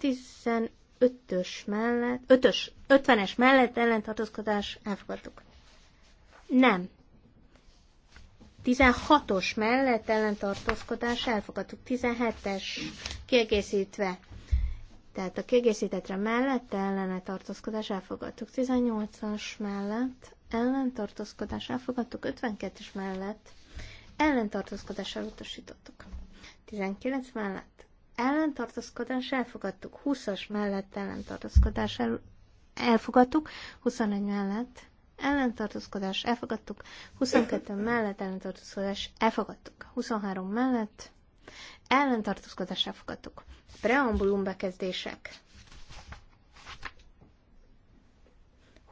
15-ös mellett, 5-ös, 50-es mellett ellentartózkodás elfogadtuk. Nem. 16-os mellett ellentartózkodás elfogadtuk. 17-es kiegészítve. Tehát a kiegészítetre mellett ellene tartózkodás elfogadtuk. 18-as mellett ellentartózkodás elfogadtuk, 52 is mellett ellentartózkodással utasítottuk. 19 mellett ellentartózkodás elfogadtuk, 20-as mellett ellentartózkodás el, elfogadtuk, 21 mellett ellentartózkodás elfogadtuk, 22 mellett ellentartózkodás elfogadtuk, 23 mellett ellentartózkodás elfogadtuk. Preambulum bekezdések.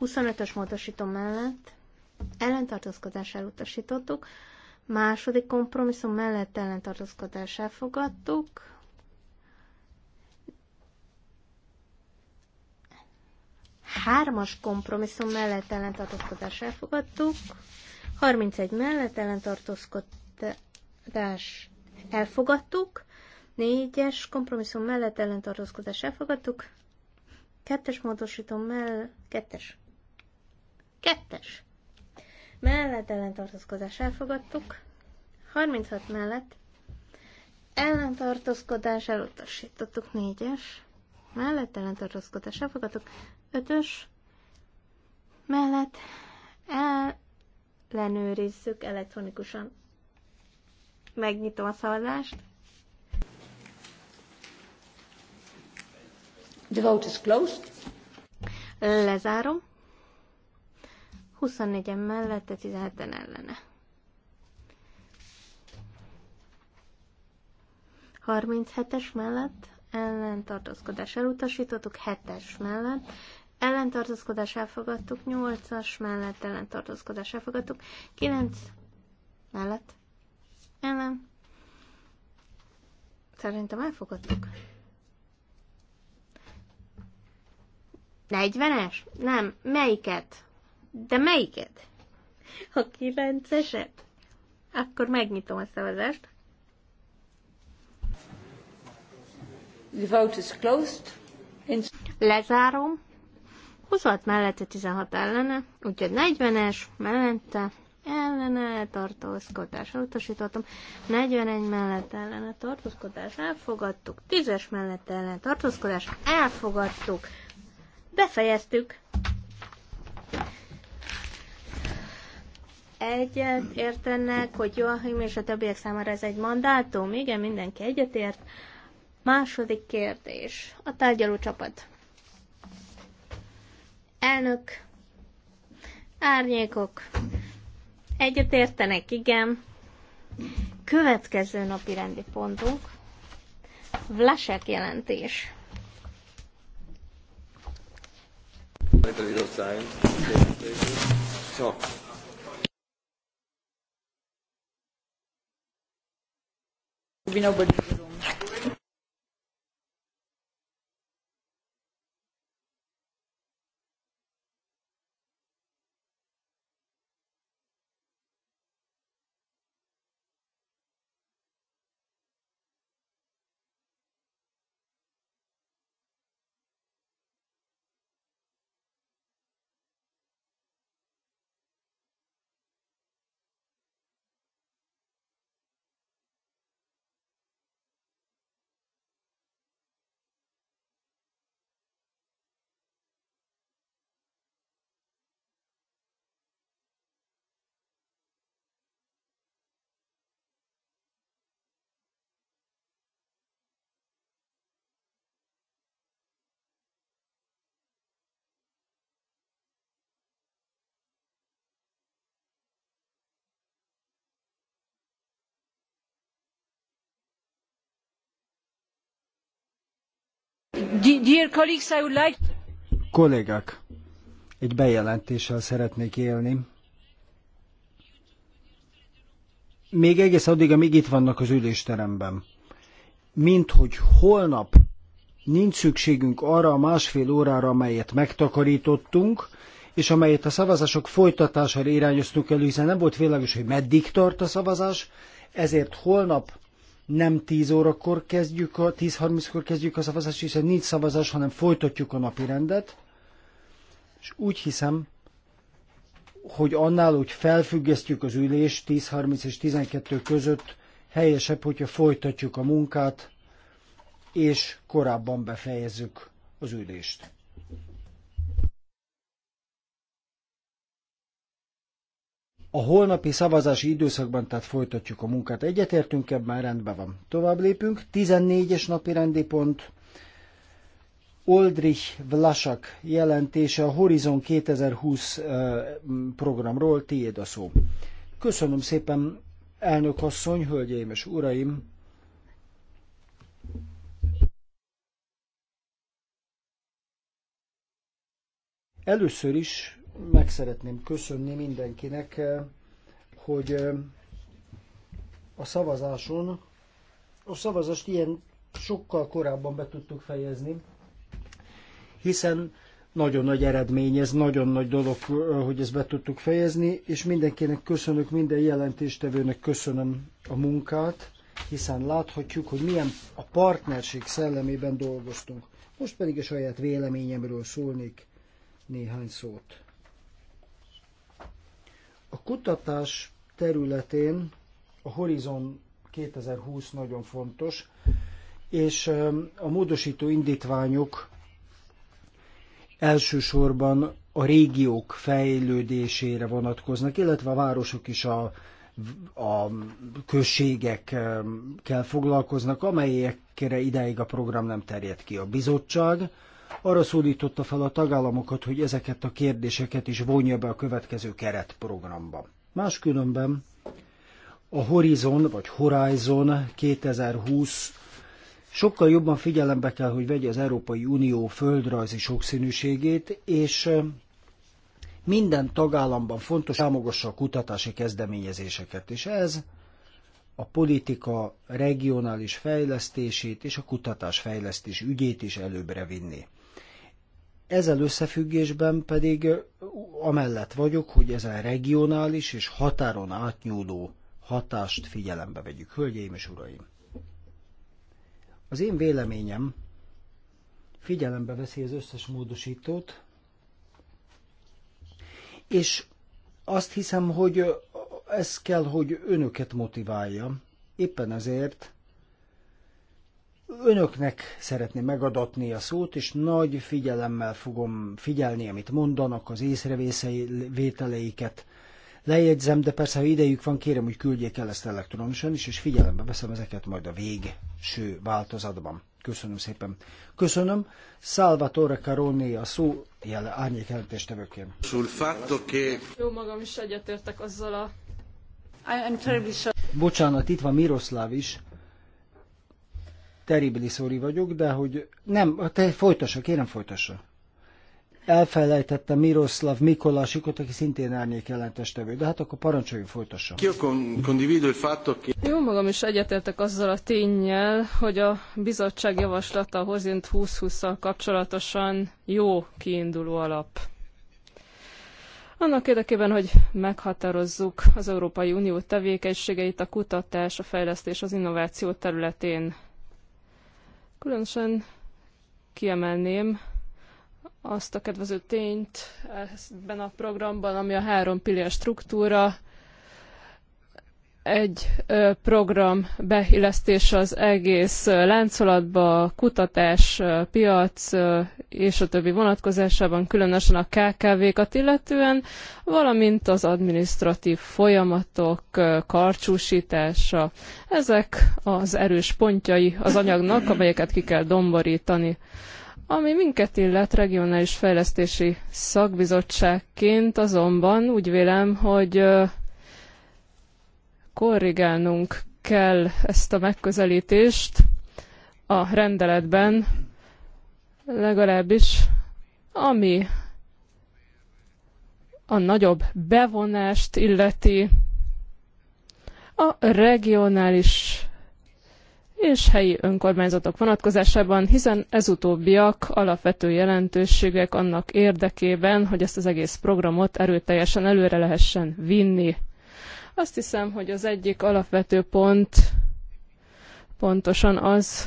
25-ös módosító mellett ellentartózkodás elutasítottuk, második kompromisszum mellett ellentartózkodás elfogadtuk, hármas kompromisszum mellett ellentartózkodás elfogadtuk, 31 mellett ellentartózkodás elfogadtuk, 4-es kompromisszum mellett ellentartózkodás elfogadtuk, kettes módosító mellett, kettes Kettes. Mellett ellentartózkodás elfogadtuk. 36 mellett ellentartózkodás elutasítottuk. 4-es. Mellett ellentartózkodás elfogadtuk. 5-ös. Mellett ellenőrizzük elektronikusan. Megnyitom a szavazást. The vote is closed. Lezárom. 24-en mellette, 17-en ellene. 37-es mellett ellentartózkodás elutasítottuk, 7-es mellett ellentartózkodás elfogadtuk, 8-as mellett ellentartózkodás elfogadtuk, 9 mellett ellen. Szerintem elfogadtuk. 40-es? Nem, melyiket? De melyiket? A kilenceset? Akkor megnyitom a szavazást. The vote is closed. In... Lezárom. 26 mellette, 16 ellene, úgyhogy 40-es mellette, ellene tartózkodás elutasítottam, 41 mellett ellene tartózkodás elfogadtuk, 10-es mellett ellene tartózkodás elfogadtuk, befejeztük. egyet értenek, hogy Joachim és a többiek számára ez egy mandátum? Igen, mindenki egyetért. Második kérdés. A tárgyaló csapat. Elnök. Árnyékok. Egyet értenek, igen. Következő napi rendi pontunk. Vlasek jelentés. So. we know, but Kollégák, egy bejelentéssel szeretnék élni. Még egész addig, amíg itt vannak az ülésteremben. Mint hogy holnap nincs szükségünk arra a másfél órára, amelyet megtakarítottunk, és amelyet a szavazások folytatására irányoztunk elő, hiszen nem volt világos, hogy meddig tart a szavazás, ezért holnap nem 10 órakor kezdjük, 10.30-kor kezdjük a szavazást, hiszen nincs szavazás, hanem folytatjuk a napi rendet. És úgy hiszem, hogy annál, hogy felfüggesztjük az ülést 10.30 és 12 között, helyesebb, hogyha folytatjuk a munkát, és korábban befejezzük az ülést. A holnapi szavazási időszakban tehát folytatjuk a munkát. Egyetértünk ebben, rendben van. Tovább lépünk. 14-es napi rendi pont. Oldrich Vlasak jelentése a Horizon 2020 programról. Tiéd a szó. Köszönöm szépen, elnök asszony, hölgyeim és uraim. Először is meg szeretném köszönni mindenkinek, eh, hogy eh, a szavazáson, a szavazást ilyen sokkal korábban be tudtuk fejezni, hiszen nagyon nagy eredmény, ez nagyon nagy dolog, eh, hogy ezt be tudtuk fejezni, és mindenkinek köszönök, minden jelentéstevőnek köszönöm a munkát, hiszen láthatjuk, hogy milyen a partnerség szellemében dolgoztunk. Most pedig a saját véleményemről szólnék néhány szót. A kutatás területén a Horizon 2020 nagyon fontos, és a módosító indítványok elsősorban a régiók fejlődésére vonatkoznak, illetve a városok is a, a községekkel foglalkoznak, amelyekre ideig a program nem terjed ki. A bizottság arra szólította fel a tagállamokat, hogy ezeket a kérdéseket is vonja be a következő keretprogramba. Máskülönben a Horizon vagy Horizon 2020 sokkal jobban figyelembe kell, hogy vegye az Európai Unió földrajzi sokszínűségét, és minden tagállamban fontos támogassa a kutatási kezdeményezéseket, és ez a politika regionális fejlesztését és a kutatás fejlesztés ügyét is előbbre vinni. Ezzel összefüggésben pedig amellett vagyok, hogy ezen regionális és határon átnyúló hatást figyelembe vegyük. Hölgyeim és uraim! Az én véleményem figyelembe veszi az összes módosítót, és azt hiszem, hogy ez kell, hogy önöket motiválja. Éppen ezért Önöknek szeretném megadatni a szót, és nagy figyelemmel fogom figyelni, amit mondanak, az észrevételeiket. Lejegyzem, de persze, ha idejük van, kérem, hogy küldjék el ezt elektronosan is, és figyelembe veszem ezeket majd a végső változatban. Köszönöm szépen. Köszönöm. Salvatore Caroni a szó jele árnyék jelentéstevőként. Jó magam is egyetértek azzal a... I'm terribly sorry. Bocsánat, itt van Miroslav is. Terribili szóri vagyok, de hogy nem, hát te folytassa, kérem folytassa. Elfelejtette Miroslav Mikolásikot, aki szintén árnyék jelentős tevő, de hát akkor parancsoljon, folytassa. Jó magam is egyetértek azzal a tényjel, hogy a bizottság javaslata a Hozint 2020-szal kapcsolatosan jó kiinduló alap. Annak érdekében, hogy meghatározzuk az Európai Unió tevékenységeit a kutatás, a fejlesztés, az innováció területén Különösen kiemelném azt a kedvező tényt ebben a programban, ami a három pillér struktúra, egy program beillesztése az egész láncolatba, kutatás, piac és a többi vonatkozásában, különösen a KKV-kat illetően, valamint az administratív folyamatok karcsúsítása. Ezek az erős pontjai az anyagnak, amelyeket ki kell domborítani. Ami minket illet regionális fejlesztési szakbizottságként azonban úgy vélem, hogy korrigálnunk kell ezt a megközelítést a rendeletben, legalábbis ami a nagyobb bevonást illeti a regionális és helyi önkormányzatok vonatkozásában, hiszen ez utóbbiak alapvető jelentőségek annak érdekében, hogy ezt az egész programot erőteljesen előre lehessen vinni. Azt hiszem, hogy az egyik alapvető pont pontosan az,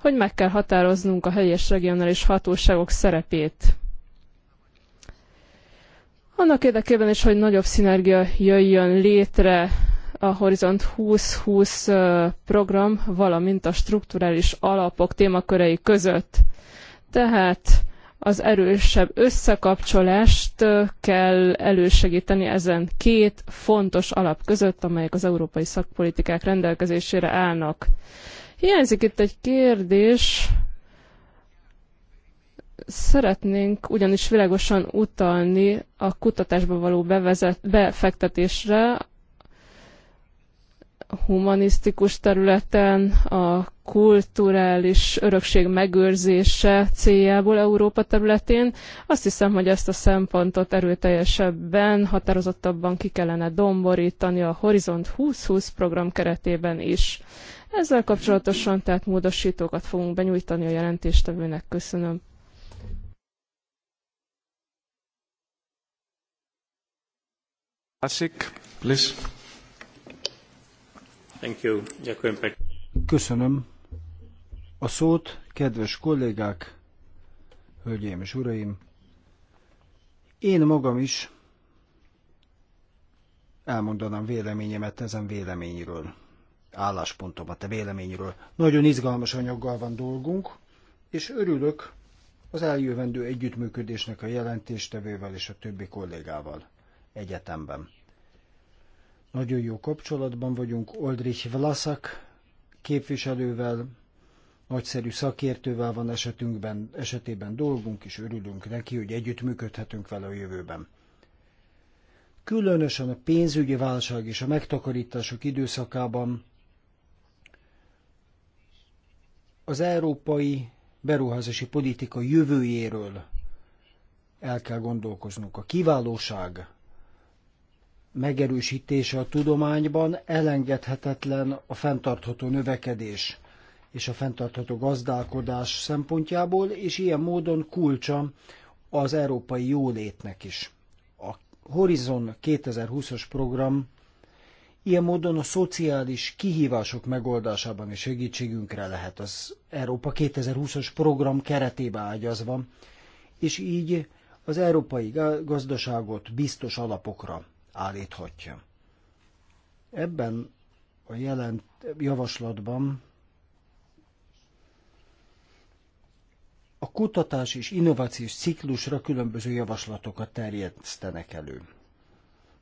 hogy meg kell határoznunk a helyi és regionális hatóságok szerepét. Annak érdekében is, hogy nagyobb szinergia jöjjön létre a Horizont 2020 program, valamint a strukturális alapok témakörei között. Tehát az erősebb összekapcsolást kell elősegíteni ezen két fontos alap között, amelyek az európai szakpolitikák rendelkezésére állnak. Hiányzik itt egy kérdés, szeretnénk ugyanis világosan utalni a kutatásba való bevezet, befektetésre, humanisztikus területen a kulturális örökség megőrzése céljából Európa területén. Azt hiszem, hogy ezt a szempontot erőteljesebben, határozottabban ki kellene domborítani a Horizont 2020 program keretében is. Ezzel kapcsolatosan tehát módosítókat fogunk benyújtani a jelentéstevőnek. Köszönöm. Classic, please. Köszönöm a szót, kedves kollégák, hölgyeim és uraim. Én magam is elmondanám véleményemet ezen véleményről, álláspontomat a véleményről. Nagyon izgalmas anyaggal van dolgunk, és örülök az eljövendő együttműködésnek a jelentéstevővel és a többi kollégával egyetemben. Nagyon jó kapcsolatban vagyunk Oldrich Vlaszak képviselővel, nagyszerű szakértővel van esetünkben, esetében dolgunk, és örülünk neki, hogy együttműködhetünk vele a jövőben. Különösen a pénzügyi válság és a megtakarítások időszakában az európai beruházási politika jövőjéről el kell gondolkoznunk. A kiválóság megerősítése a tudományban elengedhetetlen a fenntartható növekedés és a fenntartható gazdálkodás szempontjából, és ilyen módon kulcsa az európai jólétnek is. A Horizon 2020-as program ilyen módon a szociális kihívások megoldásában is segítségünkre lehet. Az Európa 2020-as program keretébe ágyazva, és így az európai gazdaságot biztos alapokra állíthatja. Ebben a jelent javaslatban a kutatás és innovációs ciklusra különböző javaslatokat terjesztenek elő.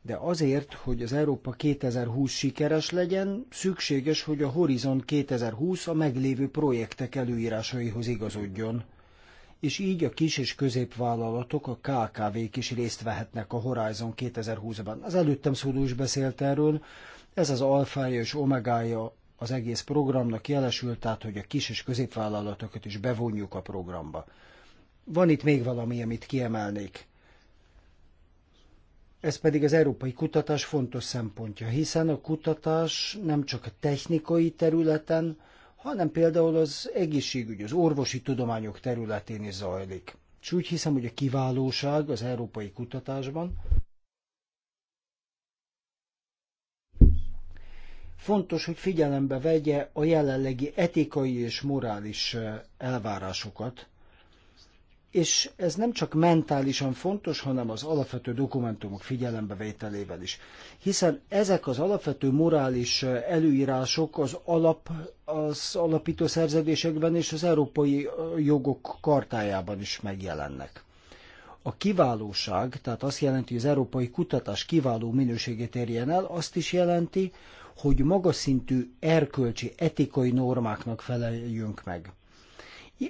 De azért, hogy az Európa 2020 sikeres legyen, szükséges, hogy a Horizon 2020 a meglévő projektek előírásaihoz igazodjon, és így a kis és középvállalatok, a KKV-k is részt vehetnek a Horizon 2020-ban. Az előttem szóló is beszélt erről, ez az alfája és omegája az egész programnak jelesült, tehát hogy a kis és középvállalatokat is bevonjuk a programba. Van itt még valami, amit kiemelnék. Ez pedig az európai kutatás fontos szempontja, hiszen a kutatás nem csak a technikai területen, hanem például az egészségügy, az orvosi tudományok területén is zajlik. És úgy hiszem, hogy a kiválóság az európai kutatásban fontos, hogy figyelembe vegye a jelenlegi etikai és morális eh, elvárásokat, és ez nem csak mentálisan fontos, hanem az alapvető dokumentumok figyelembevételével is. Hiszen ezek az alapvető morális előírások az, alap, az alapító szerződésekben és az európai jogok kartájában is megjelennek. A kiválóság, tehát azt jelenti, hogy az európai kutatás kiváló minőségét érjen el, azt is jelenti, hogy magas szintű erkölcsi, etikai normáknak feleljünk meg.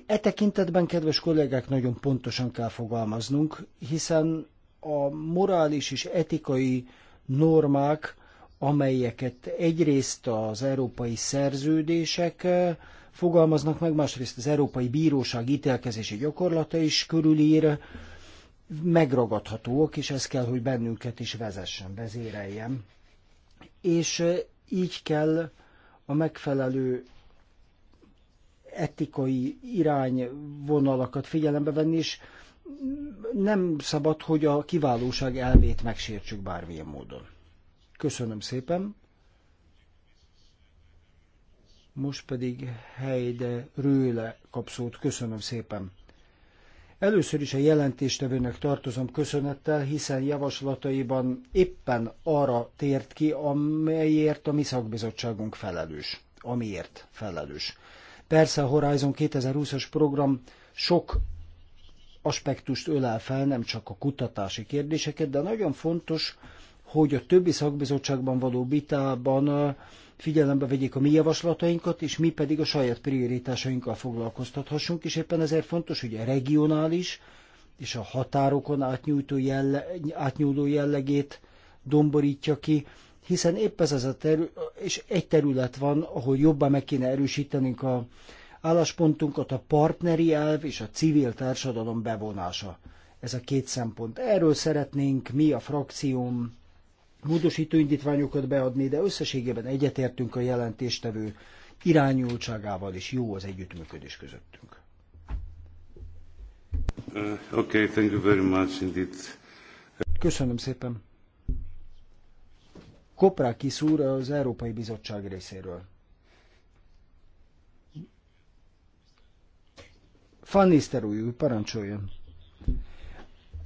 E tekintetben, kedves kollégák, nagyon pontosan kell fogalmaznunk, hiszen a morális és etikai normák, amelyeket egyrészt az európai szerződések eh, fogalmaznak meg, másrészt az Európai Bíróság ítélkezési gyakorlata is körülír, megragadhatóak, és ez kell, hogy bennünket is vezessen, vezéreljen. És eh, így kell a megfelelő etikai irányvonalakat figyelembe venni, és nem szabad, hogy a kiválóság elvét megsértsük bármilyen módon. Köszönöm szépen. Most pedig Heide Rőle kapszót. Köszönöm szépen. Először is a jelentéstevőnek tartozom köszönettel, hiszen javaslataiban éppen arra tért ki, amelyért a mi szakbizottságunk felelős. Amiért felelős. Persze a Horizon 2020-as program sok aspektust ölel fel, nem csak a kutatási kérdéseket, de nagyon fontos, hogy a többi szakbizottságban való vitában figyelembe vegyék a mi javaslatainkat, és mi pedig a saját prioritásainkkal foglalkoztathassunk, és éppen ezért fontos, hogy a regionális és a határokon átnyújtó jelle, átnyúló jellegét domborítja ki hiszen épp ez az a terület, és egy terület van, ahol jobban meg kéne erősítenünk a álláspontunkat, a partneri elv és a civil társadalom bevonása. Ez a két szempont. Erről szeretnénk mi a frakcióm módosító indítványokat beadni, de összességében egyetértünk a jelentéstevő irányultságával, és jó az együttműködés közöttünk. Uh, okay, thank you very much indeed. Köszönöm szépen. Koprákis úr az Európai Bizottság részéről. Fannister új, parancsoljon.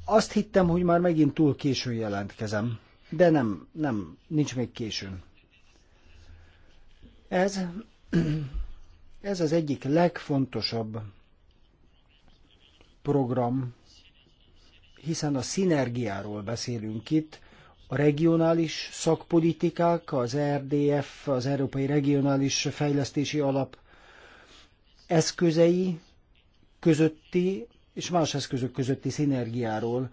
Azt hittem, hogy már megint túl későn jelentkezem, de nem, nem, nincs még későn. Ez, [CLEARS THROAT] ez az egyik legfontosabb program, hiszen a szinergiáról beszélünk itt, a regionális szakpolitikák, az RDF, az Európai Regionális Fejlesztési Alap eszközei közötti és más eszközök közötti szinergiáról,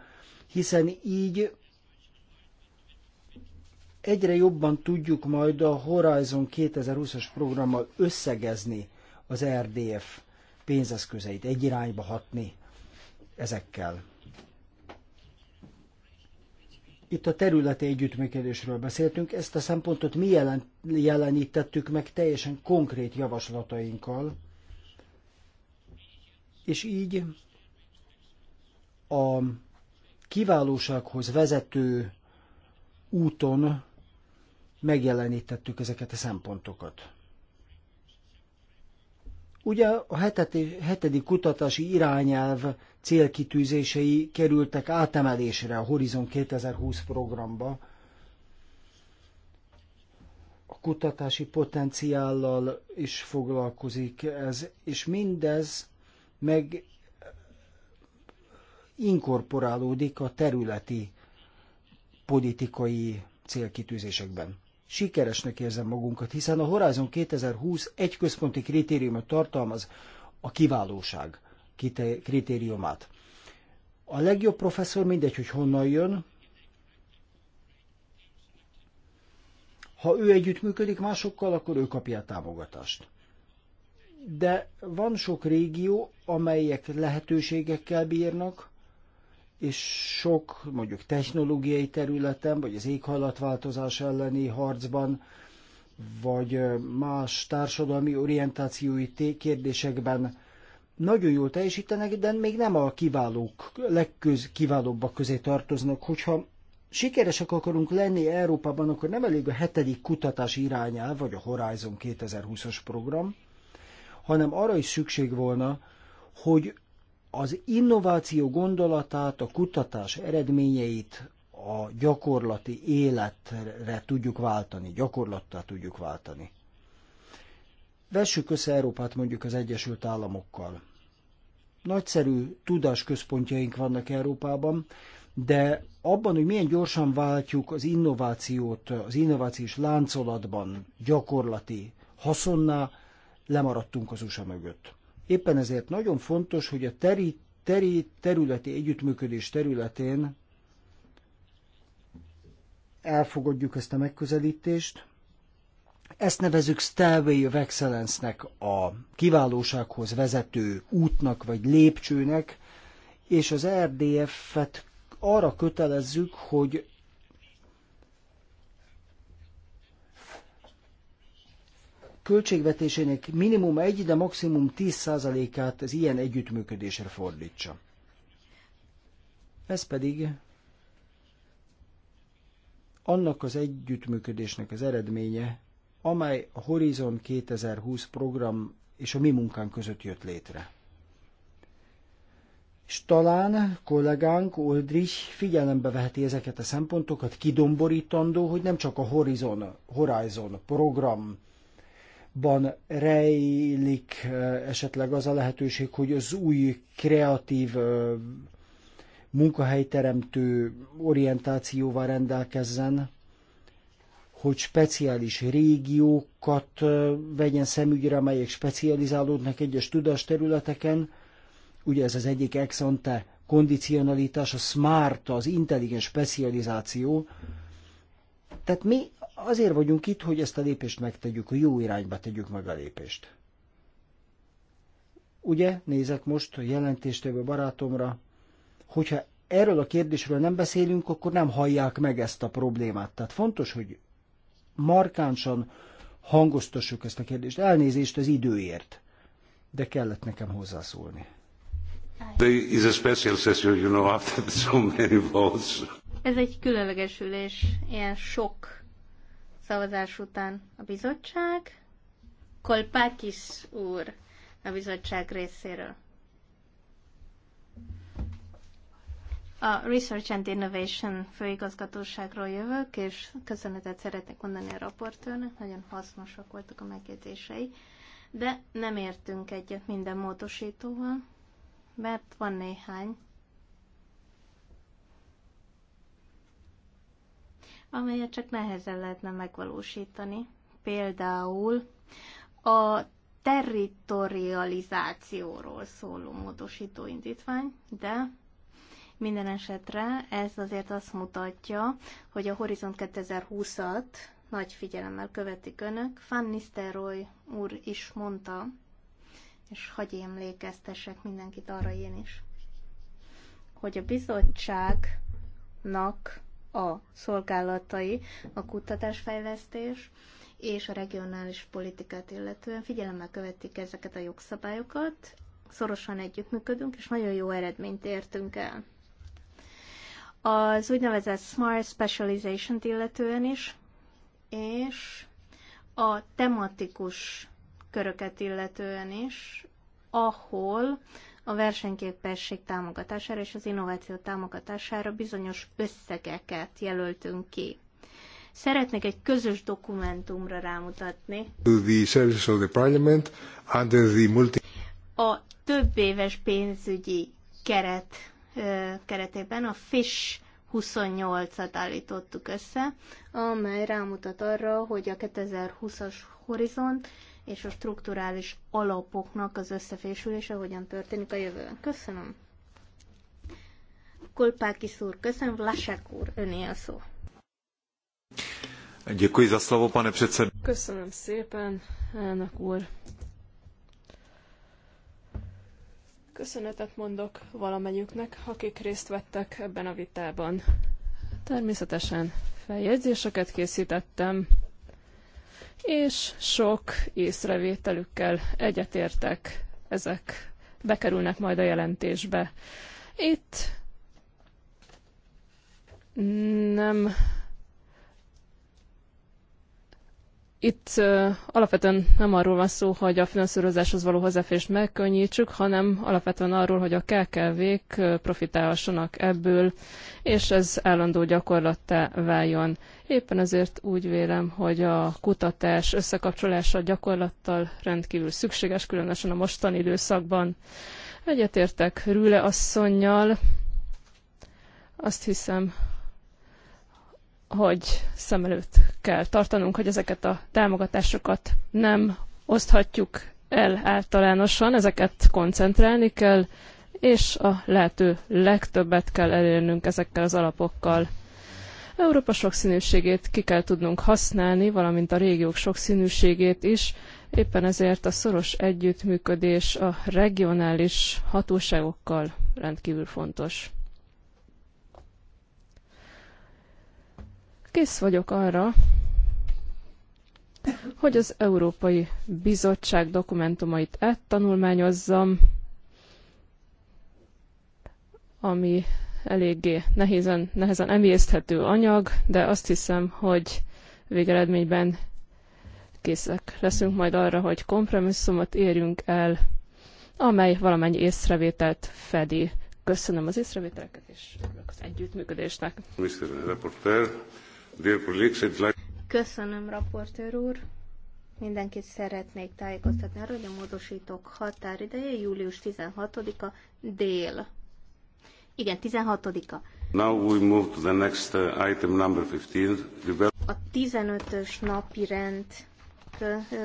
hiszen így egyre jobban tudjuk majd a Horizon 2020-as programmal összegezni az RDF pénzeszközeit, egy irányba hatni ezekkel. Itt a területi együttműködésről beszéltünk, ezt a szempontot mi jelen, jelenítettük meg teljesen konkrét javaslatainkkal, és így a kiválósághoz vezető úton megjelenítettük ezeket a szempontokat. Ugye a hetedik kutatási irányelv célkitűzései kerültek átemelésre a Horizon 2020 programba, a kutatási potenciállal is foglalkozik ez, és mindez meg inkorporálódik a területi politikai célkitűzésekben. Sikeresnek érzem magunkat, hiszen a Horizon 2020 egy központi kritériumot tartalmaz, a kiválóság kritériumát. A legjobb professzor mindegy, hogy honnan jön, ha ő együttműködik másokkal, akkor ő kapja a támogatást. De van sok régió, amelyek lehetőségekkel bírnak, és sok mondjuk technológiai területen, vagy az éghajlatváltozás elleni harcban, vagy más társadalmi orientációi kérdésekben nagyon jól teljesítenek, de még nem a kiválók, legköz, kiválóbbak közé tartoznak. Hogyha sikeresek akarunk lenni Európában, akkor nem elég a hetedik kutatás irányel, vagy a Horizon 2020-as program, hanem arra is szükség volna, hogy az innováció gondolatát, a kutatás eredményeit a gyakorlati életre tudjuk váltani, gyakorlattá tudjuk váltani. Vessük össze Európát mondjuk az Egyesült Államokkal. Nagyszerű tudásközpontjaink vannak Európában, de abban, hogy milyen gyorsan váltjuk az innovációt, az innovációs láncolatban gyakorlati haszonná, lemaradtunk az USA mögött. Éppen ezért nagyon fontos, hogy a teri, teri területi együttműködés területén elfogadjuk ezt a megközelítést, ezt nevezük Stairway of Excellence-nek, a kiválósághoz vezető útnak vagy lépcsőnek, és az RDF-et arra kötelezzük, hogy költségvetésének minimum 1, de maximum 10%-át az ilyen együttműködésre fordítsa. Ez pedig annak az együttműködésnek az eredménye, amely a Horizon 2020 program és a mi munkánk között jött létre. És talán kollégánk Oldrich figyelembe veheti ezeket a szempontokat, kidomborítandó, hogy nem csak a Horizon, Horizon program ban rejlik eh, esetleg az a lehetőség, hogy az új kreatív eh, munkahelyteremtő orientációval rendelkezzen, hogy speciális régiókat vegyen szemügyre, amelyek specializálódnak egyes tudásterületeken. Ugye ez az egyik exante kondicionalitás, a smart, az intelligens specializáció. Tehát mi azért vagyunk itt, hogy ezt a lépést megtegyük, a jó irányba tegyük meg a lépést. Ugye, nézek most a jelentéstevő barátomra, hogyha erről a kérdésről nem beszélünk, akkor nem hallják meg ezt a problémát. Tehát fontos, hogy markánsan hangoztassuk ezt a kérdést. Elnézést az időért, de kellett nekem hozzászólni. Is a special session, you know, after [LAUGHS] so many votes. Ez egy különleges ülés, ilyen sok szavazás után a bizottság. Kolpákis úr a bizottság részéről. A Research and Innovation főigazgatóságról jövök, és köszönetet szeretnék mondani a raportőrnek, nagyon hasznosak voltak a megjegyzései, de nem értünk egyet minden módosítóval, mert van néhány, amelyet csak nehezen lehetne megvalósítani. Például a territorializációról szóló módosító indítvány, de minden esetre ez azért azt mutatja, hogy a Horizont 2020-at nagy figyelemmel követik önök. Van Nisteroy úr is mondta, és hagy emlékeztessek mindenkit arra én is, hogy a bizottságnak a szolgálatai, a kutatásfejlesztés és a regionális politikát illetően figyelemmel követik ezeket a jogszabályokat, szorosan együttműködünk, és nagyon jó eredményt értünk el az úgynevezett Smart Specialization-t illetően is, és a tematikus köröket illetően is, ahol a versenyképesség támogatására és az innováció támogatására bizonyos összegeket jelöltünk ki. Szeretnék egy közös dokumentumra rámutatni. The of the parliament under the multi... A több éves pénzügyi keret keretében a FISH 28-at állítottuk össze, amely rámutat arra, hogy a 2020-as horizont és a strukturális alapoknak az összefésülése hogyan történik a jövőben. Köszönöm. Kolpáki úr, köszönöm. Vlasák úr, öné a szó. Děkuji za slovo, pane předsedo. Köszönöm szépen, elnök úr. Köszönetet mondok valamennyüknek, akik részt vettek ebben a vitában. Természetesen feljegyzéseket készítettem, és sok észrevételükkel egyetértek, ezek bekerülnek majd a jelentésbe. Itt nem Itt alapvetően nem arról van szó, hogy a finanszírozáshoz való hozzáférést megkönnyítsük, hanem alapvetően arról, hogy a KKV-k profitálhassanak ebből, és ez állandó gyakorlattá váljon. Éppen ezért úgy vélem, hogy a kutatás összekapcsolása a gyakorlattal rendkívül szükséges, különösen a mostani időszakban. Egyetértek Rüle asszonynal, azt hiszem, hogy szem előtt kell tartanunk, hogy ezeket a támogatásokat nem oszthatjuk el általánosan, ezeket koncentrálni kell, és a lehető legtöbbet kell elérnünk ezekkel az alapokkal. Európa sokszínűségét ki kell tudnunk használni, valamint a régiók sokszínűségét is, éppen ezért a szoros együttműködés a regionális hatóságokkal rendkívül fontos. Kész vagyok arra, hogy az Európai Bizottság dokumentumait áttanulmányozzam, ami eléggé nehézen, nehezen emészthető anyag, de azt hiszem, hogy végeredményben készek leszünk majd arra, hogy kompromisszumot érjünk el, amely valamennyi észrevételt fedi. Köszönöm az észrevételeket, és örülök az együttműködésnek. Mr. Reporter, Köszönöm, raportőr úr. Mindenkit szeretnék tájékoztatni arra, hogy a módosítók határideje július 16-a dél. Igen, 16-a. Now we move to the next uh, item number 15. A 15-ös napi rend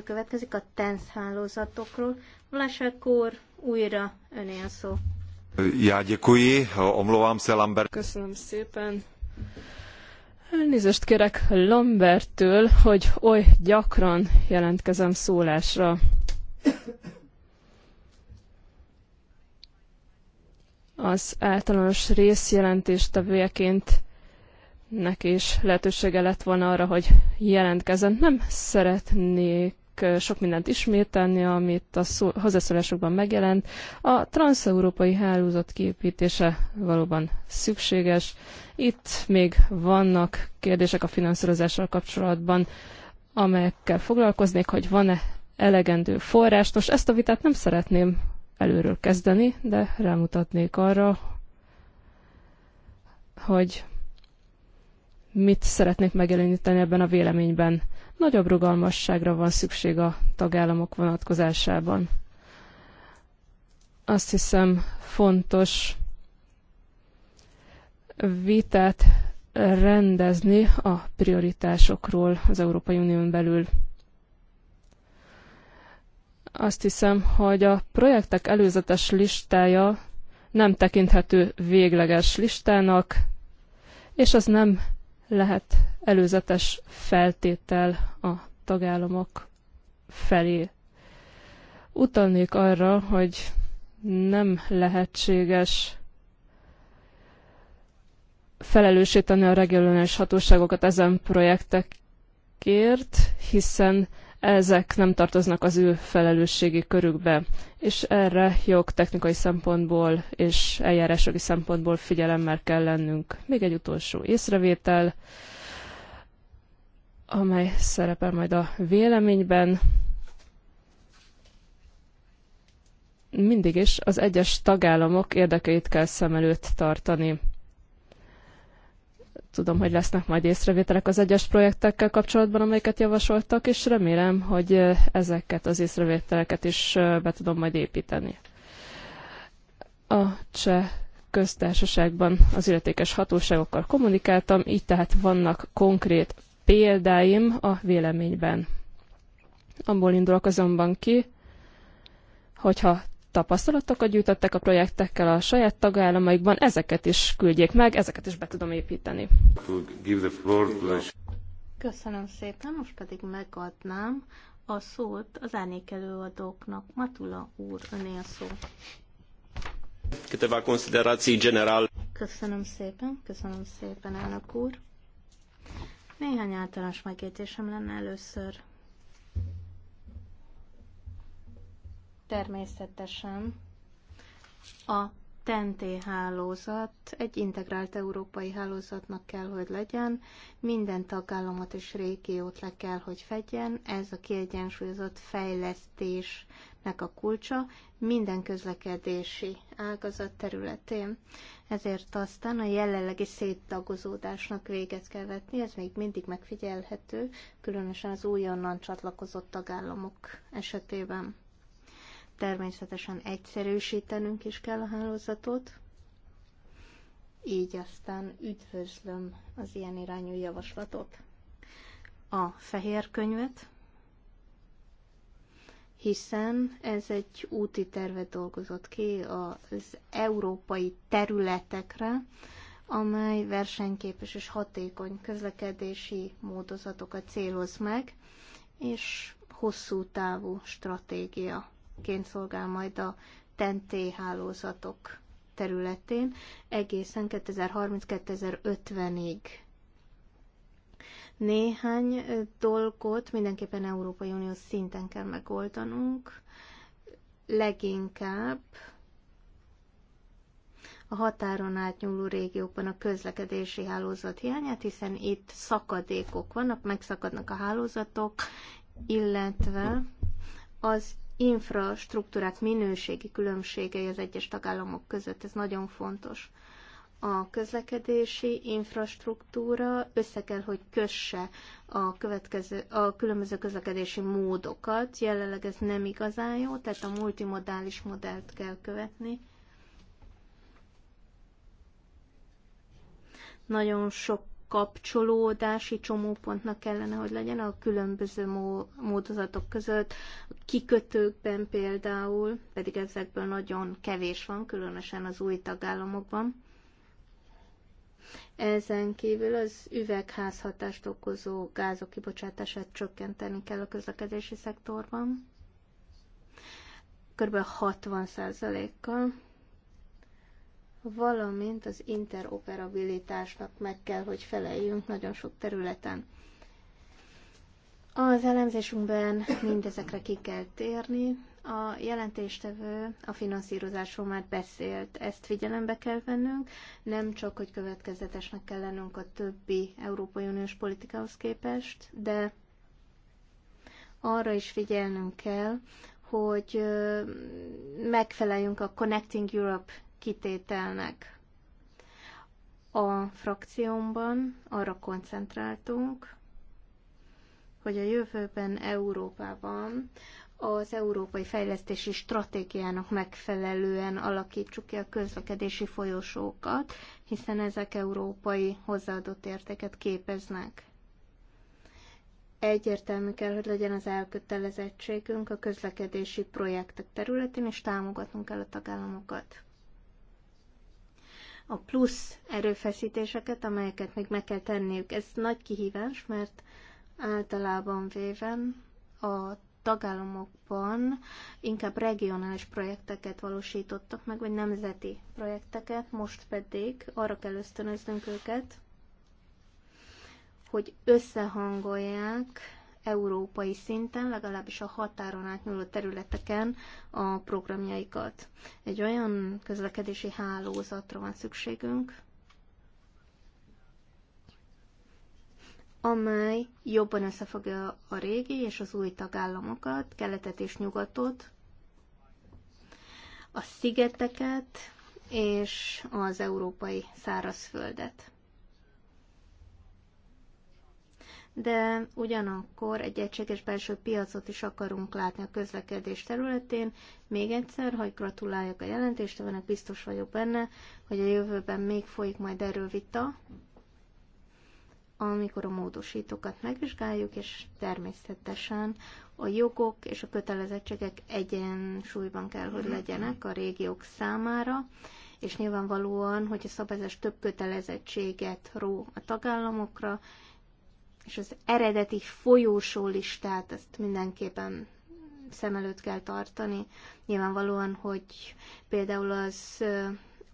következik a TENSZ hálózatokról. Vlasekor, újra öné a szó. Já děkuji, omlouvám se, Lambert. Köszönöm szépen. Elnézést kérek Lambertől, hogy oly gyakran jelentkezem szólásra. Az általános részjelentéstevőjeként neki is lehetősége lett volna arra, hogy jelentkezzen. Nem szeretnék sok mindent ismételni, amit a hozzászólásokban megjelent. A transzeurópai hálózat kiépítése valóban szükséges. Itt még vannak kérdések a finanszírozással kapcsolatban, amelyekkel foglalkoznék, hogy van-e elegendő forrás. Nos, ezt a vitát nem szeretném előről kezdeni, de rámutatnék arra, hogy mit szeretnék megjeleníteni ebben a véleményben. Nagyobb rugalmasságra van szükség a tagállamok vonatkozásában. Azt hiszem fontos vitát rendezni a prioritásokról az Európai Unión belül. Azt hiszem, hogy a projektek előzetes listája nem tekinthető végleges listának, és az nem lehet előzetes feltétel a tagállamok felé. Utalnék arra, hogy nem lehetséges felelősíteni a regionális hatóságokat ezen projektekért, hiszen ezek nem tartoznak az ő felelősségi körükbe, és erre jogtechnikai szempontból és eljárásjogi szempontból figyelemmel kell lennünk. Még egy utolsó észrevétel, amely szerepel majd a véleményben. Mindig is az egyes tagállamok érdekeit kell szem előtt tartani Tudom, hogy lesznek majd észrevételek az egyes projektekkel kapcsolatban, amelyeket javasoltak, és remélem, hogy ezeket az észrevételeket is be tudom majd építeni. A cseh köztársaságban az illetékes hatóságokkal kommunikáltam, így tehát vannak konkrét példáim a véleményben. Abból indulok azonban ki, hogyha tapasztalatokat gyűjtöttek a projektekkel a saját tagállamaikban, ezeket is küldjék meg, ezeket is be tudom építeni. Köszönöm szépen, most pedig megadnám a szót az árnyékelőadóknak. Matula úr, önél szó. Köszönöm szépen, köszönöm szépen, elnök úr. Néhány általános megjegyzésem lenne először. természetesen a TNT hálózat egy integrált európai hálózatnak kell, hogy legyen, minden tagállamot és régiót le kell, hogy fedjen, ez a kiegyensúlyozott fejlesztésnek a kulcsa minden közlekedési ágazat területén. Ezért aztán a jelenlegi széttagozódásnak véget kell vetni, ez még mindig megfigyelhető, különösen az újonnan csatlakozott tagállamok esetében természetesen egyszerűsítenünk is kell a hálózatot, így aztán üdvözlöm az ilyen irányú javaslatot. A fehér könyvet, hiszen ez egy úti tervet dolgozott ki az európai területekre, amely versenyképes és hatékony közlekedési módozatokat céloz meg, és hosszú távú stratégia ként szolgál majd a TNT hálózatok területén egészen 2030-2050-ig. Néhány dolgot mindenképpen Európai Unió szinten kell megoldanunk, leginkább a határon átnyúló régiókban a közlekedési hálózat hiányát, hiszen itt szakadékok vannak, megszakadnak a hálózatok, illetve az infrastruktúrát minőségi különbségei az egyes tagállamok között, ez nagyon fontos. A közlekedési infrastruktúra össze kell, hogy kösse a, következő, a különböző közlekedési módokat. Jelenleg ez nem igazán jó, tehát a multimodális modellt kell követni. Nagyon sok kapcsolódási csomópontnak kellene, hogy legyen a különböző módozatok között, kikötőkben például, pedig ezekből nagyon kevés van, különösen az új tagállamokban. Ezen kívül az üvegházhatást okozó gázok kibocsátását csökkenteni kell a közlekedési szektorban, körülbelül 60%-kal valamint az interoperabilitásnak meg kell, hogy feleljünk nagyon sok területen. Az elemzésünkben mindezekre ki kell térni. A jelentéstevő a finanszírozásról már beszélt, ezt figyelembe kell vennünk, nem csak, hogy következetesnek kell lennünk a többi Európai Uniós politikához képest, de arra is figyelnünk kell, hogy megfeleljünk a Connecting Europe kitételnek. A frakciómban arra koncentráltunk, hogy a jövőben Európában az európai fejlesztési stratégiának megfelelően alakítsuk ki a közlekedési folyosókat, hiszen ezek európai hozzáadott értéket képeznek. Egyértelmű kell, hogy legyen az elkötelezettségünk a közlekedési projektek területén, és támogatnunk kell a tagállamokat a plusz erőfeszítéseket, amelyeket még meg kell tenniük. Ez nagy kihívás, mert általában véven a tagállamokban inkább regionális projekteket valósítottak meg, vagy nemzeti projekteket, most pedig arra kell ösztönöznünk őket, hogy összehangolják európai szinten, legalábbis a határon átnyúló területeken a programjaikat. Egy olyan közlekedési hálózatra van szükségünk, amely jobban összefogja a régi és az új tagállamokat, keletet és nyugatot, a szigeteket és az európai szárazföldet. de ugyanakkor egy egységes belső piacot is akarunk látni a közlekedés területén. Még egyszer, hogy gratuláljak a jelentéstevőnek, biztos vagyok benne, hogy a jövőben még folyik majd erről vita, amikor a módosítókat megvizsgáljuk, és természetesen a jogok és a kötelezettségek egyensúlyban kell, hogy legyenek a régiók számára, és nyilvánvalóan, hogy a szabályozás több kötelezettséget ró a tagállamokra, és az eredeti folyósó listát, ezt mindenképpen szem előtt kell tartani. Nyilvánvalóan, hogy például az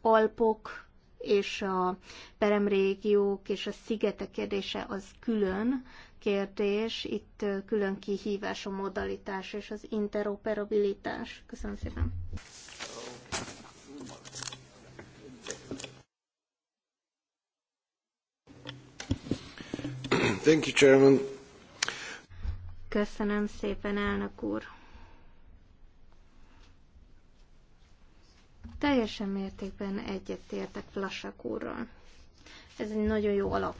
Alpok és a peremrégiók és a szigetek kérdése az külön kérdés, itt külön kihívás a modalitás és az interoperabilitás. Köszönöm szépen! Thank you, Chairman. Köszönöm szépen, elnök úr. Teljesen mértékben egyetértek Lasak úrral. Ez egy nagyon jó alap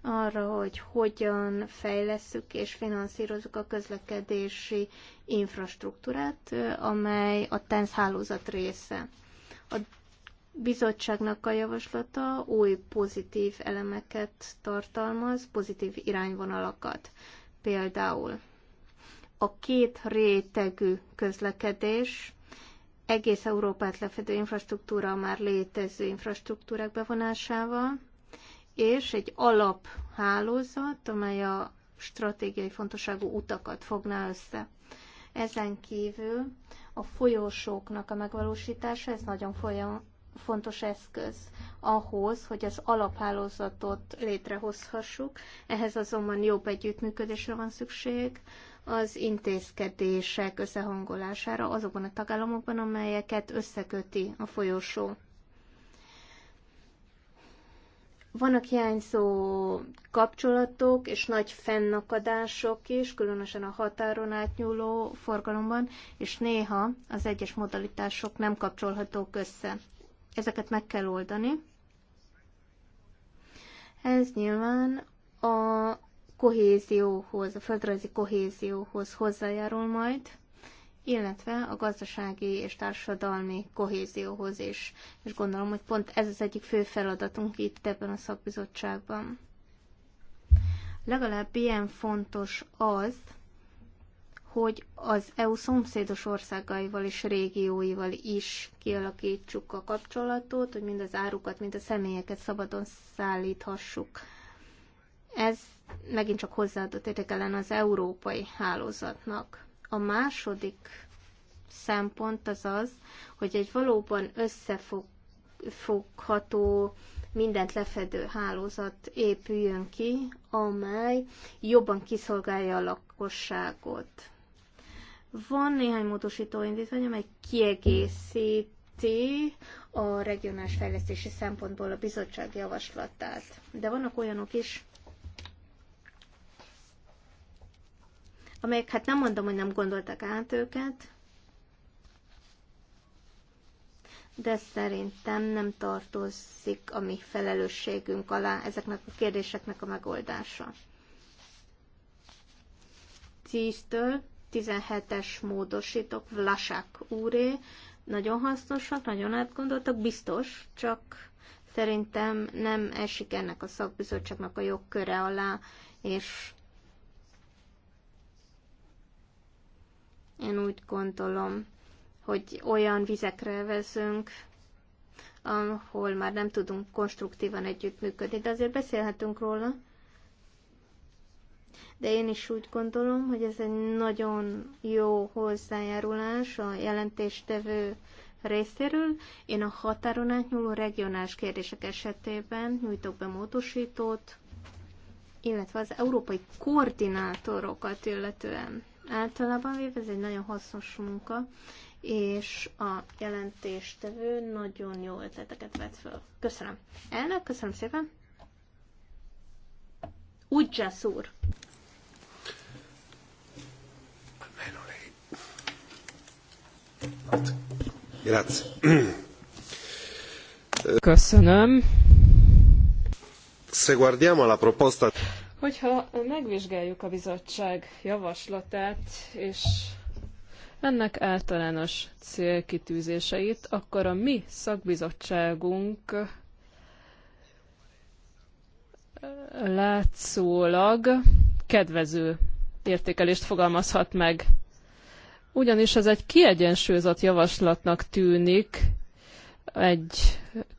arra, hogy hogyan fejlesszük és finanszírozunk a közlekedési infrastruktúrát, amely a TENSZ hálózat része. A bizottságnak a javaslata új pozitív elemeket tartalmaz, pozitív irányvonalakat. Például a két rétegű közlekedés, egész Európát lefedő infrastruktúra már létező infrastruktúrák bevonásával, és egy alaphálózat, amely a stratégiai fontosságú utakat fogná össze. Ezen kívül a folyósóknak a megvalósítása, ez nagyon folyam, fontos eszköz ahhoz, hogy az alaphálózatot létrehozhassuk. Ehhez azonban jobb együttműködésre van szükség az intézkedések összehangolására azokban a tagállamokban, amelyeket összeköti a folyosó. Vannak hiányzó kapcsolatok és nagy fennakadások is, különösen a határon átnyúló forgalomban, és néha az egyes modalitások nem kapcsolhatók össze ezeket meg kell oldani. Ez nyilván a kohézióhoz, a földrajzi kohézióhoz hozzájárul majd, illetve a gazdasági és társadalmi kohézióhoz is. És gondolom, hogy pont ez az egyik fő feladatunk itt ebben a szakbizottságban. Legalább ilyen fontos az, hogy az EU szomszédos országaival és régióival is kialakítsuk a kapcsolatot, hogy mind az árukat, mind a személyeket szabadon szállíthassuk. Ez megint csak hozzáadott értéke az európai hálózatnak. A második szempont az az, hogy egy valóban összefogható, mindent lefedő hálózat épüljön ki, amely jobban kiszolgálja a lakosságot van néhány módosító indítvány, amely kiegészíti a regionális fejlesztési szempontból a bizottság javaslatát. De vannak olyanok is, amelyek, hát nem mondom, hogy nem gondoltak át őket, de szerintem nem tartozik a mi felelősségünk alá ezeknek a kérdéseknek a megoldása. 10 17-es módosítók, Vlasák úré, nagyon hasznosak, nagyon átgondoltak, biztos, csak szerintem nem esik ennek a szakbizottságnak a jogköre alá, és én úgy gondolom, hogy olyan vizekre vezünk, ahol már nem tudunk konstruktívan együttműködni, de azért beszélhetünk róla de én is úgy gondolom, hogy ez egy nagyon jó hozzájárulás a jelentéstevő részéről. Én a határon átnyúló regionális kérdések esetében nyújtok be módosítót, illetve az európai koordinátorokat illetően. Általában véve ez egy nagyon hasznos munka, és a jelentéstevő nagyon jó ötleteket vett föl. Köszönöm. Elnök, köszönöm szépen. Úgy úr. Köszönöm. Se guardiamo la proposta... Hogyha megvizsgáljuk a bizottság javaslatát, és ennek általános célkitűzéseit, akkor a mi szakbizottságunk eh, látszólag kedvező értékelést fogalmazhat meg ugyanis ez egy kiegyensúlyozott javaslatnak tűnik, egy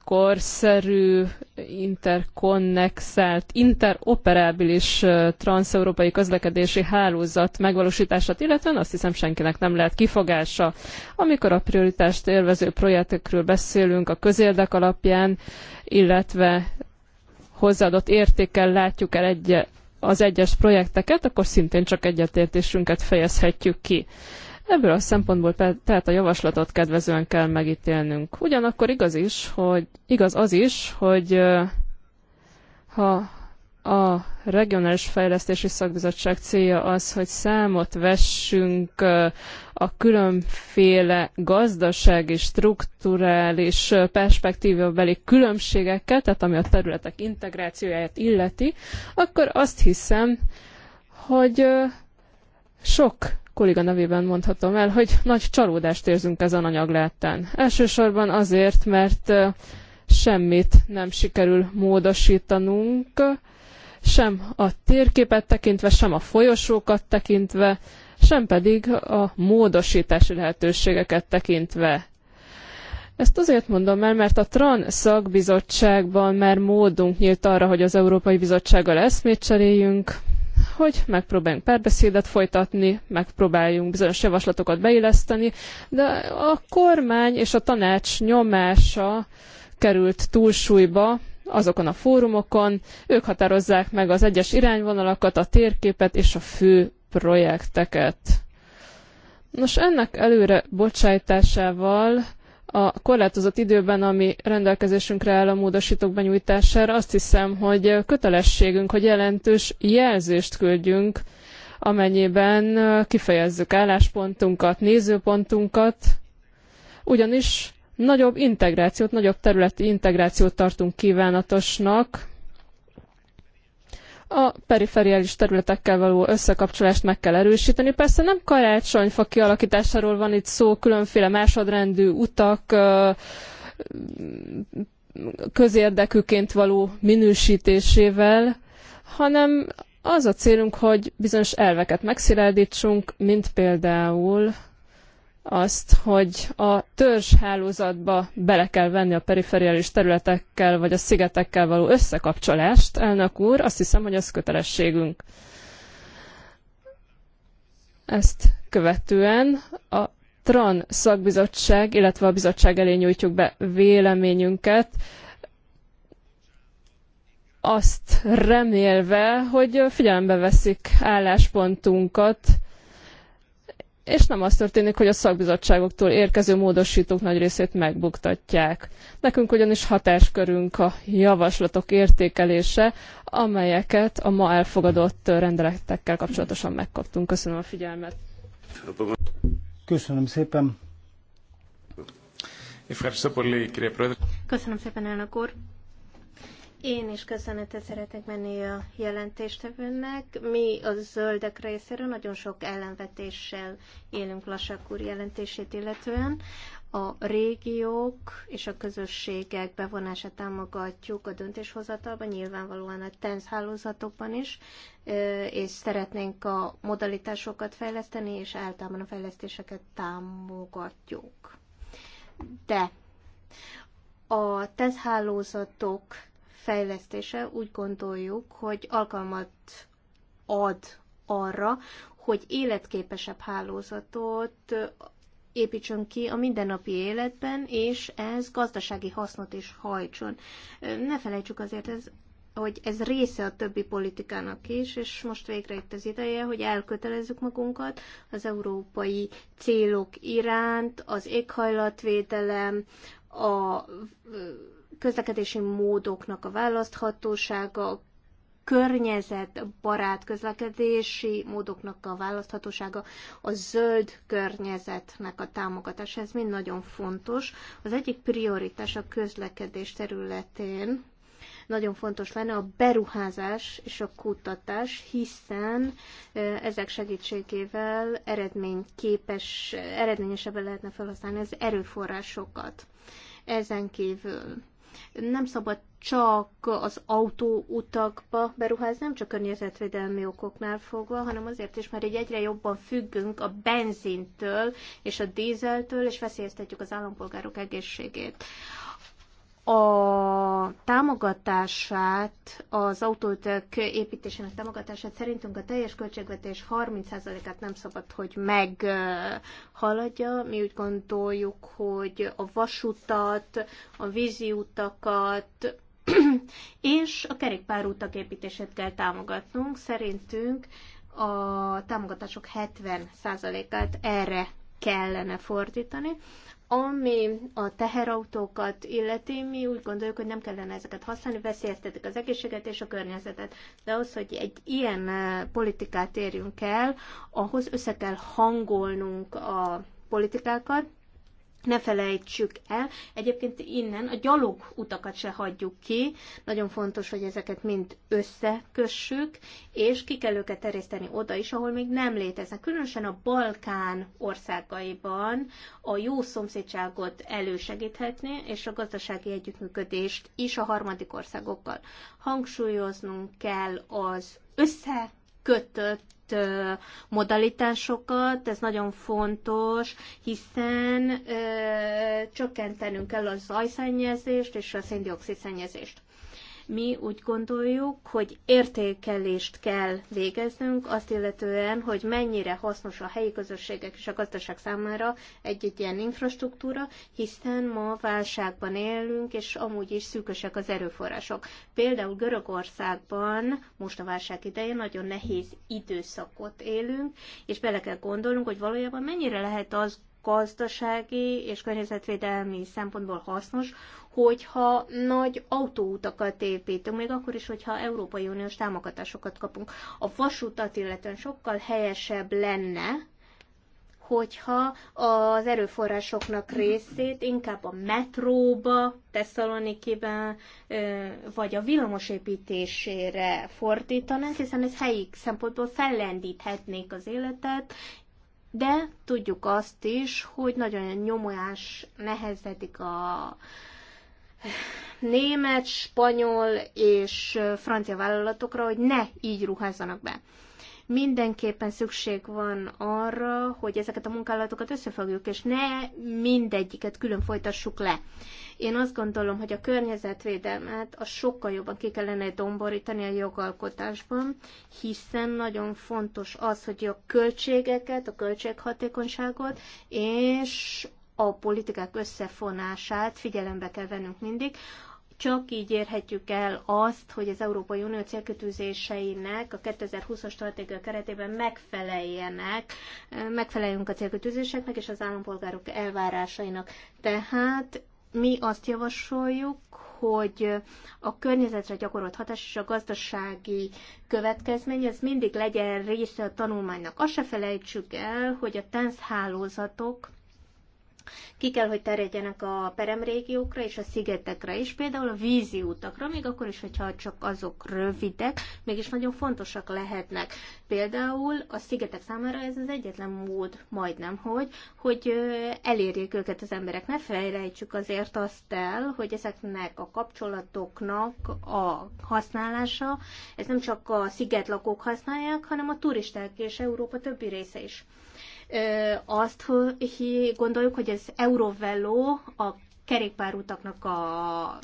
korszerű, interkonnexált, interoperábilis transzeurópai közlekedési hálózat megvalósítását, illetve azt hiszem senkinek nem lehet kifogása. Amikor a prioritást élvező projektekről beszélünk a közérdek alapján, illetve hozzáadott értékkel látjuk el egy az egyes projekteket, akkor szintén csak egyetértésünket fejezhetjük ki. Ebből a szempontból tehát a javaslatot kedvezően kell megítélnünk. Ugyanakkor igaz is, hogy igaz az is, hogy ha a regionális fejlesztési szakbizottság célja az, hogy számot vessünk a különféle gazdasági, strukturális perspektívabeli különbségekkel, tehát ami a területek integrációját illeti, akkor azt hiszem, hogy sok kolléga nevében mondhatom el, hogy nagy csalódást érzünk ezen anyag láttán. Elsősorban azért, mert semmit nem sikerül módosítanunk, sem a térképet tekintve, sem a folyosókat tekintve, sem pedig a módosítási lehetőségeket tekintve. Ezt azért mondom el, mert a TRAN szakbizottságban már módunk nyílt arra, hogy az Európai Bizottsággal eszmét cseréljünk, hogy megpróbáljunk párbeszédet folytatni, megpróbáljunk bizonyos javaslatokat beilleszteni, de a kormány és a tanács nyomása került túlsúlyba, azokon a fórumokon, ők határozzák meg az egyes irányvonalakat, a térképet és a fő projekteket. Nos, ennek előre bocsájtásával a korlátozott időben, ami rendelkezésünkre áll a módosítók benyújtására, azt hiszem, hogy kötelességünk, hogy jelentős jelzést küldjünk, amennyiben kifejezzük álláspontunkat, nézőpontunkat, ugyanis nagyobb integrációt, nagyobb területi integrációt tartunk kívánatosnak, a perifériális területekkel való összekapcsolást meg kell erősíteni. Persze nem karácsonyfa kialakításáról van itt szó, különféle másodrendű utak, közérdekűként való minősítésével, hanem az a célunk, hogy bizonyos elveket megszilárdítsunk, mint például azt, hogy a törzshálózatba bele kell venni a perifériális területekkel vagy a szigetekkel való összekapcsolást, elnök úr, azt hiszem, hogy ez kötelességünk. Ezt követően a TRAN szakbizottság, illetve a bizottság elé nyújtjuk be véleményünket, azt remélve, hogy figyelembe veszik álláspontunkat, és nem az történik, hogy a szakbizottságoktól érkező módosítók nagy részét megbuktatják. Nekünk ugyanis hatáskörünk a javaslatok értékelése, amelyeket a ma elfogadott rendeletekkel kapcsolatosan megkaptunk. Köszönöm a figyelmet. Köszönöm szépen. Köszönöm szépen, elnök úr. Én is köszönetet szeretek menni a jelentéstevőnek. Mi a zöldek részéről nagyon sok ellenvetéssel élünk Lasak úr jelentését illetően. A régiók és a közösségek bevonását támogatjuk a döntéshozatalban, nyilvánvalóan a TENSZ hálózatokban is, és szeretnénk a modalitásokat fejleszteni, és általában a fejlesztéseket támogatjuk. De a TESZ hálózatok fejlesztése úgy gondoljuk, hogy alkalmat ad arra, hogy életképesebb hálózatot építsön ki a mindennapi életben, és ez gazdasági hasznot is hajtson. Ne felejtsük azért, ez, hogy ez része a többi politikának is, és most végre itt az ideje, hogy elkötelezzük magunkat az európai célok iránt, az éghajlatvédelem, a közlekedési módoknak a választhatósága, a környezetbarát közlekedési módoknak a választhatósága, a zöld környezetnek a támogatása. Ez mind nagyon fontos. Az egyik prioritás a közlekedés területén nagyon fontos lenne a beruházás és a kutatás, hiszen ezek segítségével eredményképes, eredményesebben lehetne felhasználni az erőforrásokat. Ezen kívül nem szabad csak az autóutakba beruházni, nem csak környezetvédelmi okoknál fogva, hanem azért is, mert így egyre jobban függünk a benzintől és a dízeltől, és veszélyeztetjük az állampolgárok egészségét a támogatását, az autótök építésének támogatását szerintünk a teljes költségvetés 30%-át nem szabad, hogy meghaladja. Mi úgy gondoljuk, hogy a vasutat, a vízi utakat, [CLEARS THROAT] és a kerékpárútak építését kell támogatnunk. Szerintünk a támogatások 70%-át erre kellene fordítani ami a teherautókat illeti, mi úgy gondoljuk, hogy nem kellene ezeket használni, veszélyeztetik az egészséget és a környezetet. De ahhoz, hogy egy ilyen eh, politikát érjünk el, ahhoz össze kell hangolnunk a politikákat, ne felejtsük el. Egyébként innen a gyalog utakat se hagyjuk ki. Nagyon fontos, hogy ezeket mind összekössük, és ki kell őket terjeszteni oda is, ahol még nem léteznek. Különösen a Balkán országaiban a jó szomszédságot elősegíthetni, és a gazdasági együttműködést is a harmadik országokkal. Hangsúlyoznunk kell az össze kötött modalitásokat, ez nagyon fontos, hiszen ö, csökkentenünk kell a zajszennyezést és a széndiokszid szennyezést. Mi úgy gondoljuk, hogy értékelést kell végeznünk, azt illetően, hogy mennyire hasznos a helyi közösségek és a gazdaság számára egy-egy ilyen infrastruktúra, hiszen ma válságban élünk, és amúgy is szűkösek az erőforrások. Például Görögországban most a válság idején nagyon nehéz időszakot élünk, és bele kell gondolnunk, hogy valójában mennyire lehet az gazdasági és környezetvédelmi szempontból hasznos, hogyha nagy autóutakat építünk, még akkor is, hogyha Európai Uniós támogatásokat kapunk. A vasutat illetően sokkal helyesebb lenne, hogyha az erőforrásoknak részét inkább a metróba, Tesszalonikiben, vagy a villamosépítésére fordítanánk, hiszen ez helyi szempontból fellendíthetnék az életet, de tudjuk azt is, hogy nagyon nyomolás nehezedik a német, spanyol és francia vállalatokra, hogy ne így ruházzanak be. Mindenképpen szükség van arra, hogy ezeket a munkálatokat összefogjuk, és ne mindegyiket külön folytassuk le. Én azt gondolom, hogy a környezetvédelmet a sokkal jobban ki kellene domborítani a jogalkotásban, hiszen nagyon fontos az, hogy a költségeket, a költséghatékonyságot és a politikák összefonását figyelembe kell vennünk mindig. Csak így érhetjük el azt, hogy az Európai Unió célkötőzéseinek a 2020-as stratégia keretében megfeleljenek, megfeleljünk a célkötőzéseknek és az állampolgárok elvárásainak. Tehát mi azt javasoljuk, hogy a környezetre gyakorolt hatás és a gazdasági következmény, ez mindig legyen része a tanulmánynak. Azt se felejtsük el, hogy a TENSZ hálózatok ki kell, hogy terjedjenek a peremrégiókra és a szigetekre is, például a vízi utakra, még akkor is, hogyha csak azok rövidek, mégis nagyon fontosak lehetnek. Például a szigetek számára ez az egyetlen mód, majdnem, hogy, hogy elérjék őket az emberek. Ne felejtsük azért azt el, hogy ezeknek a kapcsolatoknak a használása, ez nem csak a szigetlakók használják, hanem a turisták és Európa többi része is azt hogy gondoljuk, hogy az Eurovelo a kerékpárutaknak a, az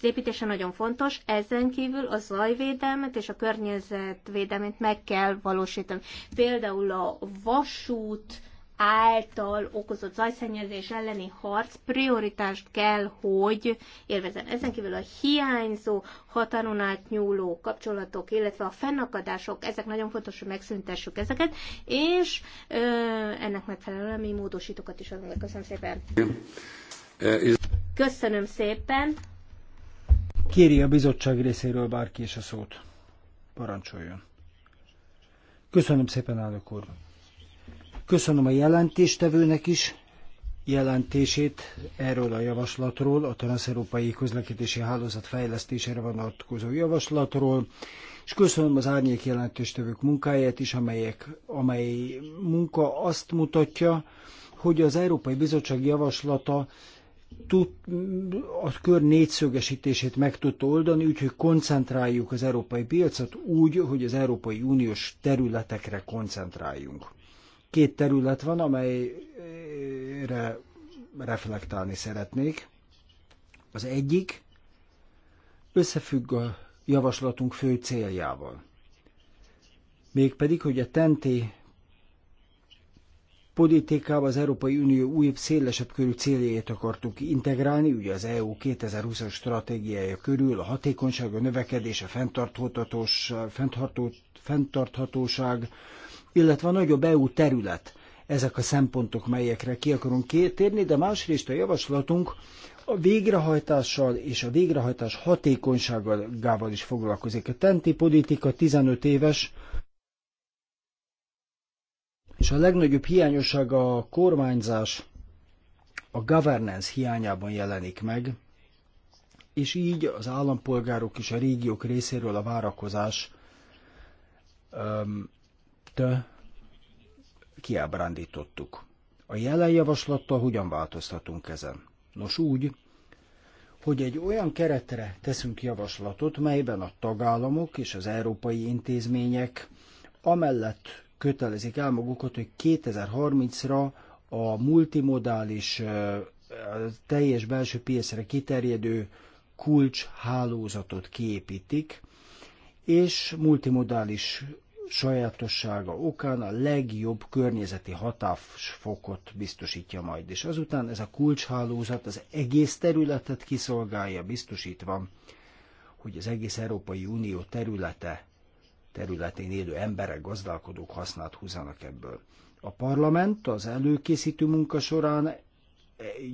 építése nagyon fontos, ezen kívül a zajvédelmet és a környezetvédelmet meg kell valósítani. Például a vasút, által okozott zajszennyezés elleni harc prioritást kell, hogy élvezen. Ezen kívül a hiányzó határon át nyúló kapcsolatok, illetve a fennakadások, ezek nagyon fontos, hogy megszüntessük ezeket, és ö, ennek megfelelően mi módosítókat is adunk. Köszönöm szépen! Köszönöm szépen! Kéri a bizottság részéről bárki is a szót. Parancsoljon. Köszönöm szépen, állok úr. Köszönöm a jelentéstevőnek is jelentését erről a javaslatról, a Transzeurópai Közlekedési Hálózat fejlesztésére vonatkozó javaslatról, és köszönöm az árnyék jelentéstevők munkáját is, amelyek, amely munka azt mutatja, hogy az Európai Bizottság javaslata tud, a kör négyszögesítését meg tudta oldani, úgyhogy koncentráljuk az európai piacot úgy, hogy az Európai Uniós területekre koncentráljunk. Két terület van, amelyre reflektálni szeretnék. Az egyik összefügg a javaslatunk fő céljával. Mégpedig, hogy a tenti politikában az Európai Unió újabb, szélesebb körű céljait akartuk integrálni, ugye az EU 2020-as stratégiája körül a hatékonyság, a növekedés, a fenntarthatóság, illetve a nagyobb EU terület. Ezek a szempontok, melyekre ki akarunk térni, de másrészt a javaslatunk a végrehajtással és a végrehajtás hatékonyságával is foglalkozik. A tenti politika 15 éves, és a legnagyobb hiányosság a kormányzás, a governance hiányában jelenik meg, és így az állampolgárok és a régiók részéről a várakozás itt kiábrándítottuk. A jelen javaslattal hogyan változtatunk ezen? Nos úgy, hogy egy olyan keretre teszünk javaslatot, melyben a tagállamok és az európai intézmények amellett kötelezik el magukat, hogy 2030-ra a multimodális teljes belső piacra kiterjedő kulcshálózatot kiépítik, és multimodális sajátossága okán a legjobb környezeti hatásfokot biztosítja majd. És azután ez a kulcshálózat az egész területet kiszolgálja, biztosítva, hogy az egész Európai Unió területe, területén élő emberek, gazdálkodók hasznát húzanak ebből. A parlament az előkészítő munka során eh,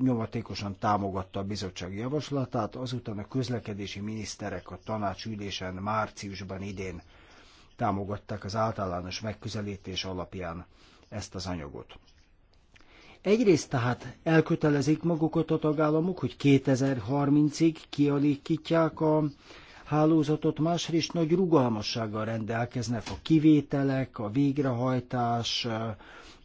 nyomatékosan támogatta a bizottság javaslatát, azután a közlekedési miniszterek a tanácsülésen márciusban idén támogatták az általános megközelítés alapján ezt az anyagot. Egyrészt tehát elkötelezik magukat a tagállamok, hogy 2030-ig kialakítják a hálózatot, másrészt nagy rugalmassággal rendelkeznek a kivételek, a végrehajtás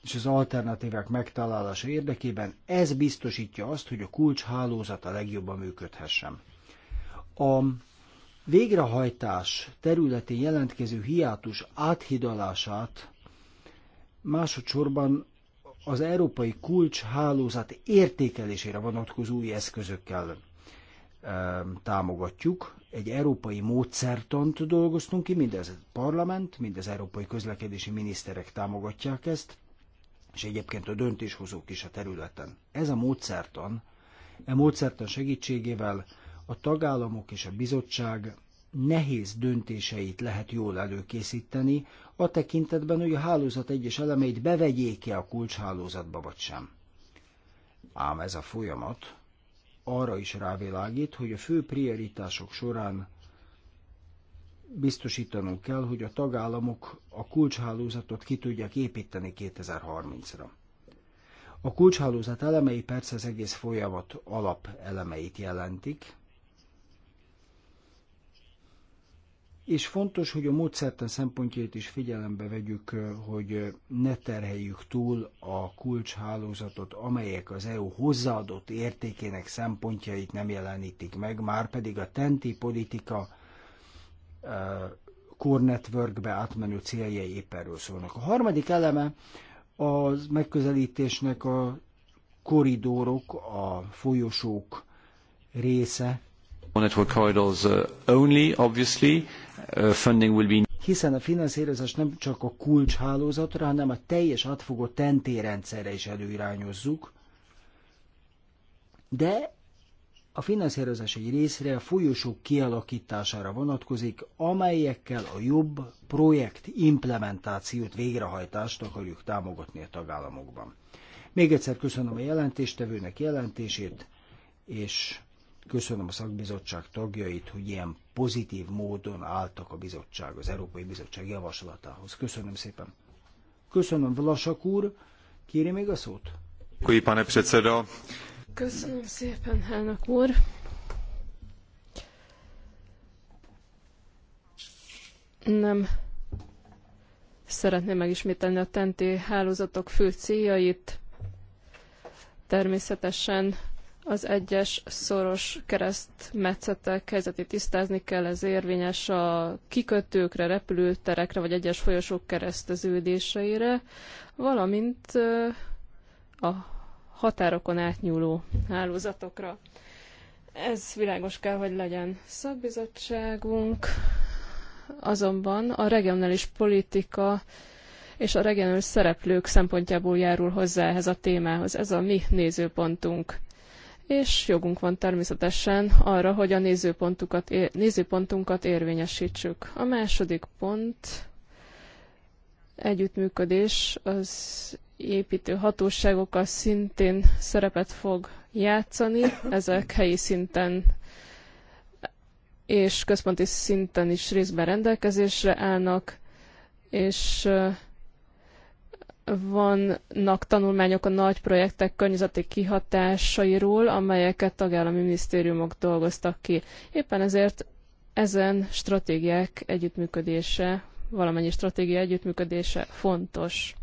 és az alternatívák megtalálása érdekében. Ez biztosítja azt, hogy a kulcshálózat a legjobban működhessen. A végrehajtás területén jelentkező hiátus áthidalását másodszorban az európai kulcshálózat értékelésére vonatkozó új eszközökkel e, támogatjuk. Egy európai módszertant dolgoztunk ki, mind a parlament, mind az európai közlekedési miniszterek támogatják ezt, és egyébként a döntéshozók is a területen. Ez a módszertan, e módszertan segítségével a tagállamok és a bizottság nehéz döntéseit lehet jól előkészíteni, a tekintetben, hogy a hálózat egyes elemeit bevegyék-e a kulcshálózatba vagy sem. Ám ez a folyamat arra is rávilágít, hogy a fő prioritások során biztosítanunk kell, hogy a tagállamok a kulcshálózatot ki tudják építeni 2030-ra. A kulcshálózat elemei persze az egész folyamat elemeit jelentik, és fontos, hogy a módszertan szempontjait is figyelembe vegyük, hogy ne terheljük túl a kulcshálózatot, amelyek az EU hozzáadott értékének szempontjait nem jelenítik meg, már pedig a tenti politika core networkbe átmenő céljai épp erről szólnak. A harmadik eleme az megközelítésnek a koridorok, a folyosók része, network corridors only, obviously, funding will be hiszen a finanszírozás nem csak a kulcshálózatra, hanem a teljes átfogó tenté rendszerre is előirányozzuk, de a finanszírozás egy részre a folyosók kialakítására vonatkozik, amelyekkel a jobb projekt implementációt, végrehajtást akarjuk támogatni a tagállamokban. Még egyszer köszönöm a jelentéstevőnek jelentését, és köszönöm a szakbizottság tagjait, hogy ilyen pozitív módon álltak a bizottság, az Európai Bizottság javaslatához. Köszönöm szépen. Köszönöm, Vlasak úr. Kéri még a szót? Köszönöm szépen, elnök úr. Nem szeretném megismételni a TNT hálózatok fő céljait. Természetesen az egyes szoros keresztmetszetek helyzetét tisztázni kell, ez érvényes a kikötőkre, repülőterekre vagy egyes folyosók kereszteződéseire, valamint a határokon átnyúló hálózatokra. Ez világos kell, hogy legyen szakbizottságunk, azonban a regionális politika és a regionális szereplők szempontjából járul hozzá ehhez a témához. Ez a mi nézőpontunk és jogunk van természetesen arra, hogy a nézőpontunkat, ér, nézőpontunkat érvényesítsük. A második pont együttműködés az építő hatóságokkal szintén szerepet fog játszani, ezek helyi szinten és központi szinten is részben rendelkezésre állnak, és vannak tanulmányok a nagy projektek környezeti kihatásairól, amelyeket tagállami minisztériumok dolgoztak ki. Éppen ezért ezen stratégiák együttműködése, valamennyi stratégia együttműködése fontos.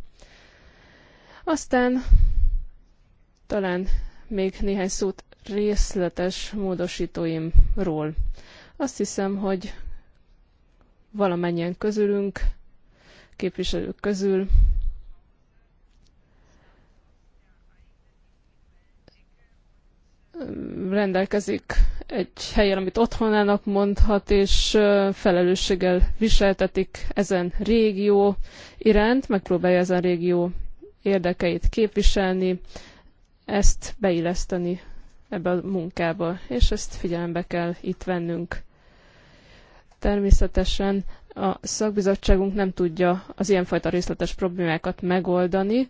Aztán talán még néhány szót részletes módosítóimról. Azt hiszem, hogy valamennyien közülünk, képviselők közül rendelkezik egy helyen, amit otthonának mondhat, és felelősséggel viseltetik ezen régió iránt, megpróbálja ezen régió érdekeit képviselni, ezt beilleszteni ebbe a munkába, és ezt figyelembe kell itt vennünk. Természetesen a szakbizottságunk nem tudja az ilyenfajta részletes problémákat megoldani,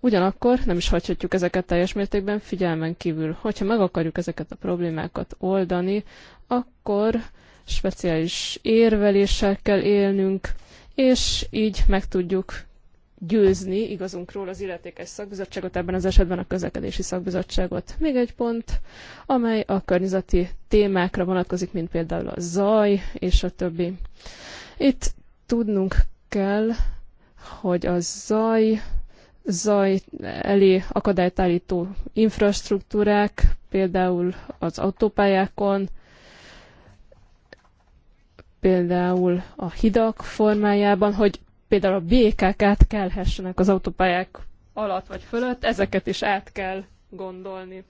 Ugyanakkor nem is hagyhatjuk ezeket teljes mértékben figyelmen kívül. Hogyha meg akarjuk ezeket a problémákat oldani, akkor speciális érveléssel kell élnünk, és így meg tudjuk győzni igazunkról az illetékes szakbizottságot, ebben az esetben a közlekedési szakbizottságot. Még egy pont, amely a környezeti témákra vonatkozik, mint például a zaj és a többi. Itt tudnunk kell, hogy a zaj zaj elé akadályt állító infrastruktúrák, például az autópályákon, például a hidak formájában, hogy például a békák átkelhessenek az autópályák alatt vagy fölött, ezeket is át kell gondolni.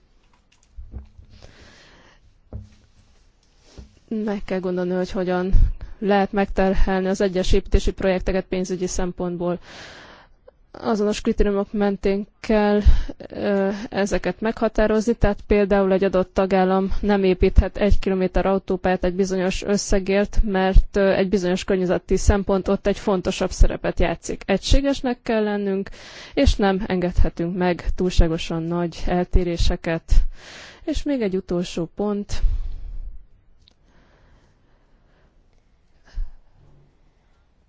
Meg kell gondolni, hogy hogyan lehet megterhelni az egyes építési projekteket pénzügyi szempontból azonos kritériumok mentén kell ezeket meghatározni, tehát például egy adott tagállam nem építhet egy kilométer autópályát egy bizonyos összegért, mert egy bizonyos környezeti szempont ott egy fontosabb szerepet játszik. Egységesnek kell lennünk, és nem engedhetünk meg túlságosan nagy eltéréseket. És még egy utolsó pont.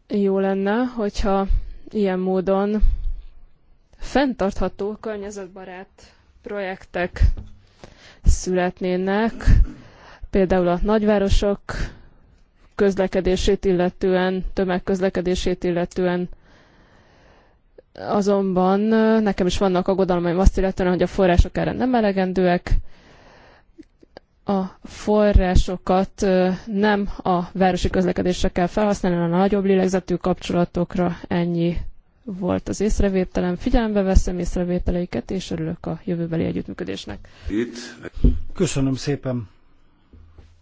Jó lenne, hogyha ilyen módon fenntartható, környezetbarát projektek születnének, például a nagyvárosok közlekedését illetően, tömegközlekedését illetően. Azonban nekem is vannak aggodalmaim azt illetően, hogy a források erre nem elegendőek, a forrásokat nem a városi közlekedésre kell felhasználni, hanem a nagyobb lélegzetű kapcsolatokra ennyi volt az észrevételem. Figyelembe veszem észrevételeiket, és örülök a jövőbeli együttműködésnek. Itt. Köszönöm szépen.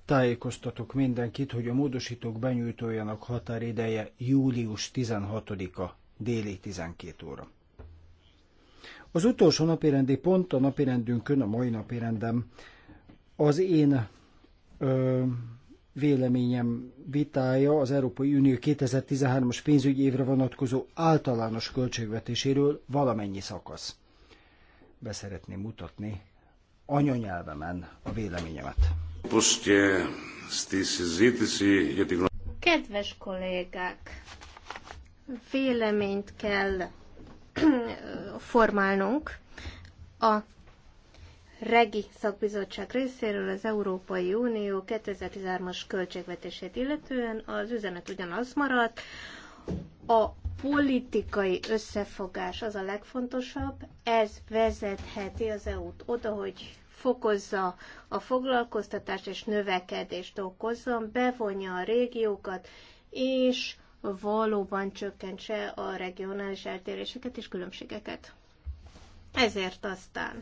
Tájékoztatok mindenkit, hogy a módosítók benyújtójának határideje július 16-a déli 12 óra. Az utolsó napirendi pont a napirendünkön, a mai napirendem az én ö, véleményem vitája az Európai Unió 2013-as pénzügyi évre vonatkozó általános költségvetéséről valamennyi szakasz. Beszeretném mutatni anyanyelvemen a véleményemet. Kedves kollégák, véleményt kell [CLEARS THROAT] formálnunk a Regi szakbizottság részéről az Európai Unió 2013-as költségvetését illetően az üzenet ugyanaz maradt. A politikai összefogás az a legfontosabb, ez vezetheti az EU-t oda, hogy fokozza a foglalkoztatást és növekedést okozzon, bevonja a régiókat, és valóban csökkentse a regionális eltéréseket és különbségeket. Ezért aztán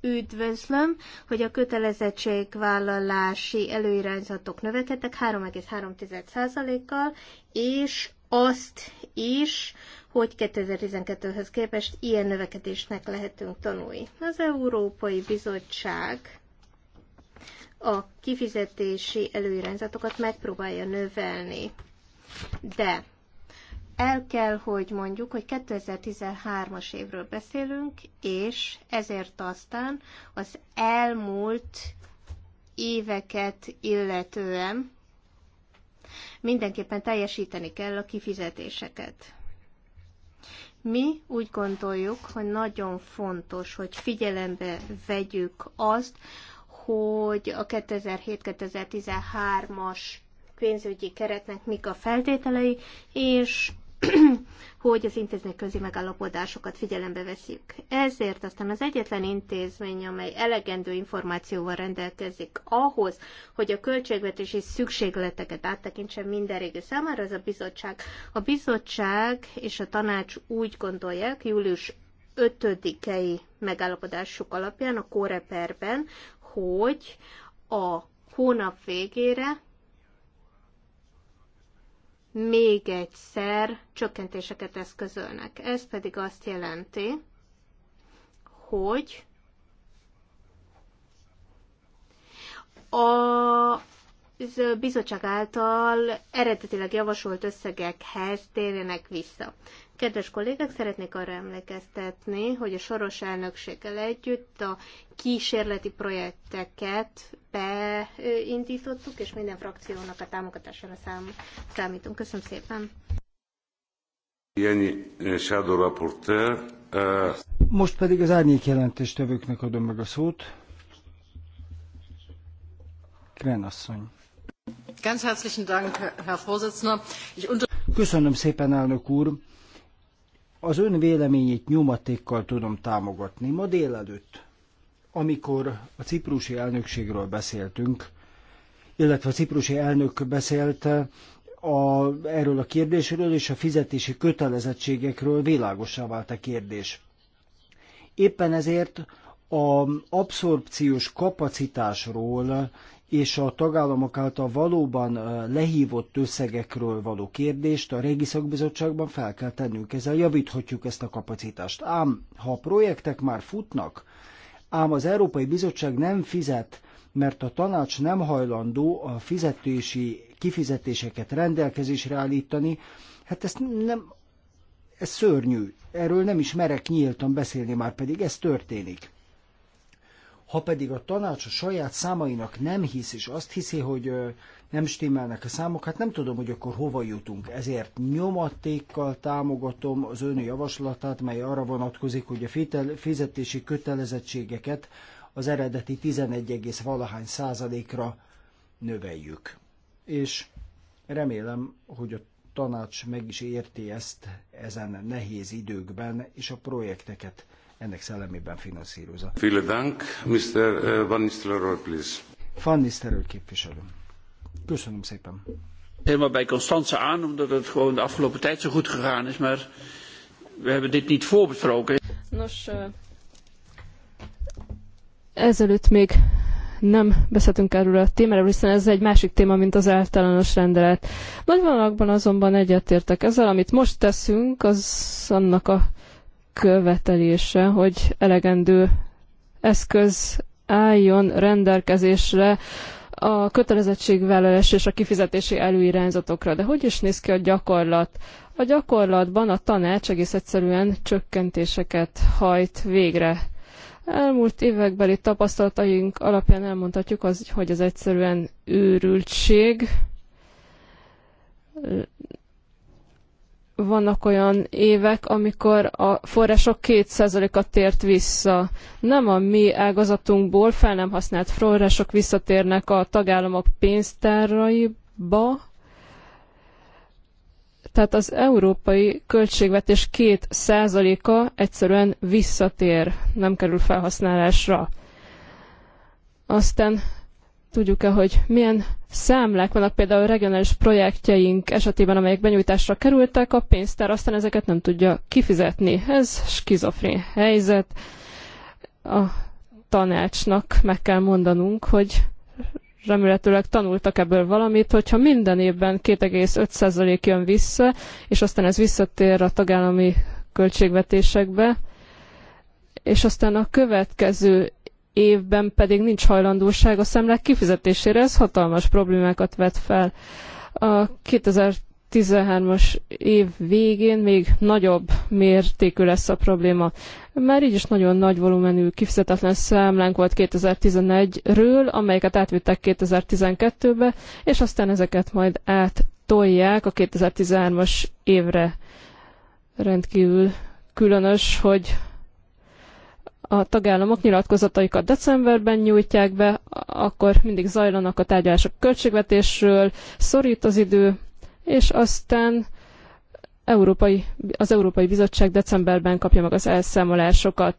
üdvözlöm, hogy a kötelezettségvállalási előirányzatok növekedtek 3,3%-kal, és azt is, hogy 2012-höz képest ilyen növekedésnek lehetünk tanulni. Az Európai Bizottság a kifizetési előirányzatokat megpróbálja növelni, de el kell, hogy mondjuk, hogy 2013-as évről beszélünk, és ezért aztán az elmúlt éveket illetően mindenképpen teljesíteni kell a kifizetéseket. Mi úgy gondoljuk, hogy nagyon fontos, hogy figyelembe vegyük azt, hogy a 2007-2013-as pénzügyi keretnek mik a feltételei, és [CLEARS THROAT] hogy az intézmény közi megállapodásokat figyelembe veszik. Ezért aztán az egyetlen intézmény, amely elegendő információval rendelkezik ahhoz, hogy a költségvetési szükségleteket áttekintse minden régi számára, az a bizottság. A bizottság és a tanács úgy gondolják, július 5-i megállapodásuk alapján a Koreperben, hogy a hónap végére még egyszer csökkentéseket eszközölnek. Ez pedig azt jelenti, hogy a bizottság által eredetileg javasolt összegekhez térjenek vissza. Kedves kollégák, szeretnék arra emlékeztetni, hogy a soros elnökséggel együtt a kísérleti projekteket beindítottuk, és minden frakciónak a támogatására szám, számítunk. Köszönöm szépen! Eh, eh. Most pedig az árnyék jelentéstevőknek adom meg a szót. Krenasszony. Köszönöm szépen, elnök úr. Az ön véleményét nyomatékkal tudom támogatni. Ma délelőtt, amikor a ciprusi elnökségről beszéltünk, illetve a ciprusi elnök beszélt eh, a, erről a kérdésről, és a fizetési kötelezettségekről világosá vált a kérdés. Éppen ezért a abszorpciós kapacitásról és a tagállamok által valóban lehívott összegekről való kérdést a régi szakbizottságban fel kell tennünk, ezzel javíthatjuk ezt a kapacitást. Ám ha a projektek már futnak, ám az Európai Bizottság nem fizet, mert a tanács nem hajlandó a fizetési kifizetéseket rendelkezésre állítani, hát ezt nem, ez szörnyű. Erről nem is merek nyíltan beszélni, már pedig ez történik. Ha pedig a tanács a saját számainak nem hisz, és azt hiszi, hogy nem stimmelnek a számok, hát nem tudom, hogy akkor hova jutunk. Ezért nyomatékkal támogatom az ön javaslatát, mely arra vonatkozik, hogy a fizetési kötelezettségeket az eredeti 11, valahány százalékra növeljük. És remélem, hogy a tanács meg is érti ezt ezen nehéz időkben, és a projekteket ennek szellemében finanszírozza. Vielen Dank, Mr. Eh, Van Nistelrooy, please. Van Nistelrooy képviselő. Köszönöm szépen. Helemaal bij Constance aan, omdat het gewoon de afgelopen tijd zo goed gegaan is, maar we hebben dit niet voorbesproken. Nos, eh, ezelőtt még nem beszéltünk erről a témáról, hiszen ez egy másik téma, mint az általános rendelet. Nagy vonalakban azonban egyetértek ezzel, amit most teszünk, az annak a követelése, hogy elegendő eszköz álljon rendelkezésre a kötelezettségvállalás és a kifizetési előirányzatokra. De hogy is néz ki a gyakorlat? A gyakorlatban a tanács egész egyszerűen csökkentéseket hajt végre. Elmúlt évekbeli tapasztalataink alapján elmondhatjuk, az, hogy ez egyszerűen őrültség vannak olyan évek, amikor a források 2%-a tért vissza. Nem a mi ágazatunkból fel nem használt források visszatérnek a tagállamok pénztáraiba, tehát az európai költségvetés 2%-a egyszerűen visszatér, nem kerül felhasználásra. Aztán Tudjuk-e, hogy milyen számlák vannak például regionális projektjeink esetében, amelyek benyújtásra kerültek, a pénztár aztán ezeket nem tudja kifizetni. Ez skizofrén helyzet. A tanácsnak meg kell mondanunk, hogy remélhetőleg tanultak ebből valamit, hogyha minden évben 2,5% jön vissza, és aztán ez visszatér a tagállami költségvetésekbe, és aztán a következő évben pedig nincs hajlandóság a szemlek kifizetésére. Ez hatalmas problémákat vet fel. A 2013-as év végén még nagyobb mértékű lesz a probléma. Már így is nagyon nagy volumenű kifizetetlen számlánk volt 2011-ről, amelyeket átvittek 2012-be, és aztán ezeket majd áttolják a 2013-as évre. Rendkívül különös, hogy a tagállamok nyilatkozataikat decemberben nyújtják be, akkor mindig zajlanak a tárgyalások költségvetésről, szorít az idő, és aztán Európai, az Európai Bizottság decemberben kapja meg az elszámolásokat.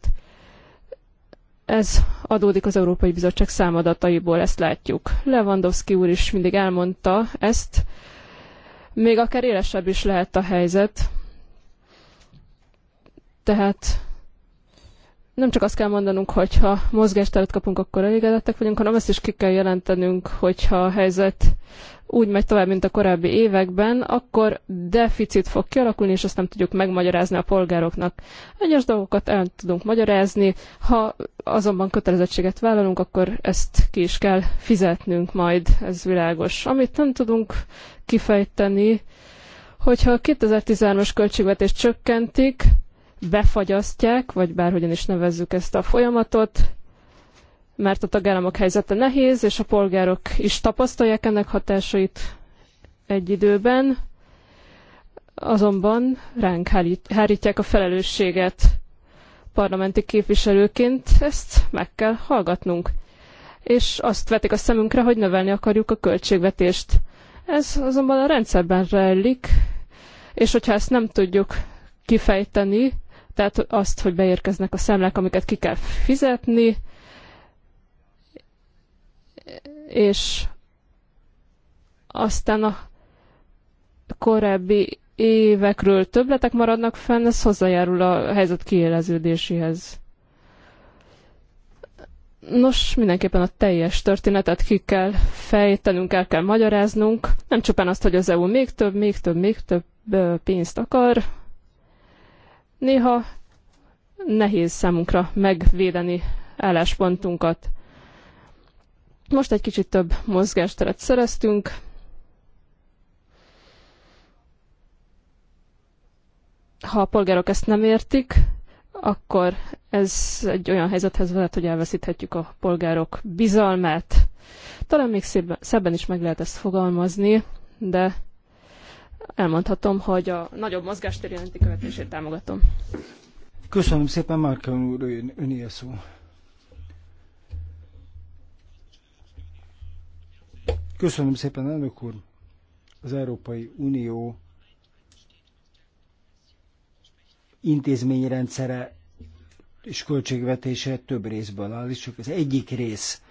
Ez adódik az Európai Bizottság számadataiból, ezt látjuk. Lewandowski úr is mindig elmondta ezt, még akár élesebb is lehet a helyzet. Tehát nem csak azt kell mondanunk, hogy ha mozgásteret kapunk, akkor elégedettek vagyunk, hanem azt is ki kell jelentenünk, hogyha a helyzet úgy megy tovább, mint a korábbi években, akkor deficit fog kialakulni, és azt nem tudjuk megmagyarázni a polgároknak. Egyes dolgokat el tudunk magyarázni, ha azonban kötelezettséget vállalunk, akkor ezt ki is kell fizetnünk majd, ez világos. Amit nem tudunk kifejteni, hogyha a 2013-as költségvetést csökkentik, befagyasztják, vagy bárhogyan is nevezzük ezt a folyamatot, mert a tagállamok helyzete nehéz, és a polgárok is tapasztalják ennek hatásait egy időben, azonban ránk hárítják a felelősséget parlamenti képviselőként, ezt meg kell hallgatnunk. És azt vetik a szemünkre, hogy növelni akarjuk a költségvetést. Ez azonban a rendszerben rejlik, és hogyha ezt nem tudjuk kifejteni, tehát azt, hogy beérkeznek a számlák, amiket ki kell fizetni, és aztán a korábbi évekről többletek maradnak fenn, ez hozzájárul a helyzet kiéleződéséhez. Nos, mindenképpen a teljes történetet ki kell fejtenünk, el kell magyaráznunk. Nem csupán azt, hogy az EU még több, még több, még több pénzt akar, Néha nehéz számunkra megvédeni álláspontunkat. Most egy kicsit több mozgásteret szereztünk. Ha a polgárok ezt nem értik, akkor ez egy olyan helyzethez vezet, hogy elveszíthetjük a polgárok bizalmát. Talán még szebben is meg lehet ezt fogalmazni, de elmondhatom, hogy a nagyobb mozgástér jelenti követését támogatom. Köszönöm szépen, Márkán úr, ön, ön szó. Köszönöm szépen, elnök úr. Az Európai Unió intézményrendszere és költségvetése több részből áll, és csak az egyik rész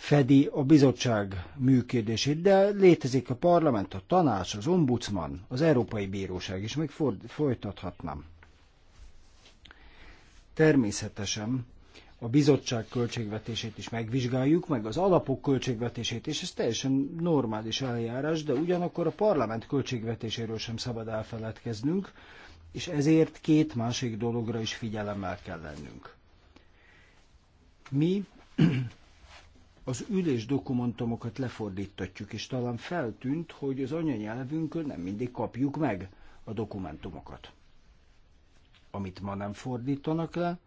fedi a bizottság működését, de létezik a parlament, a tanács, az ombudsman, az Európai Bíróság, is, még folytathatnám. Természetesen a bizottság költségvetését is megvizsgáljuk, meg az alapok költségvetését, és ez teljesen normális eljárás, de ugyanakkor a parlament költségvetéséről sem szabad elfeledkeznünk, és ezért két másik dologra is figyelemmel kell lennünk. Mi az ülés dokumentumokat lefordítatjuk, és talán feltűnt, hogy az anyanyelvünkön nem mindig kapjuk meg a dokumentumokat. Amit ma nem fordítanak le,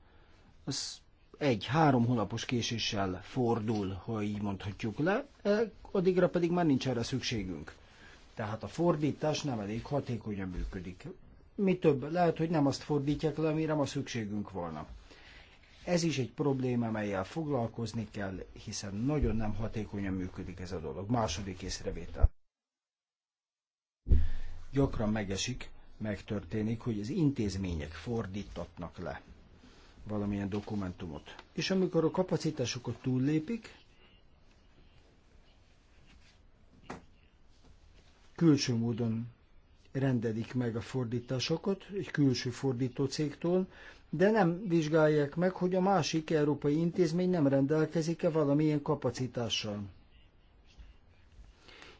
az egy-három hónapos késéssel fordul, ha így mondhatjuk le, e, addigra pedig már nincs erre szükségünk. Tehát a fordítás nem elég hatékonyan működik. Mi több, lehet, hogy nem azt fordítják le, amire ma szükségünk volna. Ez is egy probléma, amelyel foglalkozni kell, hiszen nagyon nem hatékonyan működik ez a dolog. Második észrevétel. Gyakran megesik, megtörténik, hogy az intézmények fordítatnak le valamilyen dokumentumot. És amikor a kapacitásokat túllépik, külső módon rendelik meg a fordításokat egy külső fordító cégtől, de nem vizsgálják meg, hogy a másik európai intézmény nem rendelkezik-e valamilyen kapacitással.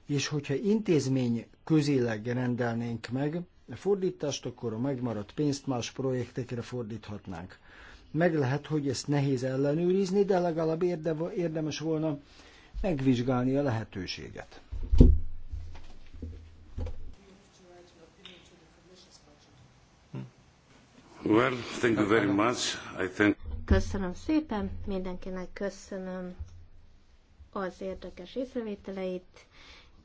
És hogyha intézmény közéleg rendelnénk meg a fordítást, akkor a megmaradt pénzt más projektekre fordíthatnánk. Meg lehet, hogy ezt nehéz ellenőrizni, de legalább érdemes volna megvizsgálni a lehetőséget. Well, thank you very much. I Köszönöm szépen, mindenkinek köszönöm az érdekes észrevételeit,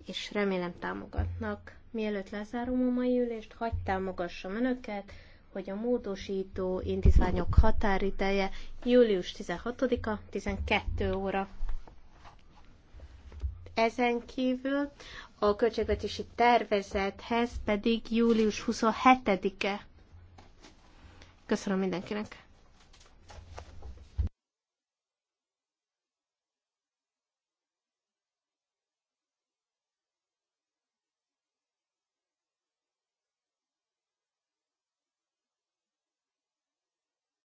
és remélem támogatnak. Mielőtt lezárom a mai ülést, hagy támogassam önöket, hogy a módosító indítványok határideje július 16-a 12 óra. Ezen kívül a költségvetési tervezethez pedig július 27-e Köszönöm mindenkinek!